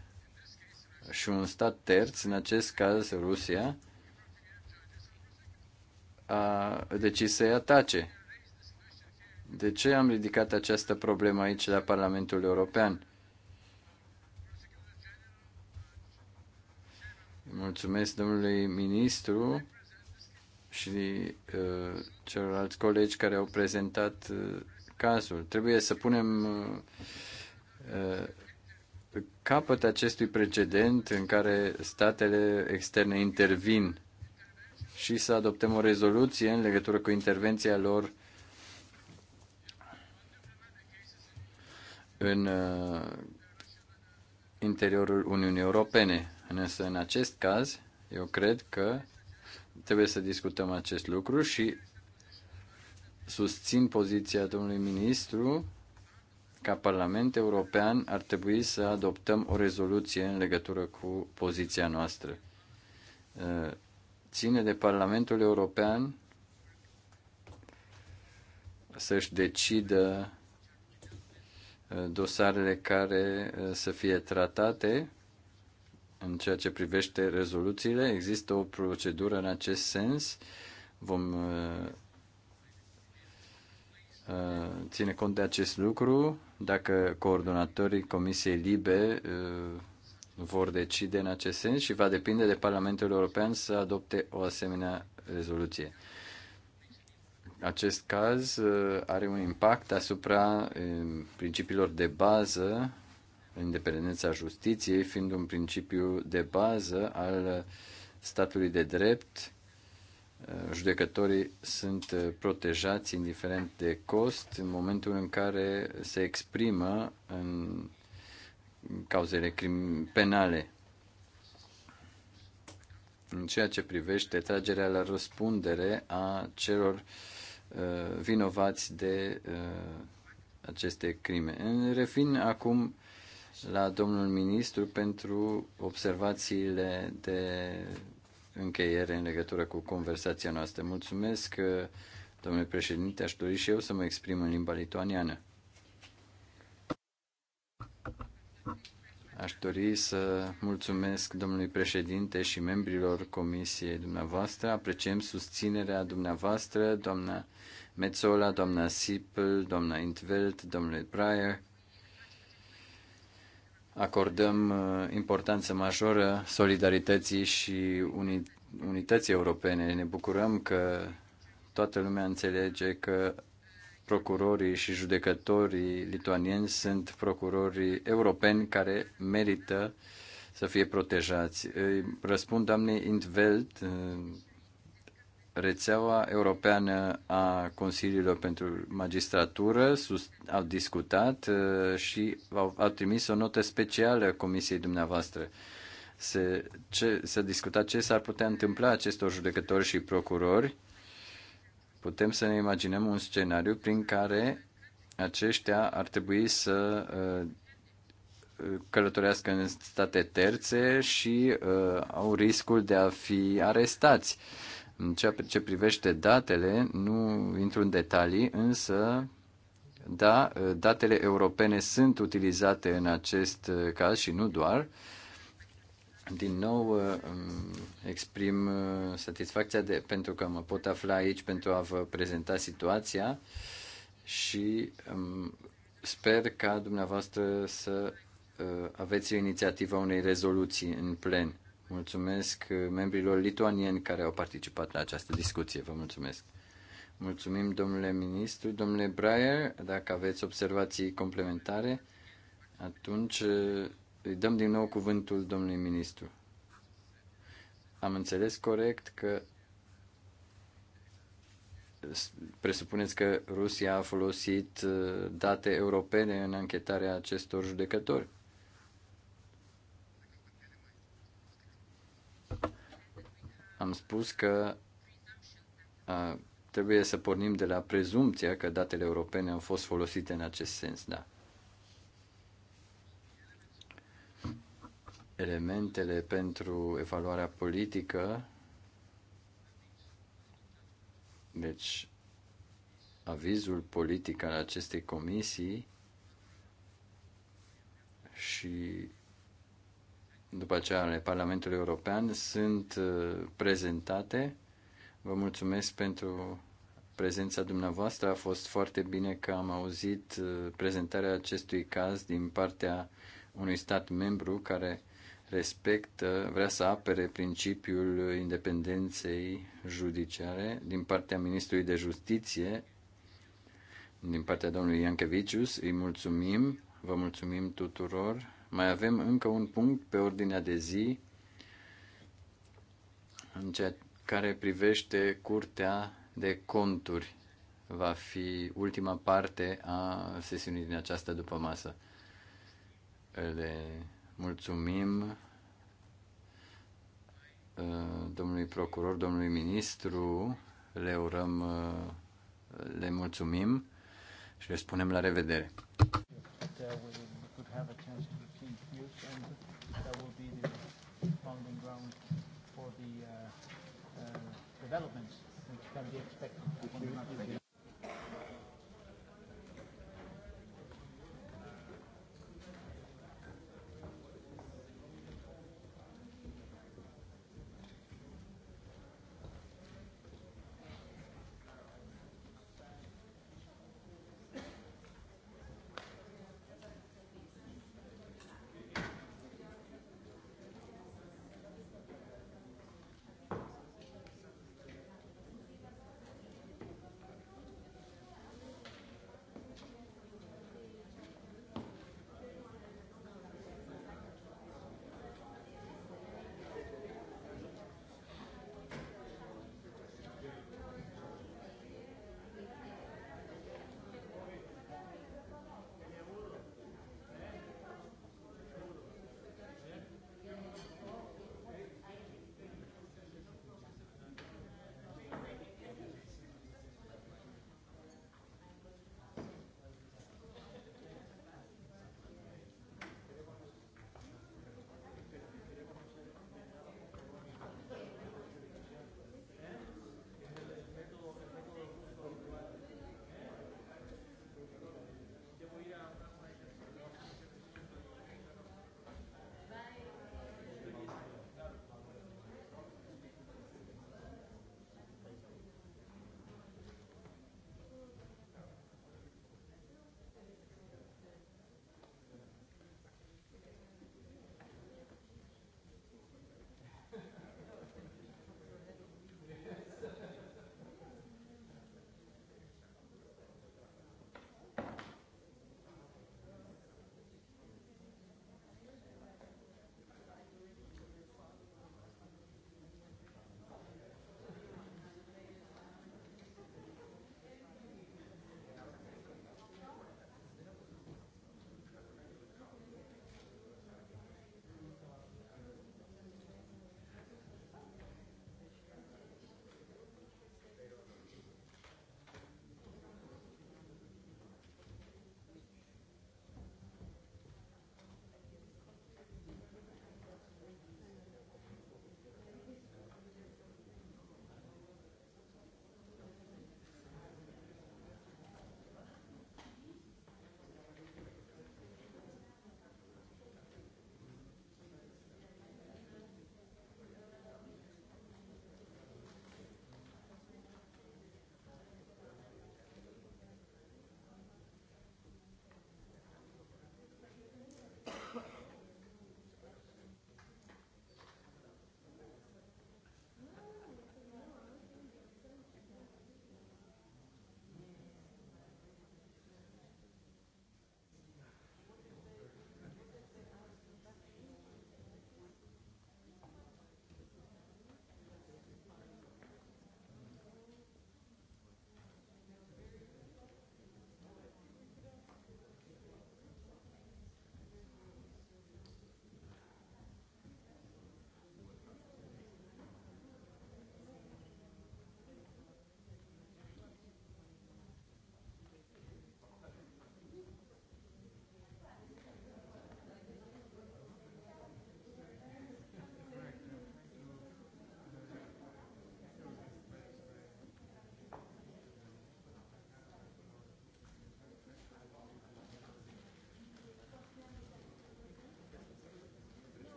și un stat terț, în acest caz Rusia, a decis să-i atace. De ce am ridicat această problemă aici la Parlamentul European? Mulțumesc domnului ministru și uh, celorlalți colegi care au prezentat uh, cazul. Trebuie să punem uh, uh capăt acestui precedent în care statele externe intervin și să adoptăm o rezoluție în legătură cu intervenția lor în uh, interiorul Uniunii Europene. Însă, în acest caz, eu cred că trebuie să discutăm acest lucru și susțin poziția domnului ministru ca Parlament European ar trebui să adoptăm o rezoluție în legătură cu poziția noastră. Ține de Parlamentul European să-și decidă uh, dosarele care uh, să fie tratate în ceea ce privește rezoluțiile. Există o procedură în acest sens. Vom uh, ține cont de acest lucru dacă coordonatorii Comisiei Libe uh, vor decide în acest sens și va depinde de Parlamentul European să adopte o asemenea rezoluție. Acest caz uh, are un impact asupra uh, principiilor de bază, independența justiției fiind un principiu de bază al statului de drept, judecătorii sunt uh, protejați indiferent de cost în momentul în care se exprimă în cauzele penale. În ceea ce privește tragerea la răspundere a celor uh, vinovați de uh, aceste crime. În refin acum la domnul ministru pentru observațiile de încheiere în legătură cu conversația noastră. Mulțumesc, uh, domnule președinte, aș dori și eu să mă exprim în limba lituaniană. Aș dori să mulțumesc domnului președinte și membrilor comisiei dumneavoastră. Apreciem susținerea dumneavoastră, doamna Metzola, doamna Sipel, doamna Intveld, domnule Breyer, acordăm uh, importanță majoră solidarității și unității europene. Ne bucurăm că toată lumea înțelege că procurorii și judecătorii lituanieni sunt procurorii europeni care merită să fie protejați. Îi răspund doamnei Intveld uh, rețeaua europeană a Consiliilor pentru Magistratură sus, au discutat uh, și au, au trimis o notă specială Comisiei dumneavoastră. Se, ce, s-a discutat ce s-ar putea întâmpla acestor judecători și procurori. Putem să ne imaginăm un scenariu prin care aceștia ar trebui să uh, călătorească în state terțe și uh, au riscul de a fi arestați. Uh, în ceea ce privește datele, nu intru în detalii, însă, da, ă, datele europene sunt utilizate în acest ă, caz și nu doar. Din nou, ă, exprim satisfacția de, pentru că mă pot afla aici pentru a vă prezenta situația și sper ca dumneavoastră să aveți o inițiativă unei rezoluții în plen. Mulțumesc uh, membrilor lituanieni care au participat la această discuție. Vă mulțumesc. Mulțumim, domnule ministru. Domnule Breyer, dacă aveți observații complementare, atunci uh, îi dăm din nou cuvântul domnului ministru. Am înțeles corect că presupuneți că Rusia a folosit uh, date europene în anchetarea acestor judecători. am spus că a, trebuie să pornim de la prezumția că datele europene au fost folosite în acest sens, da. Elementele pentru evaluarea politică, deci avizul politic al acestei comisii și după aceea ale Parlamentului European sunt uh, prezentate. Vă mulțumesc pentru prezența dumneavoastră. A fost foarte bine că am auzit uh, prezentarea acestui caz din partea unui stat membru care respectă, vrea să apere principiul independenței judiciare din partea Ministrului de Justiție, din partea domnului Iankevicius. Îi mulțumim, vă mulțumim tuturor mai avem încă un punct pe ordinea de zi în ceea care privește curtea de conturi. Va fi ultima parte a sesiunii din această după masă. Le mulțumim uh, domnului procuror, domnului ministru, le urăm, uh, le mulțumim și le spunem la revedere and that will be the founding ground for the uh, uh, developments which can be expected.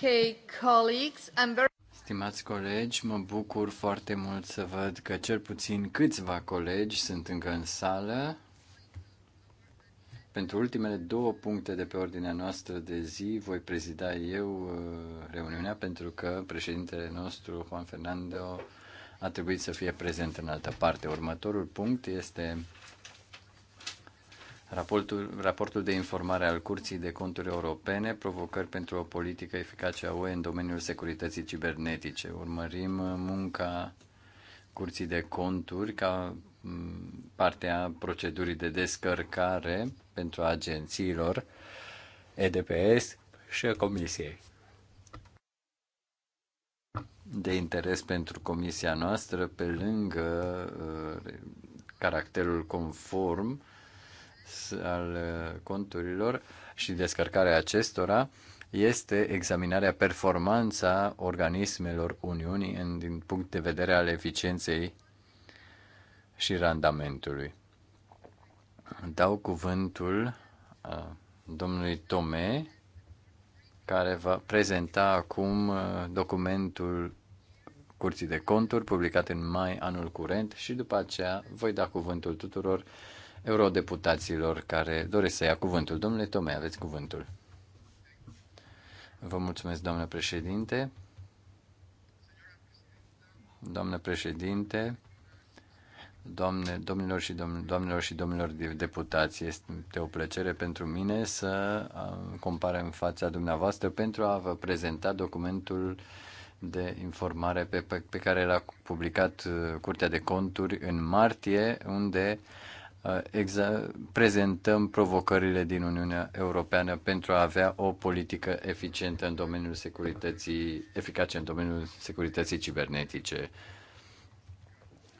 Okay, colleagues, I'm very... Stimați colegi, mă bucur foarte mult să văd că cel puțin câțiva colegi sunt încă în sală. Pentru ultimele două puncte de pe ordinea noastră de zi voi prezida eu uh, reuniunea pentru că președintele nostru, Juan Fernando, a trebuit să fie prezent în altă parte. Următorul punct este Raportul, raportul de informare al Curții de Conturi Europene, provocări pentru o politică eficace a UE în domeniul securității cibernetice. Urmărim uh, munca Curții de Conturi ca mm, partea procedurii de descărcare pentru agențiilor EDPS și a Comisiei. De interes pentru Comisia noastră, pe lângă uh, caracterul conform, al uh, conturilor și descărcarea acestora este examinarea performanța organismelor Uniunii în, din punct de vedere al eficienței și randamentului. Dau cuvântul uh, domnului Tome, care va prezenta acum uh, documentul Curții de Conturi, publicat în mai anul curent și după aceea voi da cuvântul tuturor eurodeputaților care doresc să ia cuvântul. Domnule Tomei, aveți cuvântul. Vă mulțumesc, doamnă președinte. Doamnă președinte, doamne, domnilor, și domn, doamnelor și domnilor deputați, este o plăcere pentru mine să compar în fața dumneavoastră pentru a vă prezenta documentul de informare pe, pe, pe care l-a publicat uh, Curtea de Conturi în martie, unde uh, Uh, prezentăm provocările din Uniunea Europeană pentru a avea o politică eficientă în domeniul securității, eficace în domeniul securității cibernetice.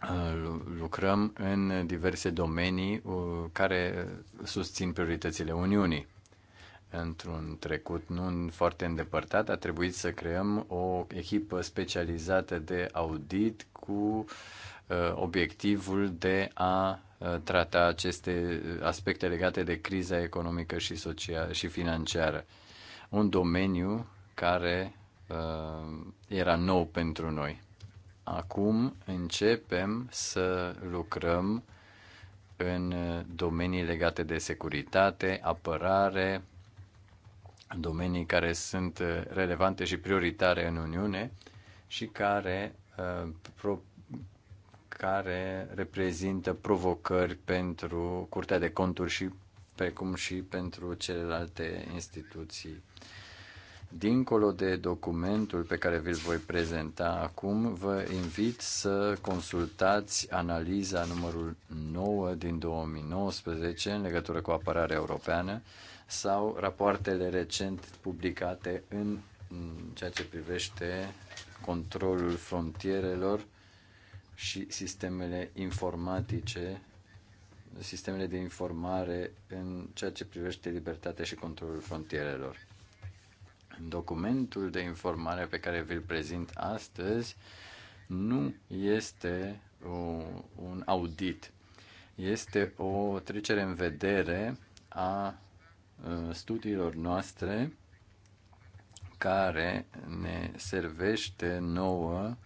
Uh, lucrăm în diverse domenii uh, care susțin prioritățile Uniunii. Într-un trecut nu foarte îndepărtat, a trebuit să creăm o echipă specializată de audit cu obiectivul de a Uh, trata aceste uh, aspecte legate de criza economică și, social, și financiară. Un domeniu care uh, era nou pentru noi. Acum începem să lucrăm în uh, domenii legate de securitate, apărare, domenii care sunt relevante și prioritare în Uniune și care uh, care reprezintă provocări pentru Curtea de Conturi și precum și pentru celelalte instituții. Dincolo de documentul pe care vi-l voi prezenta acum, vă invit să consultați analiza numărul 9 din 2019 în legătură cu apărarea europeană sau rapoartele recent publicate în ceea ce privește controlul frontierelor și sistemele informatice, sistemele de informare în ceea ce privește libertatea și controlul frontierelor. documentul de informare pe care vi-l prezint astăzi nu este o, un audit, este o trecere în vedere a ă, studiilor noastre care ne servește nouă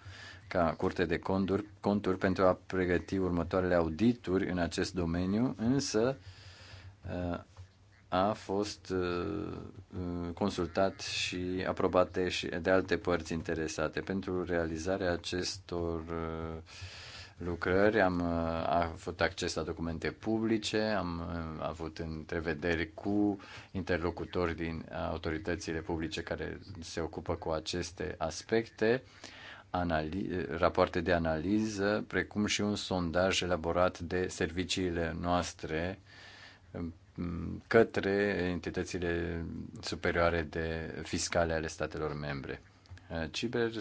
ca Curte de Conturi, conturi pentru a pregăti următoarele audituri în acest domeniu, însă uh, a fost uh, uh, consultat și aprobate și de alte părți interesate. Pentru realizarea acestor lucrări am avut acces la documente publice, am avut întrevederi cu interlocutori din autoritățile publice care se ocupă cu aceste aspecte rapoarte de analiză, precum și un sondaj elaborat de serviciile noastre um, către entitățile superioare de fiscale ale statelor membre. Uh,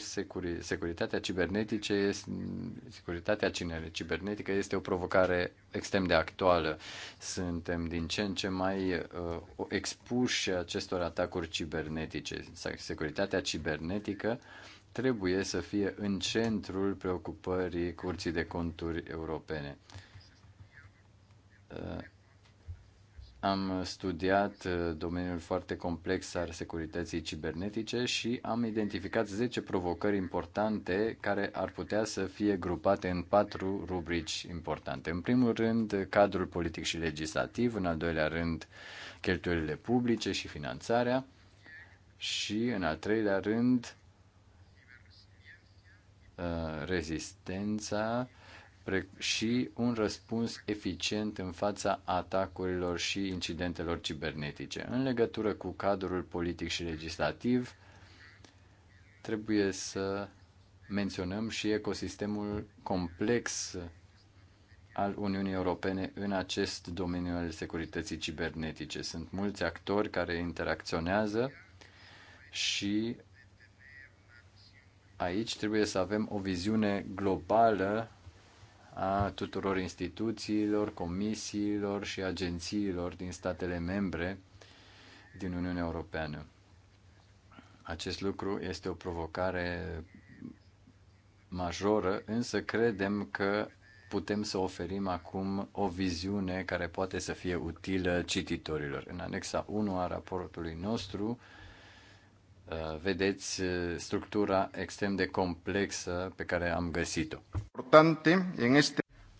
securitatea cibernetice este, securitatea cibernetică este o provocare extrem de actuală. Suntem din ce în ce mai uh, expuși acestor atacuri cibernetice. Securitatea cibernetică uh, trebuie să fie în centrul preocupării Curții de Conturi Europene. Uh, am studiat uh, domeniul foarte complex al securității cibernetice și am identificat 10 provocări importante care ar putea să fie grupate în patru rubrici importante. În primul rând, cadrul politic și legislativ, în al doilea rând, cheltuielile publice și finanțarea și, în al treilea rând, Uh, rezistența și un răspuns eficient în fața atacurilor și incidentelor cibernetice. În legătură cu cadrul politic și legislativ, trebuie să menționăm și ecosistemul complex al Uniunii Europene în acest domeniu al securității cibernetice. Sunt mulți actori care interacționează și aici trebuie să avem o viziune globală a tuturor instituțiilor, comisiilor și agențiilor din statele membre din Uniunea Europeană. Acest lucru este o provocare majoră, însă credem că putem să oferim acum o viziune care poate să fie utilă cititorilor. În anexa 1 a raportului nostru, Uh, vedeți uh, structura extrem de complexă pe care am găsit-o.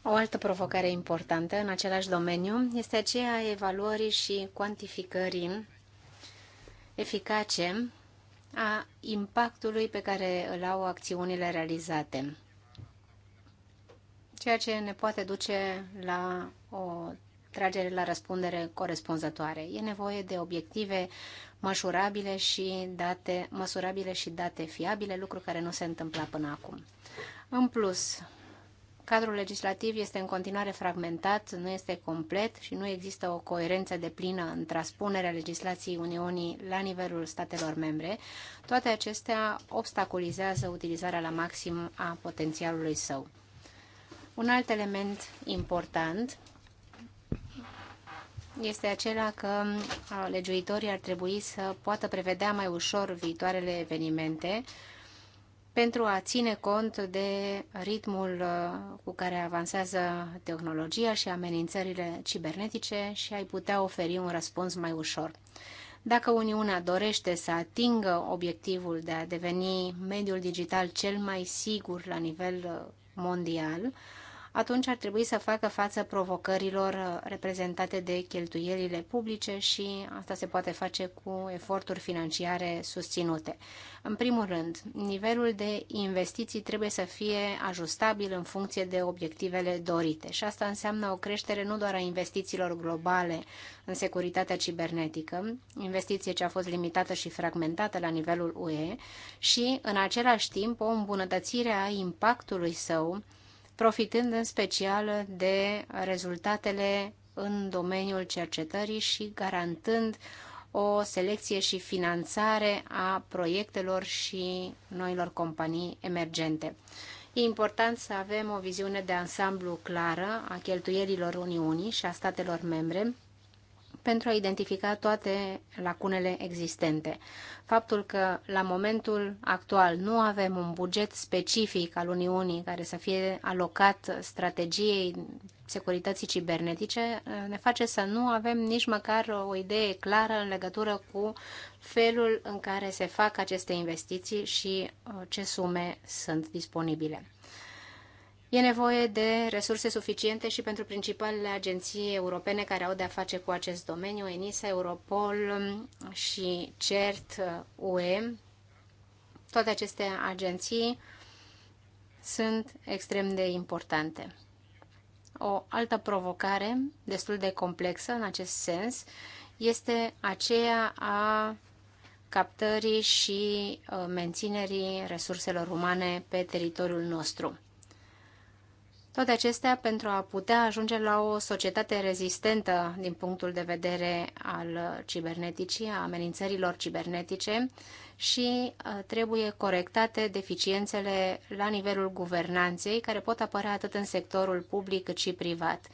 O altă provocare importantă în același domeniu este aceea evaluării și cuantificării eficace a impactului pe care îl au acțiunile realizate, ceea ce ne poate duce la o tragere la răspundere corespunzătoare. E nevoie de obiective măsurabile și date, măsurabile și date fiabile, lucru care nu se întâmpla până acum. În plus, cadrul legislativ este în continuare fragmentat, nu este complet și nu există o coerență de plină în transpunerea legislației Uniunii la nivelul statelor membre. Toate acestea obstaculizează utilizarea la maxim a potențialului său. Un alt element important este acela că legiuitorii ar trebui să poată prevedea mai ușor viitoarele evenimente pentru a ține cont de ritmul cu care avansează tehnologia și amenințările cibernetice și ai putea oferi un răspuns mai ușor. Dacă Uniunea dorește să atingă obiectivul de a deveni mediul digital cel mai sigur la nivel mondial, atunci ar trebui să facă față provocărilor uh, reprezentate de cheltuielile publice și asta se poate face cu eforturi financiare susținute. În primul rând, nivelul de investiții trebuie să fie ajustabil în funcție de obiectivele dorite și asta înseamnă o creștere nu doar a investițiilor globale în securitatea cibernetică, investiție ce a fost limitată și fragmentată la nivelul UE, și, în același timp, o îmbunătățire a impactului său profitând în special de rezultatele în domeniul cercetării și garantând o selecție și finanțare a proiectelor și noilor companii emergente. E important să avem o viziune de ansamblu clară a cheltuielilor Uniunii și a statelor membre pentru a identifica toate lacunele existente. Faptul că la momentul actual nu avem un buget specific al Uniunii care să fie alocat strategiei securității cibernetice ne face să nu avem nici măcar o idee clară în legătură cu felul în care se fac aceste investiții și uh, ce sume sunt disponibile. E nevoie de resurse suficiente și pentru principalele agenții europene care au de-a face cu acest domeniu, ENISA, Europol um, și CERT, uh, UE. Toate aceste agenții sunt extrem de importante. O altă provocare destul de complexă în acest sens este aceea a captării și uh, menținerii resurselor umane pe teritoriul nostru. Toate acestea pentru a putea ajunge la o societate rezistentă din punctul de vedere al ciberneticii, a amenințărilor cibernetice și uh, trebuie corectate deficiențele la nivelul guvernanței care pot apărea atât în sectorul public cât și privat.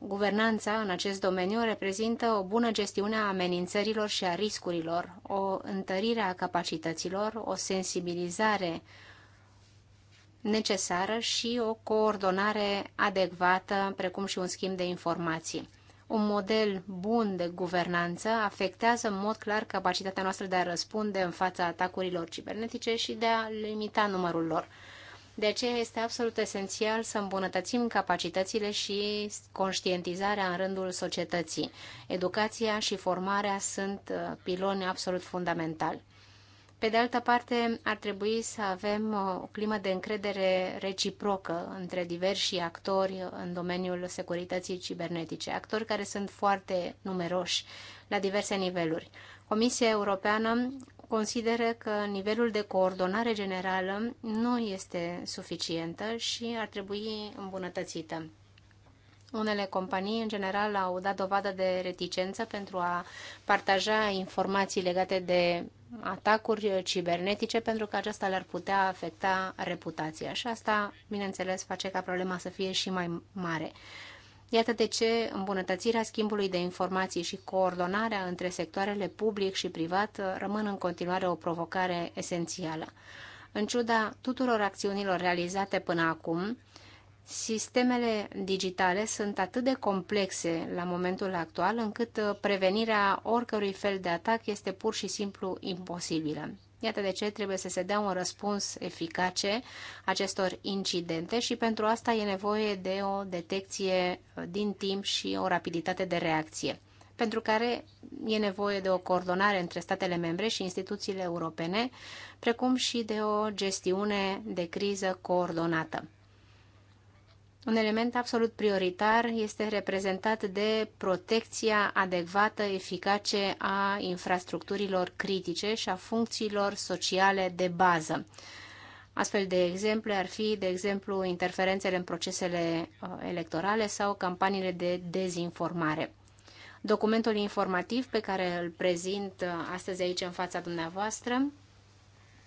Guvernanța în acest domeniu reprezintă o bună gestiune a amenințărilor și a riscurilor, o întărire a capacităților, o sensibilizare necesară și o coordonare adecvată, precum și un schimb de informații. Un model bun de guvernanță afectează în mod clar capacitatea noastră de a răspunde în fața atacurilor cibernetice și de a limita numărul lor. De aceea este absolut esențial să îmbunătățim capacitățile și conștientizarea în rândul societății. Educația și formarea sunt uh, piloni absolut fundamentali. Pe de altă parte, ar trebui să avem uh, o climă de încredere reciprocă între diversi actori în domeniul securității cibernetice, actori care sunt foarte numeroși la diverse niveluri. Comisia Europeană consideră că nivelul de coordonare generală nu este suficientă și ar trebui îmbunătățită. Unele companii, în general, au dat dovadă de reticență pentru a partaja informații legate de atacuri cibernetice, pentru că aceasta le-ar putea afecta reputația. Și asta, bineînțeles, face ca problema să fie și mai mare. Iată de ce îmbunătățirea schimbului de informații și coordonarea între sectoarele public și privat rămân în continuare o provocare esențială. În ciuda tuturor acțiunilor realizate până acum, Sistemele digitale sunt atât de complexe la momentul actual încât uh, prevenirea oricărui fel de atac este pur și simplu imposibilă. Iată de ce trebuie să se dea un răspuns eficace acestor incidente și pentru asta e nevoie de o detecție uh, din timp și o rapiditate de reacție, pentru care e nevoie de o coordonare între statele membre și instituțiile europene, precum și de o gestiune de criză coordonată. Un element absolut prioritar este reprezentat de protecția adecvată, eficace a infrastructurilor critice și a funcțiilor sociale de bază. Astfel de exemple ar fi, de exemplu, interferențele în procesele uh, electorale sau campaniile de dezinformare. Documentul informativ pe care îl prezint uh, astăzi aici în fața dumneavoastră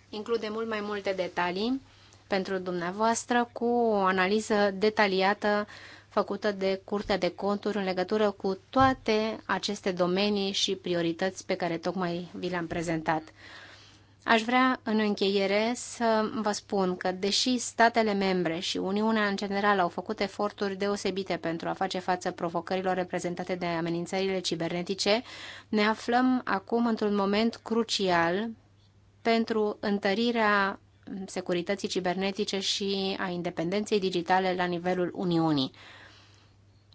include mult mai multe detalii pentru dumneavoastră cu o analiză detaliată făcută de Curtea de Conturi în legătură cu toate aceste domenii și priorități pe care tocmai vi le-am prezentat. Aș vrea în încheiere să vă spun că deși statele membre și Uniunea în general au făcut eforturi deosebite pentru a face față provocărilor reprezentate de amenințările cibernetice, ne aflăm acum într-un moment crucial pentru întărirea securității cibernetice și a independenței digitale la nivelul Uniunii.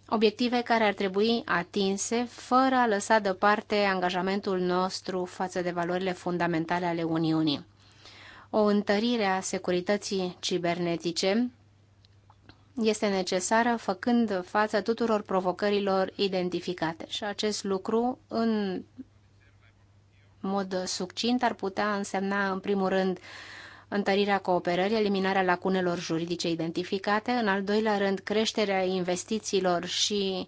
Obiective care ar trebui atinse fără a lăsa deoparte angajamentul nostru față de valorile fundamentale ale Uniunii. O întărire a securității cibernetice este necesară făcând față tuturor provocărilor identificate și acest lucru în mod succint ar putea însemna în primul rând întărirea cooperării, eliminarea lacunelor juridice identificate, în al doilea rând creșterea investițiilor și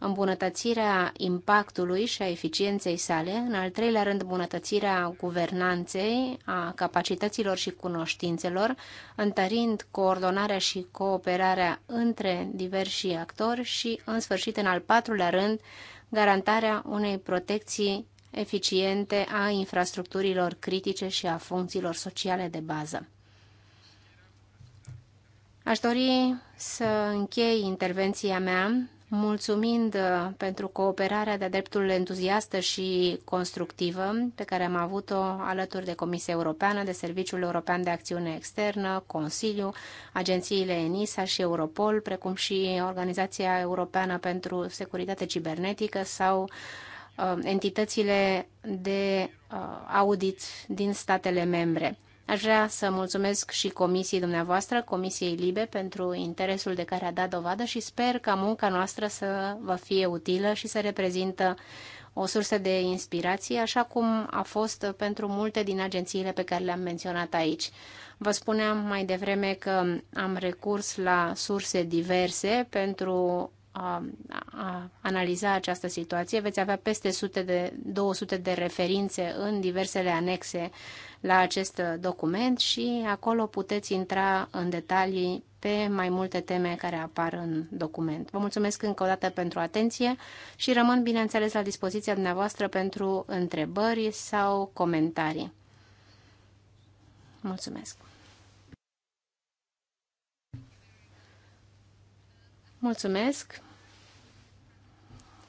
îmbunătățirea impactului și a eficienței sale, în al treilea rând îmbunătățirea guvernanței, a capacităților și cunoștințelor, întărind coordonarea și cooperarea între diversi actori și, în sfârșit, în al patrulea rând, garantarea unei protecții eficiente a infrastructurilor critice și a funcțiilor sociale de bază. Aș dori să închei intervenția mea mulțumind uh, pentru cooperarea de-a dreptul entuziastă și constructivă pe care am avut-o alături de Comisia Europeană, de Serviciul European de Acțiune Externă, Consiliu, agențiile ENISA și Europol, precum și Organizația Europeană pentru Securitate Cibernetică sau uh, Uh, entitățile de uh, audit din statele membre. Aș vrea să mulțumesc și comisiei dumneavoastră, Comisiei Libe, pentru interesul de care a dat dovadă și sper ca munca noastră să vă fie utilă și să reprezintă o sursă de inspirație, așa cum a fost pentru multe din agențiile pe care le-am menționat aici. Vă spuneam mai devreme că am recurs la surse diverse pentru a, a analiza această situație. Veți avea peste 100 de, 200 de referințe în diversele anexe la acest document și acolo puteți intra în detalii pe mai multe teme care apar în document. Vă mulțumesc încă o dată pentru atenție și rămân, bineînțeles, la dispoziția dumneavoastră pentru întrebări sau comentarii. Mulțumesc! Mulțumesc!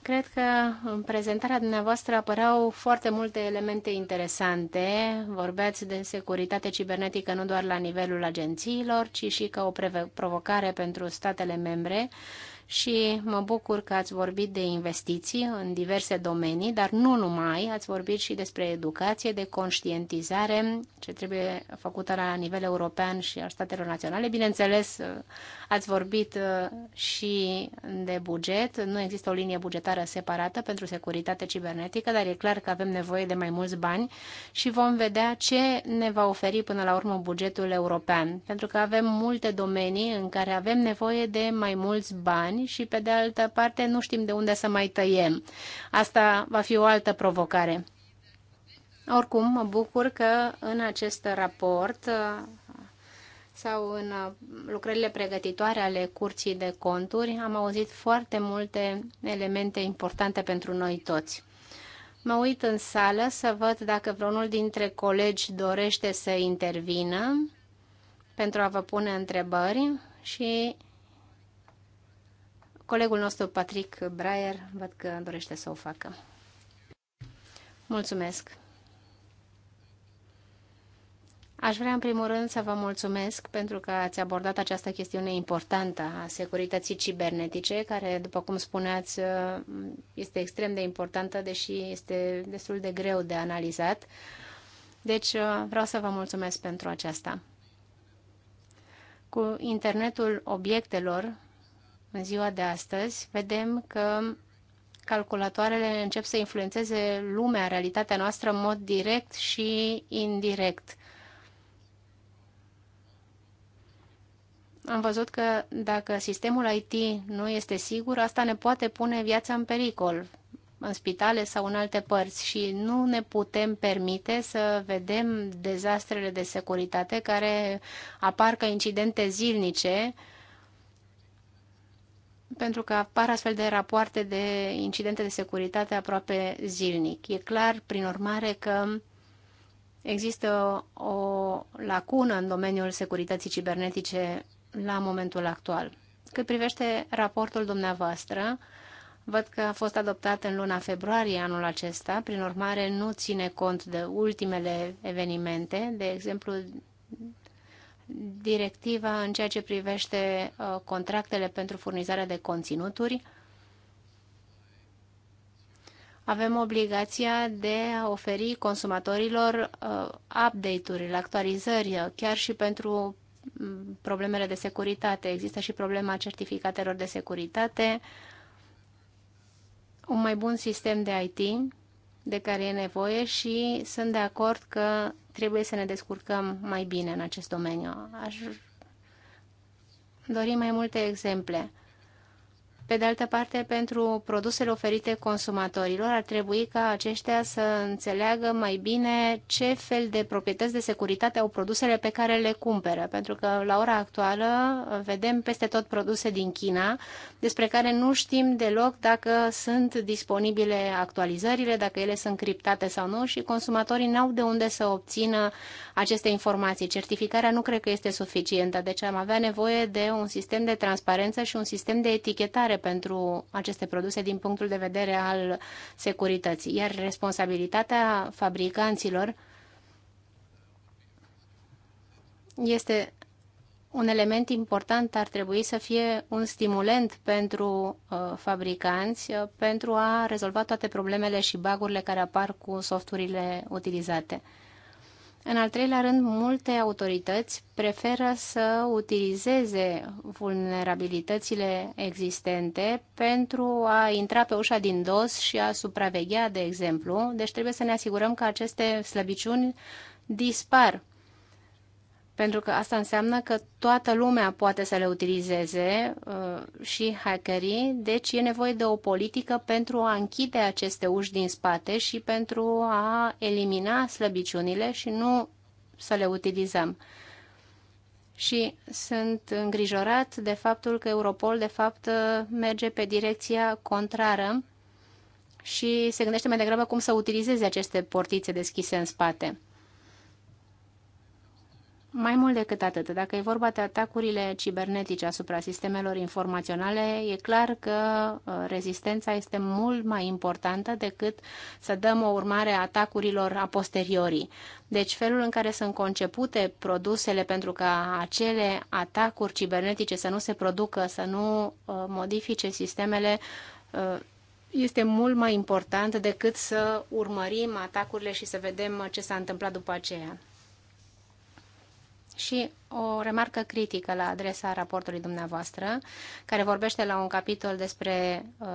cred că în prezentarea dumneavoastră apăreau foarte multe elemente interesante. Vorbeați de securitate cibernetică nu doar la nivelul agențiilor, ci și ca o provocare pentru statele membre și mă bucur că ați vorbit de investiții în diverse domenii, dar nu numai, ați vorbit și despre educație, de conștientizare, ce trebuie făcută la nivel european și al statelor naționale. Bineînțeles, Ați vorbit uh, și de buget. Nu există o linie bugetară separată pentru securitate cibernetică, dar e clar că avem nevoie de mai mulți bani și vom vedea ce ne va oferi până la urmă bugetul european. Pentru că avem multe domenii în care avem nevoie de mai mulți bani și, pe de altă parte, nu știm de unde să mai tăiem. Asta va fi o altă provocare. Oricum, mă bucur că în acest raport uh, sau în uh, lucrările pregătitoare ale curții de conturi, am auzit foarte multe elemente importante pentru noi toți. Mă uit în sală să văd dacă vreunul dintre colegi dorește să intervină pentru a vă pune întrebări și colegul nostru, Patrick Breyer, văd că dorește să o facă. Mulțumesc! Aș vrea în primul rând să vă mulțumesc pentru că ați abordat această chestiune importantă a securității cibernetice, care, după cum spuneați, este extrem de importantă, deși este destul de greu de analizat. Deci vreau să vă mulțumesc pentru aceasta. Cu internetul obiectelor, în ziua de astăzi, vedem că calculatoarele încep să influențeze lumea, realitatea noastră, în mod direct și indirect. am văzut că dacă sistemul IT nu este sigur, asta ne poate pune viața în pericol în spitale sau în alte părți și nu ne putem permite să vedem dezastrele de securitate care apar ca incidente zilnice pentru că apar astfel de rapoarte de incidente de securitate aproape zilnic. E clar, prin urmare, că există o lacună în domeniul securității cibernetice la momentul actual. Cât privește raportul dumneavoastră, văd că a fost adoptat în luna februarie anul acesta, prin urmare nu ține cont de ultimele evenimente, de exemplu directiva în ceea ce privește uh, contractele pentru furnizarea de conținuturi. Avem obligația de a oferi consumatorilor uh, update-uri, actualizări, uh, chiar și pentru problemele de securitate. Există și problema certificatelor de securitate, un mai bun sistem de IT de care e nevoie și sunt de acord că trebuie să ne descurcăm mai bine în acest domeniu. Aș dori mai multe exemple. Pe de altă parte, pentru produsele oferite consumatorilor, ar trebui ca aceștia să înțeleagă mai bine ce fel de proprietăți de securitate au produsele pe care le cumpără, pentru că la ora actuală vedem peste tot produse din China, despre care nu știm deloc dacă sunt disponibile actualizările, dacă ele sunt criptate sau nu și consumatorii n-au de unde să obțină aceste informații. Certificarea nu cred că este suficientă, deci am avea nevoie de un sistem de transparență și un sistem de etichetare pentru aceste produse din punctul de vedere al securității. Iar responsabilitatea fabricanților este un element important ar trebui să fie un stimulent pentru uh, fabricanți uh, pentru a rezolva toate problemele și bagurile care apar cu softurile utilizate. În al treilea rând, multe autorități preferă să utilizeze vulnerabilitățile existente pentru a intra pe ușa din dos și a supraveghea, de exemplu. Deci trebuie să ne asigurăm că aceste slăbiciuni dispar pentru că asta înseamnă că toată lumea poate să le utilizeze uh, și hackerii, deci e nevoie de o politică pentru a închide aceste uși din spate și pentru a elimina slăbiciunile și nu să le utilizăm. Și sunt îngrijorat de faptul că Europol, de fapt, uh, merge pe direcția contrară și se gândește mai degrabă cum să utilizeze aceste portițe deschise în spate. Mai mult decât atât, dacă e vorba de atacurile cibernetice asupra sistemelor informaționale, e clar că uh, rezistența este mult mai importantă decât să dăm o urmare a atacurilor a posteriori. Deci felul în care sunt concepute produsele pentru ca acele atacuri cibernetice să nu se producă, să nu uh, modifice sistemele, uh, este mult mai important decât să urmărim atacurile și să vedem ce s-a întâmplat după aceea. Și o remarcă critică la adresa raportului dumneavoastră, care vorbește la un capitol despre uh,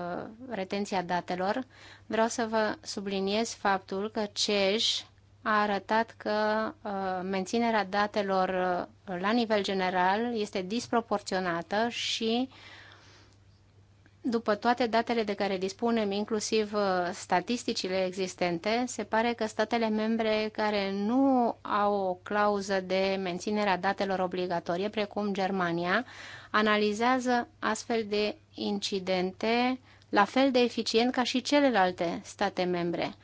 retenția datelor. Vreau să vă subliniez faptul că CEJ a arătat că uh, menținerea datelor uh, la nivel general este disproporționată și uh, după toate datele de care dispunem, inclusiv uh, statisticile existente, se pare că statele membre care nu au o clauză de menținere a datelor obligatorie, precum Germania, analizează astfel de incidente la fel de eficient ca și celelalte state membre.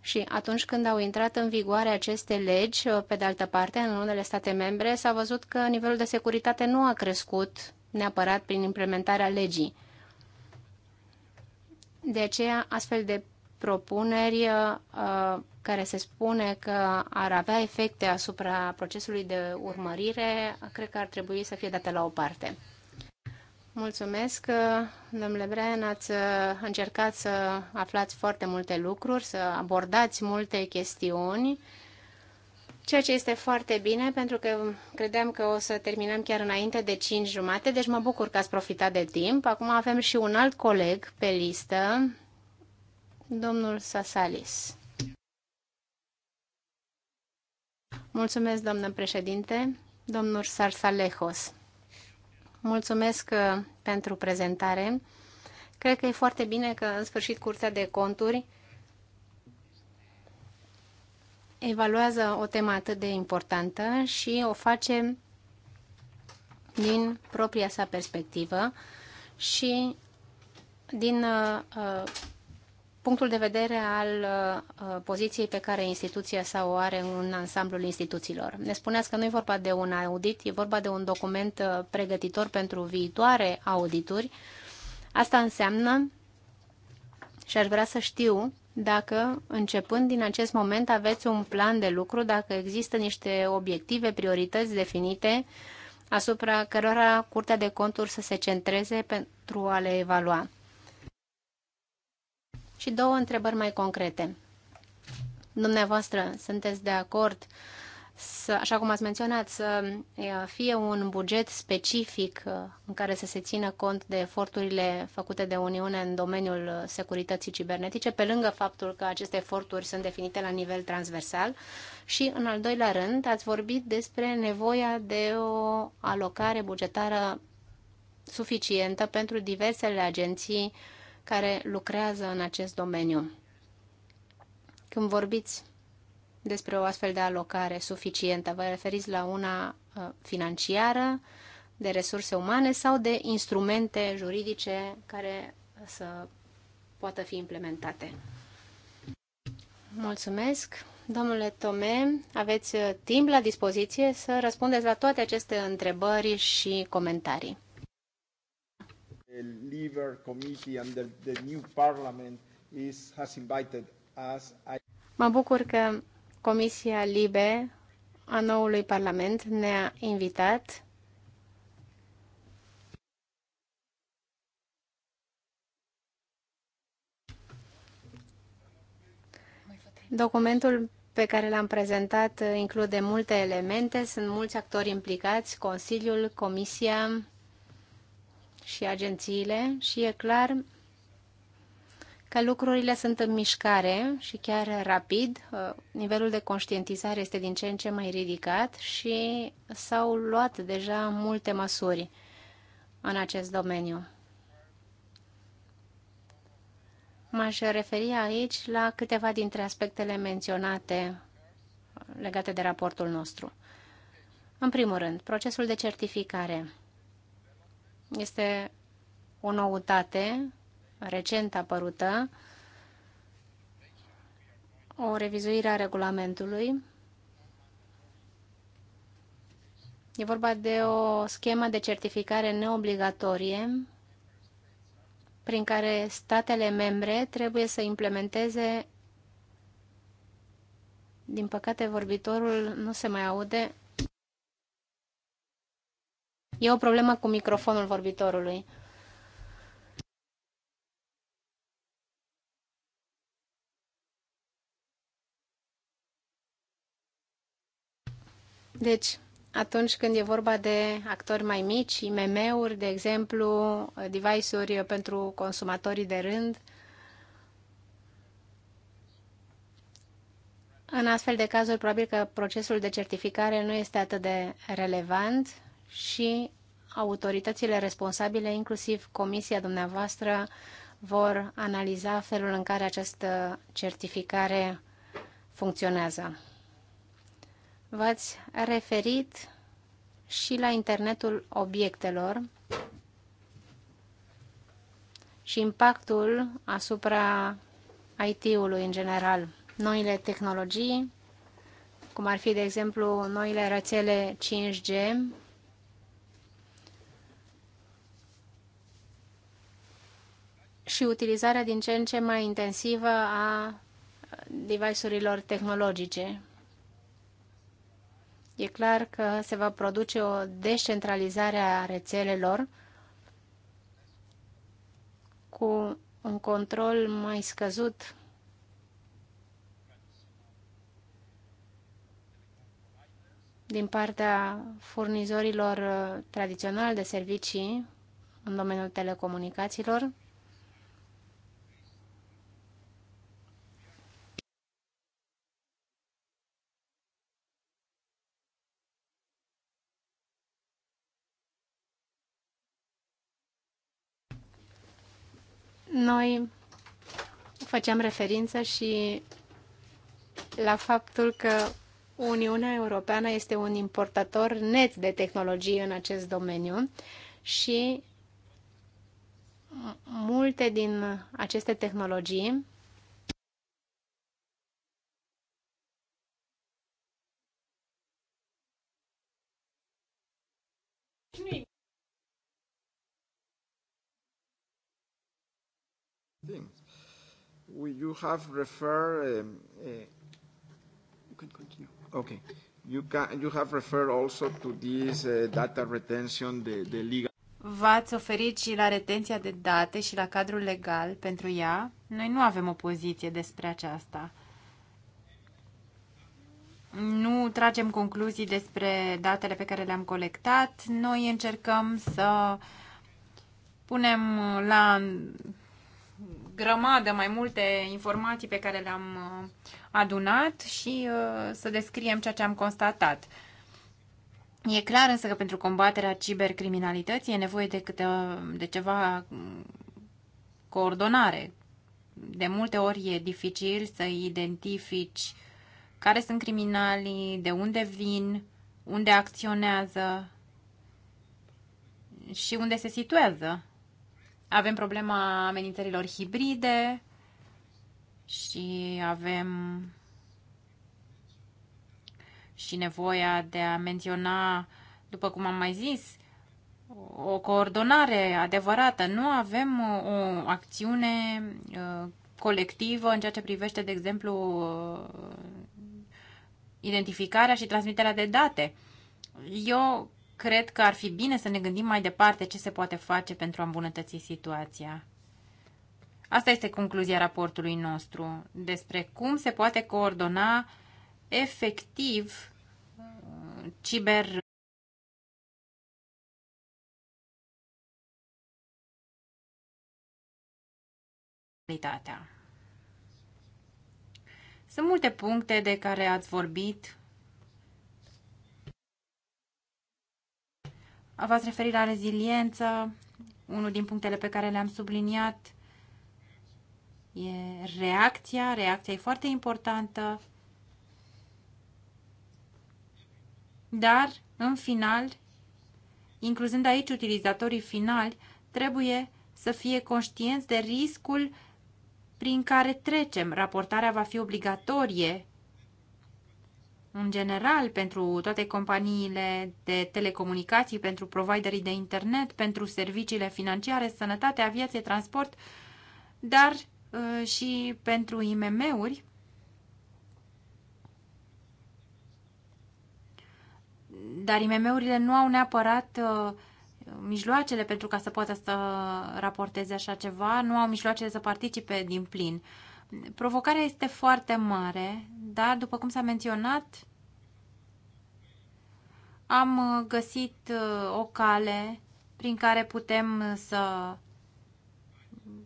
Și atunci când au intrat în vigoare aceste legi, uh, pe de altă parte, în unele state membre, s-a văzut că nivelul de securitate nu a crescut neapărat prin implementarea legii. De aceea, astfel de propuneri uh, care se spune că ar avea efecte asupra procesului de urmărire, cred că ar trebui să fie date la o parte. Mulțumesc, uh, domnule Brian, ați uh, încercat să aflați foarte multe lucruri, să abordați multe chestiuni ceea ce este foarte bine pentru că credeam că o să terminăm chiar înainte de 5 jumate, deci mă bucur că ați profitat de timp. Acum avem și un alt coleg pe listă, domnul Sasalis. Mulțumesc, doamnă președinte, domnul Sarsalehos. Mulțumesc uh, pentru prezentare. Cred că e foarte bine că în sfârșit Curtea de Conturi evaluează o temă atât de importantă și o face din propria sa perspectivă și din uh, uh punctul de vedere al uh, uh, poziției pe care instituția sa o are în ansamblul instituțiilor. Ne spuneați că nu e vorba de un audit, e vorba de un document uh, pregătitor pentru viitoare audituri. Asta înseamnă, și aș vrea să știu dacă, începând din acest moment, aveți un plan de lucru, dacă există niște obiective, priorități definite, asupra cărora Curtea de Conturi să se centreze pentru a le evalua. Și două întrebări mai concrete. Dumneavoastră, sunteți de acord uh, să, așa cum ați menționat, să fie un buget specific în care să se țină cont de eforturile făcute de Uniune în domeniul securității cibernetice, pe lângă faptul că aceste eforturi sunt definite la nivel transversal. Și, în al doilea rând, ați vorbit despre nevoia de o alocare bugetară suficientă pentru diversele agenții care lucrează în acest domeniu. Când vorbiți despre o astfel de alocare suficientă? Vă referiți la una uh, financiară, de resurse umane sau de instrumente juridice care să poată fi implementate? Mulțumesc! Domnule Tome, aveți uh, timp la dispoziție să răspundeți la toate aceste întrebări și comentarii. Mă bucur că Comisia Libe a noului Parlament ne-a invitat Documentul pe care l-am prezentat include multe elemente, sunt mulți actori implicați, Consiliul, Comisia și agențiile și e clar că lucrurile sunt în mișcare și chiar rapid. Uh, nivelul de conștientizare este din ce în ce mai ridicat și s-au luat deja multe măsuri în acest domeniu. M-aș referi aici la câteva dintre aspectele menționate uh, legate de raportul nostru. În primul rând, procesul de certificare este o noutate recent apărută, o revizuire a regulamentului. E vorba de o schemă de certificare neobligatorie prin care statele membre trebuie să implementeze din păcate vorbitorul nu se mai aude. E o problemă cu microfonul vorbitorului. Deci, atunci când e vorba de actori mai mici, IMM-uri, de exemplu, device-uri pentru consumatorii de rând, În astfel de cazuri, probabil că procesul de certificare nu este atât de relevant și autoritățile responsabile, inclusiv comisia dumneavoastră, vor analiza felul în care această certificare funcționează v-ați referit și la internetul obiectelor și impactul asupra IT-ului în general, noile tehnologii, cum ar fi, de exemplu, noile rețele 5G, și utilizarea din ce în ce mai intensivă a device-urilor tehnologice. E clar că se va produce o descentralizare a rețelelor cu un control mai scăzut din partea furnizorilor eh, tradiționali de servicii în domeniul telecomunicațiilor. Noi făceam referință și la faptul că Uniunea Europeană este un importator net de tehnologie în acest domeniu și multe din aceste tehnologii we, you have referred. Um, uh, you can continue. Okay. You, can, you have referred also to this uh, data retention, the, the legal. V-ați oferit și la retenția de date și la cadrul legal pentru ea. Noi nu avem o poziție despre aceasta. Nu tragem concluzii despre datele pe care le-am colectat. Noi încercăm să punem la grămadă mai multe informații pe care le-am uh, adunat și uh, să descriem ceea ce am constatat. E clar însă că pentru combaterea cibercriminalității e nevoie de, câte, de ceva mm, coordonare. De multe ori e dificil să identifici care sunt criminalii, de unde vin, unde acționează și unde se situează avem problema amenințărilor hibride și avem și nevoia de a menționa, după cum am mai zis, o coordonare adevărată. Nu avem o acțiune uh, colectivă în ceea ce privește, de exemplu, uh, identificarea și transmiterea de date. Eu cred că ar fi bine să ne gândim mai departe ce se poate face pentru a îmbunătăți situația. Asta este concluzia raportului nostru despre cum se poate coordona efectiv uh, ciber Sunt multe puncte de care ați vorbit V-ați referit la reziliență, unul din punctele pe care le-am subliniat e reacția. Reacția e foarte importantă. Dar, în final, incluzând aici utilizatorii finali, trebuie să fie conștienți de riscul prin care trecem. Raportarea va fi obligatorie în general pentru toate companiile de telecomunicații, pentru providerii de internet, pentru serviciile financiare, sănătate, aviație, transport, dar uh, și pentru IMM-uri. Dar IMM-urile nu au neapărat uh, mijloacele pentru ca să poată să raporteze așa ceva, nu au mijloacele să participe din plin. Provocarea este foarte mare, dar, după cum s-a menționat, am găsit uh, o cale prin care putem uh, să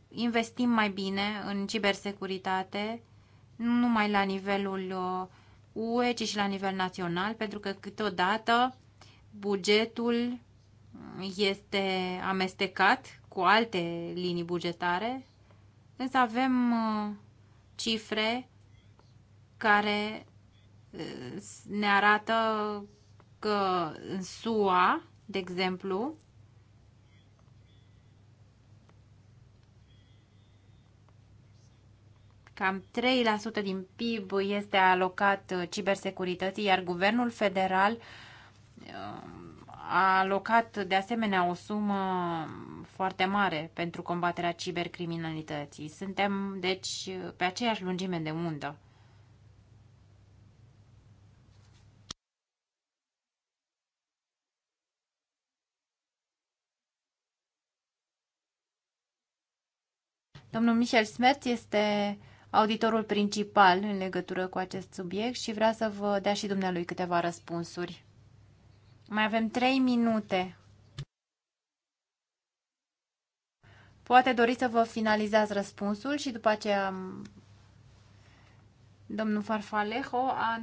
investim mai bine în cibersecuritate, nu numai la nivelul UE, uh, ci și la nivel național, pentru că câteodată bugetul este amestecat cu alte linii bugetare, însă avem cifre care uh, ne arată că în SUA, de exemplu, cam 3% din PIB este alocat uh, cibersecurității, iar guvernul federal uh, a alocat de asemenea o sumă foarte mare pentru combaterea cibercriminalității. Suntem, deci, pe aceeași lungime de undă. Domnul Michel Smerț este auditorul principal în legătură cu acest subiect și vrea să vă dea și dumnealui câteva răspunsuri. Mai avem trei minute Poate doriți să vă finalizați răspunsul și după aceea domnul Farfalejo a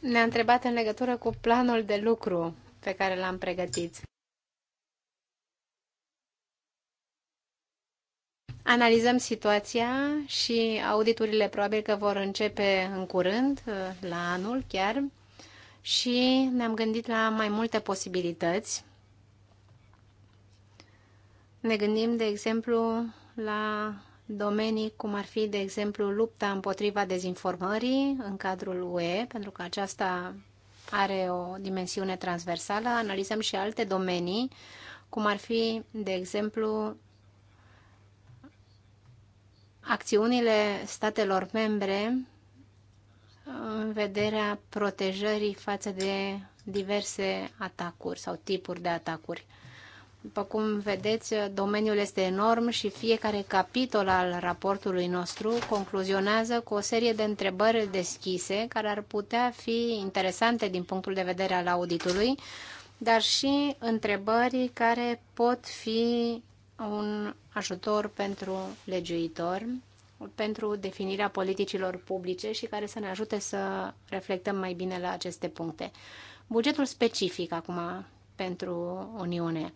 ne-a întrebat în legătură cu planul de lucru pe care l-am pregătit. Analizăm situația și auditurile probabil că vor începe în curând, ă, la anul chiar, și ne-am gândit la mai multe posibilități ne gândim, de exemplu, la domenii cum ar fi, de exemplu, lupta împotriva dezinformării în cadrul UE, pentru că aceasta are o dimensiune transversală. Analizăm și alte domenii, cum ar fi, de exemplu, acțiunile statelor membre în vederea protejării față de diverse atacuri sau tipuri de atacuri. După cum vedeți, domeniul este enorm și fiecare capitol al raportului nostru concluzionează cu o serie de întrebări deschise care ar putea fi interesante din punctul de vedere al auditului, dar și întrebări care pot fi un ajutor pentru legiuitor, pentru definirea politicilor publice și care să ne ajute să reflectăm mai bine la aceste puncte. Bugetul specific acum pentru Uniune.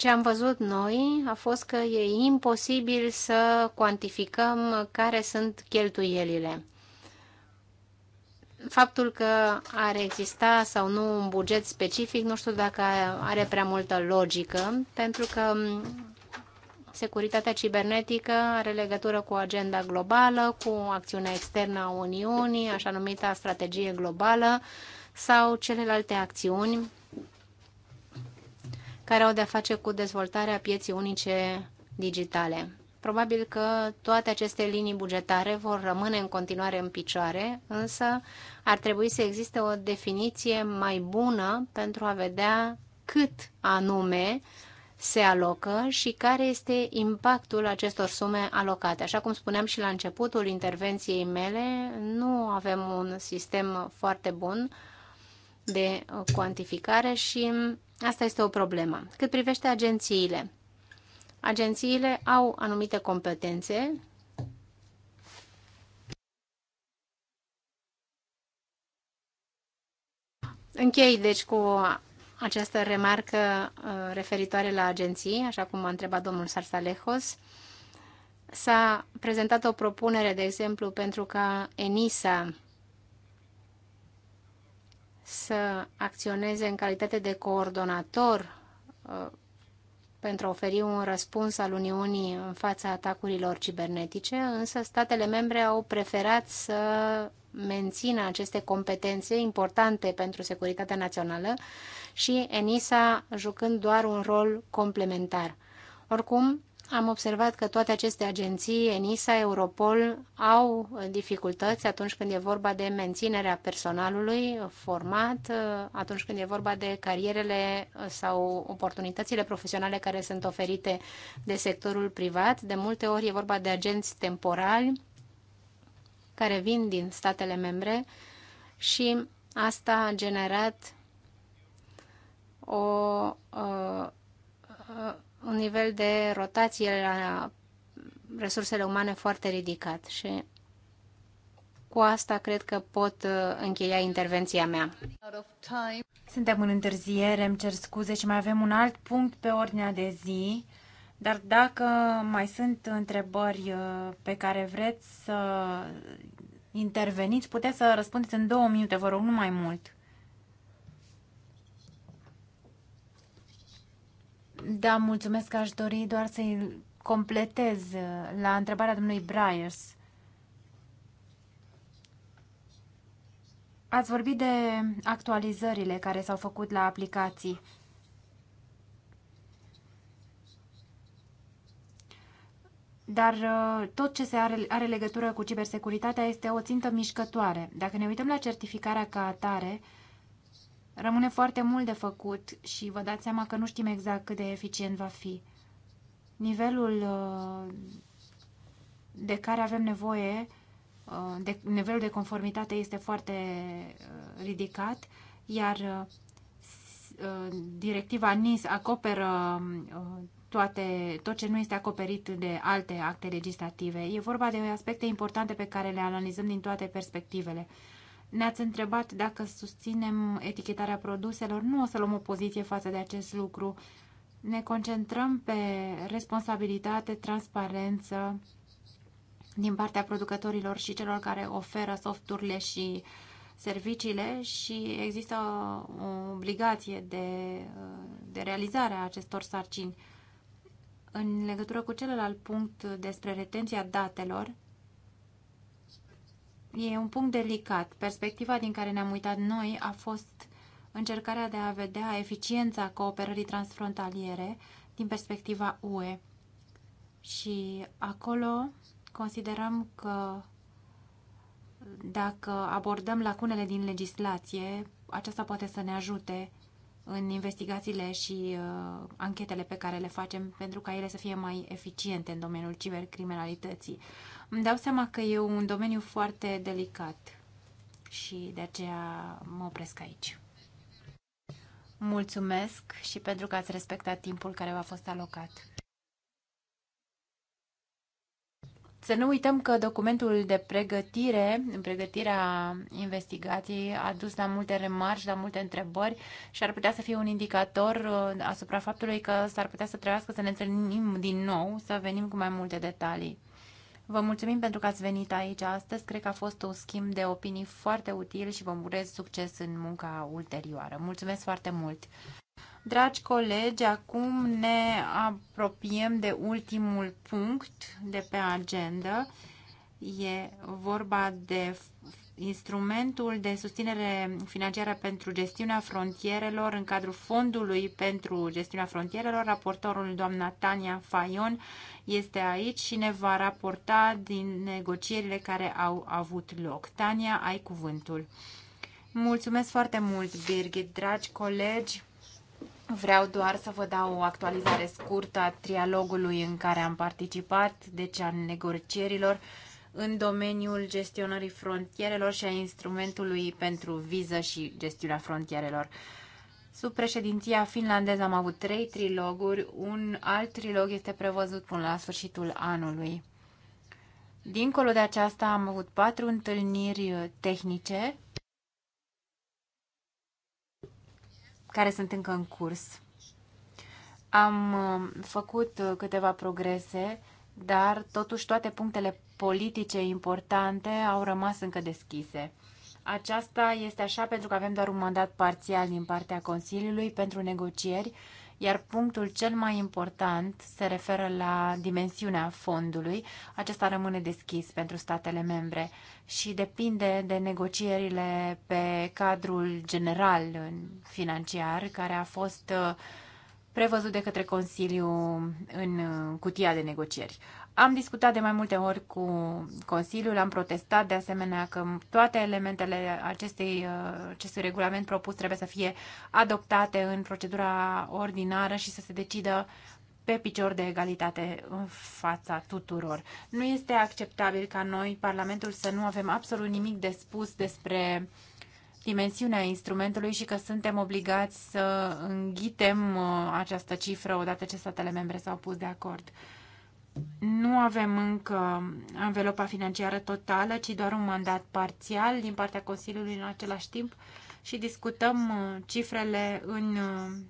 Ce am văzut noi a fost că e imposibil să cuantificăm care sunt cheltuielile. Faptul că ar exista sau nu un buget specific, nu știu dacă are prea multă logică, pentru că securitatea cibernetică are legătură cu agenda globală, cu acțiunea externă a Uniunii, așa numita strategie globală, sau celelalte acțiuni care au de-a face cu dezvoltarea pieții unice digitale. Probabil că toate aceste linii bugetare vor rămâne în continuare în picioare, însă ar trebui să existe o definiție mai bună pentru a vedea cât anume se alocă și care este impactul acestor sume alocate. Așa cum spuneam și la începutul intervenției mele, nu avem un sistem foarte bun de cuantificare și Asta este o problemă. Cât privește agențiile, agențiile au anumite competențe Închei, deci, cu această remarcă uh, referitoare la agenții, așa cum a întrebat domnul Sarsalehos. S-a prezentat o propunere, de exemplu, pentru ca ENISA să acționeze în calitate de coordonator uh, pentru a oferi un răspuns al Uniunii în fața atacurilor cibernetice, însă statele membre au preferat să mențină aceste competențe importante pentru securitatea națională și ENISA jucând doar un rol complementar. Oricum, am observat că toate aceste agenții, ENISA, Europol, au dificultăți atunci când e vorba de menținerea personalului format, atunci când e vorba de carierele sau oportunitățile profesionale care sunt oferite de sectorul privat. De multe ori e vorba de agenți temporali care vin din statele membre și asta a generat o uh, uh, un nivel de rotație la resursele umane foarte ridicat și cu asta cred că pot uh, încheia intervenția mea. Suntem în întârziere, îmi cer scuze și mai avem un alt punct pe ordinea de zi, dar dacă mai sunt întrebări uh, pe care vreți să interveniți, puteți să răspundeți în două minute, vă rog, nu mai mult. Da, mulțumesc. Aș dori doar să-i completez uh, la întrebarea domnului Bryers. Ați vorbit de actualizările care s-au făcut la aplicații. Dar uh, tot ce se are, are legătură cu cibersecuritatea este o țintă mișcătoare. Dacă ne uităm la certificarea ca atare, uh, Rămâne foarte mult de făcut și vă dați seama că nu știm exact cât de eficient va fi. Nivelul uh, de care avem nevoie, uh, de, nivelul de conformitate este foarte uh, ridicat, iar directiva NIS acoperă toate, tot ce nu este acoperit de alte acte legislative. E vorba de aspecte importante pe care le analizăm din toate perspectivele. Ne-ați întrebat dacă susținem etichetarea produselor. Nu o să luăm o poziție față de acest lucru. Ne concentrăm pe responsabilitate, transparență din partea producătorilor și celor care oferă softurile și serviciile și există o obligație de, de realizare a acestor sarcini. În legătură cu celălalt punct despre retenția datelor, E un punct delicat. Perspectiva din care ne-am uitat noi a fost încercarea de a vedea eficiența cooperării transfrontaliere din perspectiva UE. Și acolo considerăm că dacă abordăm lacunele din legislație, aceasta poate să ne ajute în investigațiile și uh, anchetele pe care le facem pentru ca ele să fie mai eficiente în domeniul cibercriminalității. Îmi dau seama că e un domeniu foarte delicat și de aceea mă opresc aici. Mulțumesc și pentru că ați respectat timpul care v-a fost alocat. Să nu uităm că documentul de pregătire, în pregătirea investigației, a dus la multe remarci, la multe întrebări și ar putea să fie un indicator uh, asupra faptului că s-ar putea să trebuiască să ne întâlnim din nou, să venim cu mai multe detalii. Vă mulțumim pentru că ați venit aici astăzi. Cred că a fost un schimb de opinii foarte util și vă urez succes în munca ulterioară. Mulțumesc foarte mult! Dragi colegi, acum ne apropiem de ultimul punct de pe agenda. E vorba de instrumentul de susținere financiară pentru gestiunea frontierelor în cadrul fondului pentru gestiunea frontierelor. Raportorul doamna Tania Fayon este aici și ne va raporta din negocierile care au avut loc. Tania, ai cuvântul. Mulțumesc foarte mult, Birgit, dragi colegi. Vreau doar să vă dau o actualizare scurtă a trialogului în care am participat, deci a negocierilor în domeniul gestionării frontierelor și a instrumentului pentru viză și gestiunea frontierelor. Sub președinția finlandeză am avut trei triloguri, un alt trilog este prevăzut până la sfârșitul anului. Dincolo de aceasta am avut patru întâlniri tehnice care sunt încă în curs. Am uh, făcut uh, câteva progrese dar totuși toate punctele politice importante au rămas încă deschise. Aceasta este așa pentru că avem doar un mandat parțial din partea Consiliului pentru negocieri, iar punctul cel mai important se referă la dimensiunea fondului. Acesta rămâne deschis pentru statele membre și depinde de negocierile pe cadrul general financiar care a fost uh, prevăzut de către Consiliu în cutia de negocieri. Am discutat de mai multe ori cu Consiliul, am protestat de asemenea că toate elementele acestei, acestui regulament propus trebuie să fie adoptate în procedura ordinară și să se decidă pe picior de egalitate în fața tuturor. Nu este acceptabil ca noi, Parlamentul, să nu avem absolut nimic de spus despre uh, dimensiunea instrumentului și că suntem obligați să înghitem uh, această cifră odată ce statele membre s-au pus de acord. Nu avem încă anvelopa financiară totală, ci doar un mandat parțial din partea Consiliului în același timp și discutăm uh, cifrele în uh,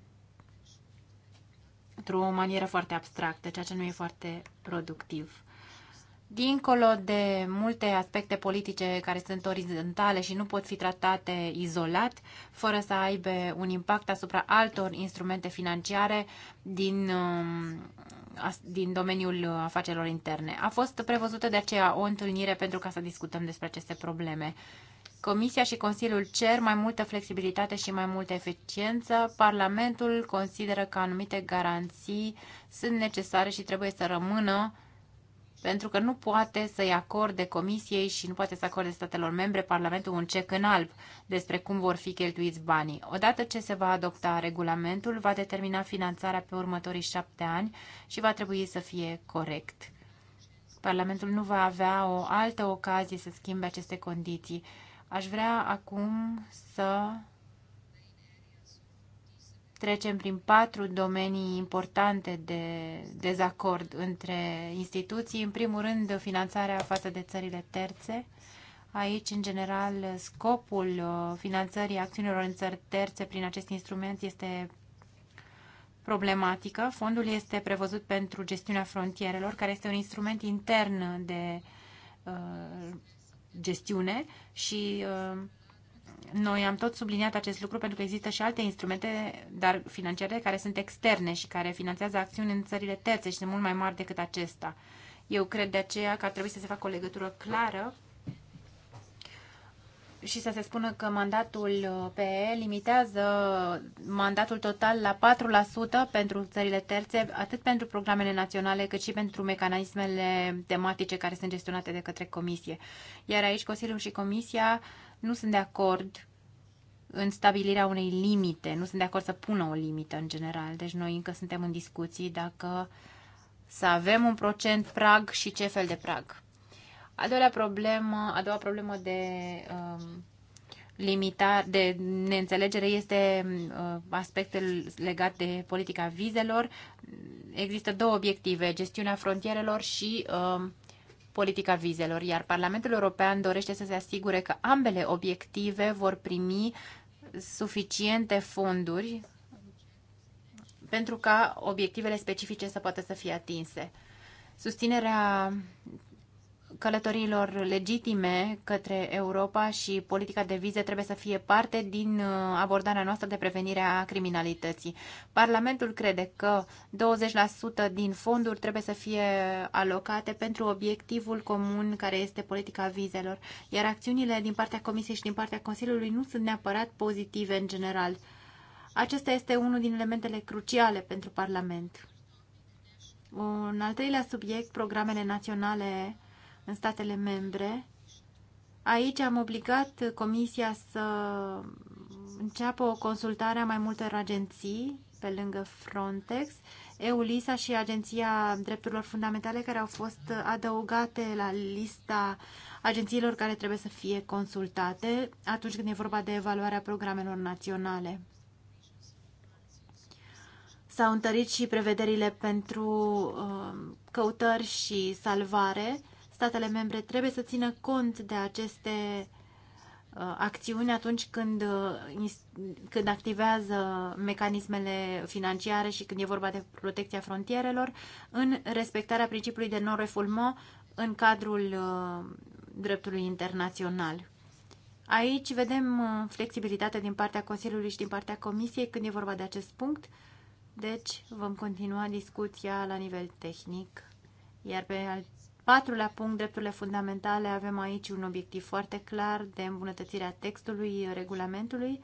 într-o manieră foarte abstractă, ceea ce nu e foarte productiv. Dincolo de multe aspecte politice care sunt orizontale și nu pot fi tratate izolat, fără să aibă un impact asupra altor instrumente financiare din, um, din domeniul afacerilor interne. A fost prevăzută de aceea o întâlnire pentru ca să discutăm despre aceste probleme. Comisia și Consiliul cer mai multă flexibilitate și mai multă eficiență. Parlamentul consideră că anumite garanții sunt necesare și trebuie să rămână pentru că nu poate să-i acorde Comisiei și nu poate să acorde statelor membre Parlamentul un cec în alb despre cum vor fi cheltuiți banii. Odată ce se va adopta regulamentul, va determina finanțarea pe următorii șapte ani și va trebui să fie corect. Parlamentul nu va avea o altă ocazie să schimbe aceste condiții. Aș vrea acum să trecem prin patru domenii importante de dezacord între instituții. În primul rând, finanțarea față de țările terțe. Aici, în general, scopul uh, finanțării acțiunilor în țări terțe prin acest instrument este problematică. Fondul este prevăzut pentru gestiunea frontierelor, care este un instrument intern de uh, gestiune și uh, noi am tot subliniat acest lucru pentru că există și alte instrumente, dar financiare, care sunt externe și care finanțează acțiuni în țările terțe și sunt mult mai mari decât acesta. Eu cred de aceea că ar trebui să se facă o legătură clară și să se spună că mandatul PE limitează mandatul total la 4% pentru țările terțe, atât pentru programele naționale, cât și pentru mecanismele tematice care sunt gestionate de către Comisie. Iar aici Consiliul și Comisia nu sunt de acord în stabilirea unei limite, nu sunt de acord să pună o limită în general. Deci noi încă suntem în discuții dacă să avem un procent prag și ce fel de prag. A doua problemă, a doua problemă de um, limitar, de neînțelegere este uh, aspectul legat de politica vizelor. Există două obiective, gestiunea frontierelor și uh, politica vizelor, iar Parlamentul European dorește să se asigure că ambele obiective vor primi suficiente fonduri pentru ca obiectivele specifice să poată să fie atinse. Susținerea călătoriilor legitime către Europa și politica de vize trebuie să fie parte din uh, abordarea noastră de prevenire a criminalității. Parlamentul crede că 20% din fonduri trebuie să fie alocate pentru obiectivul comun care este politica vizelor, iar acțiunile din partea Comisiei și din partea Consiliului nu sunt neapărat pozitive în general. Acesta este unul din elementele cruciale pentru Parlament. Un al treilea subiect, programele naționale în statele membre. Aici am obligat Comisia să înceapă o consultare a mai multor agenții pe lângă Frontex, EULISA și Agenția Drepturilor Fundamentale care au fost adăugate la lista agențiilor care trebuie să fie consultate atunci când e vorba de evaluarea programelor naționale. S-au întărit și prevederile pentru uh, căutări și salvare statele membre trebuie să țină cont de aceste uh, acțiuni atunci când, uh, când activează mecanismele financiare și când e vorba de protecția frontierelor, în respectarea principiului de non-refoulement în cadrul uh, dreptului internațional. Aici vedem flexibilitate din partea Consiliului și din partea Comisiei când e vorba de acest punct, deci vom continua discuția la nivel tehnic, iar pe patrulea punct, drepturile fundamentale, avem aici un obiectiv foarte clar de îmbunătățirea textului regulamentului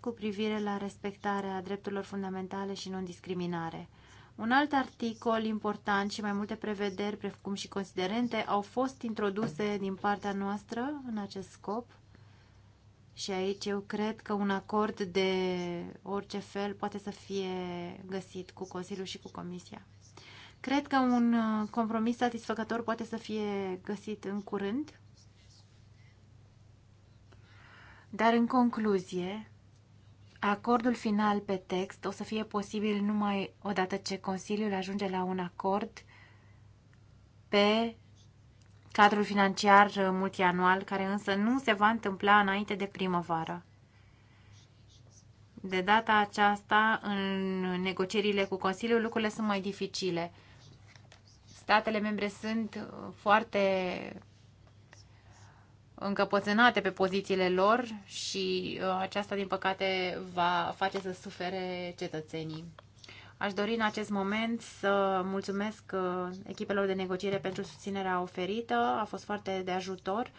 cu privire la respectarea drepturilor fundamentale și non-discriminare. Un alt articol important și mai multe prevederi, precum și considerente, au fost introduse din partea noastră în acest scop. Și aici eu cred că un acord de orice fel poate să fie găsit cu Consiliul și cu Comisia. Cred că un uh, compromis satisfăcător poate să fie găsit în curând. Dar în concluzie, acordul final pe text o să fie posibil numai odată ce Consiliul ajunge la un acord pe cadrul financiar multianual, care însă nu se va întâmpla înainte de primăvară. De data aceasta, în negocierile cu Consiliul, lucrurile sunt mai dificile statele membre sunt uh, foarte încăpățânate pe pozițiile lor și uh, aceasta, din păcate, va face să sufere cetățenii. Aș dori în acest moment să mulțumesc uh, echipelor de negociere pentru susținerea oferită. A fost foarte de ajutor.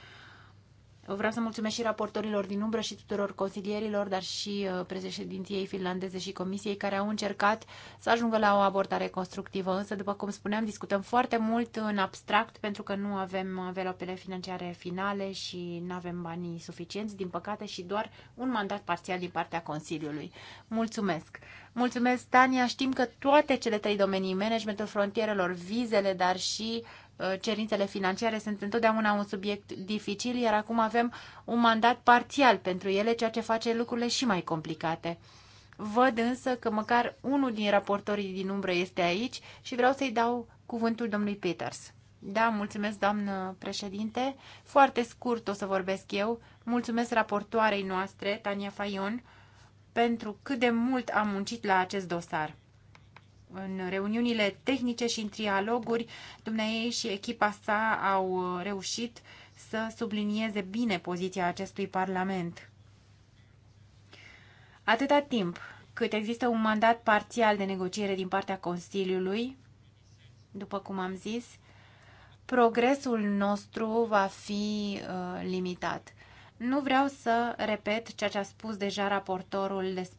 Vreau să mulțumesc și raportorilor din umbră și tuturor consilierilor, dar și uh, președinției finlandeze și comisiei care au încercat să ajungă la o abordare constructivă. Însă, după cum spuneam, discutăm foarte mult în abstract pentru că nu avem envelopele financiare finale și nu avem banii suficienți, din păcate, și doar un mandat parțial din partea Consiliului. Mulțumesc! Mulțumesc, Tania! Știm că toate cele trei domenii, managementul frontierelor, vizele, dar și uh, Uh, cerințele financiare sunt întotdeauna un subiect dificil, iar acum avem un mandat parțial pentru ele, ceea ce face lucrurile și mai complicate. Văd însă că măcar unul din raportorii din umbră este aici și vreau să-i dau cuvântul domnului Peters. Da, mulțumesc, doamnă președinte. Foarte scurt o să vorbesc eu. Mulțumesc raportoarei noastre, Tania Faion, pentru cât de mult am muncit la acest dosar în reuniunile tehnice și în trialoguri, dumneai și echipa sa au reușit să sublinieze bine poziția acestui Parlament. Atâta timp cât există un mandat parțial de negociere din partea Consiliului, după cum am zis, progresul nostru va fi uh, limitat. Nu vreau să repet ceea ce a spus deja raportorul despre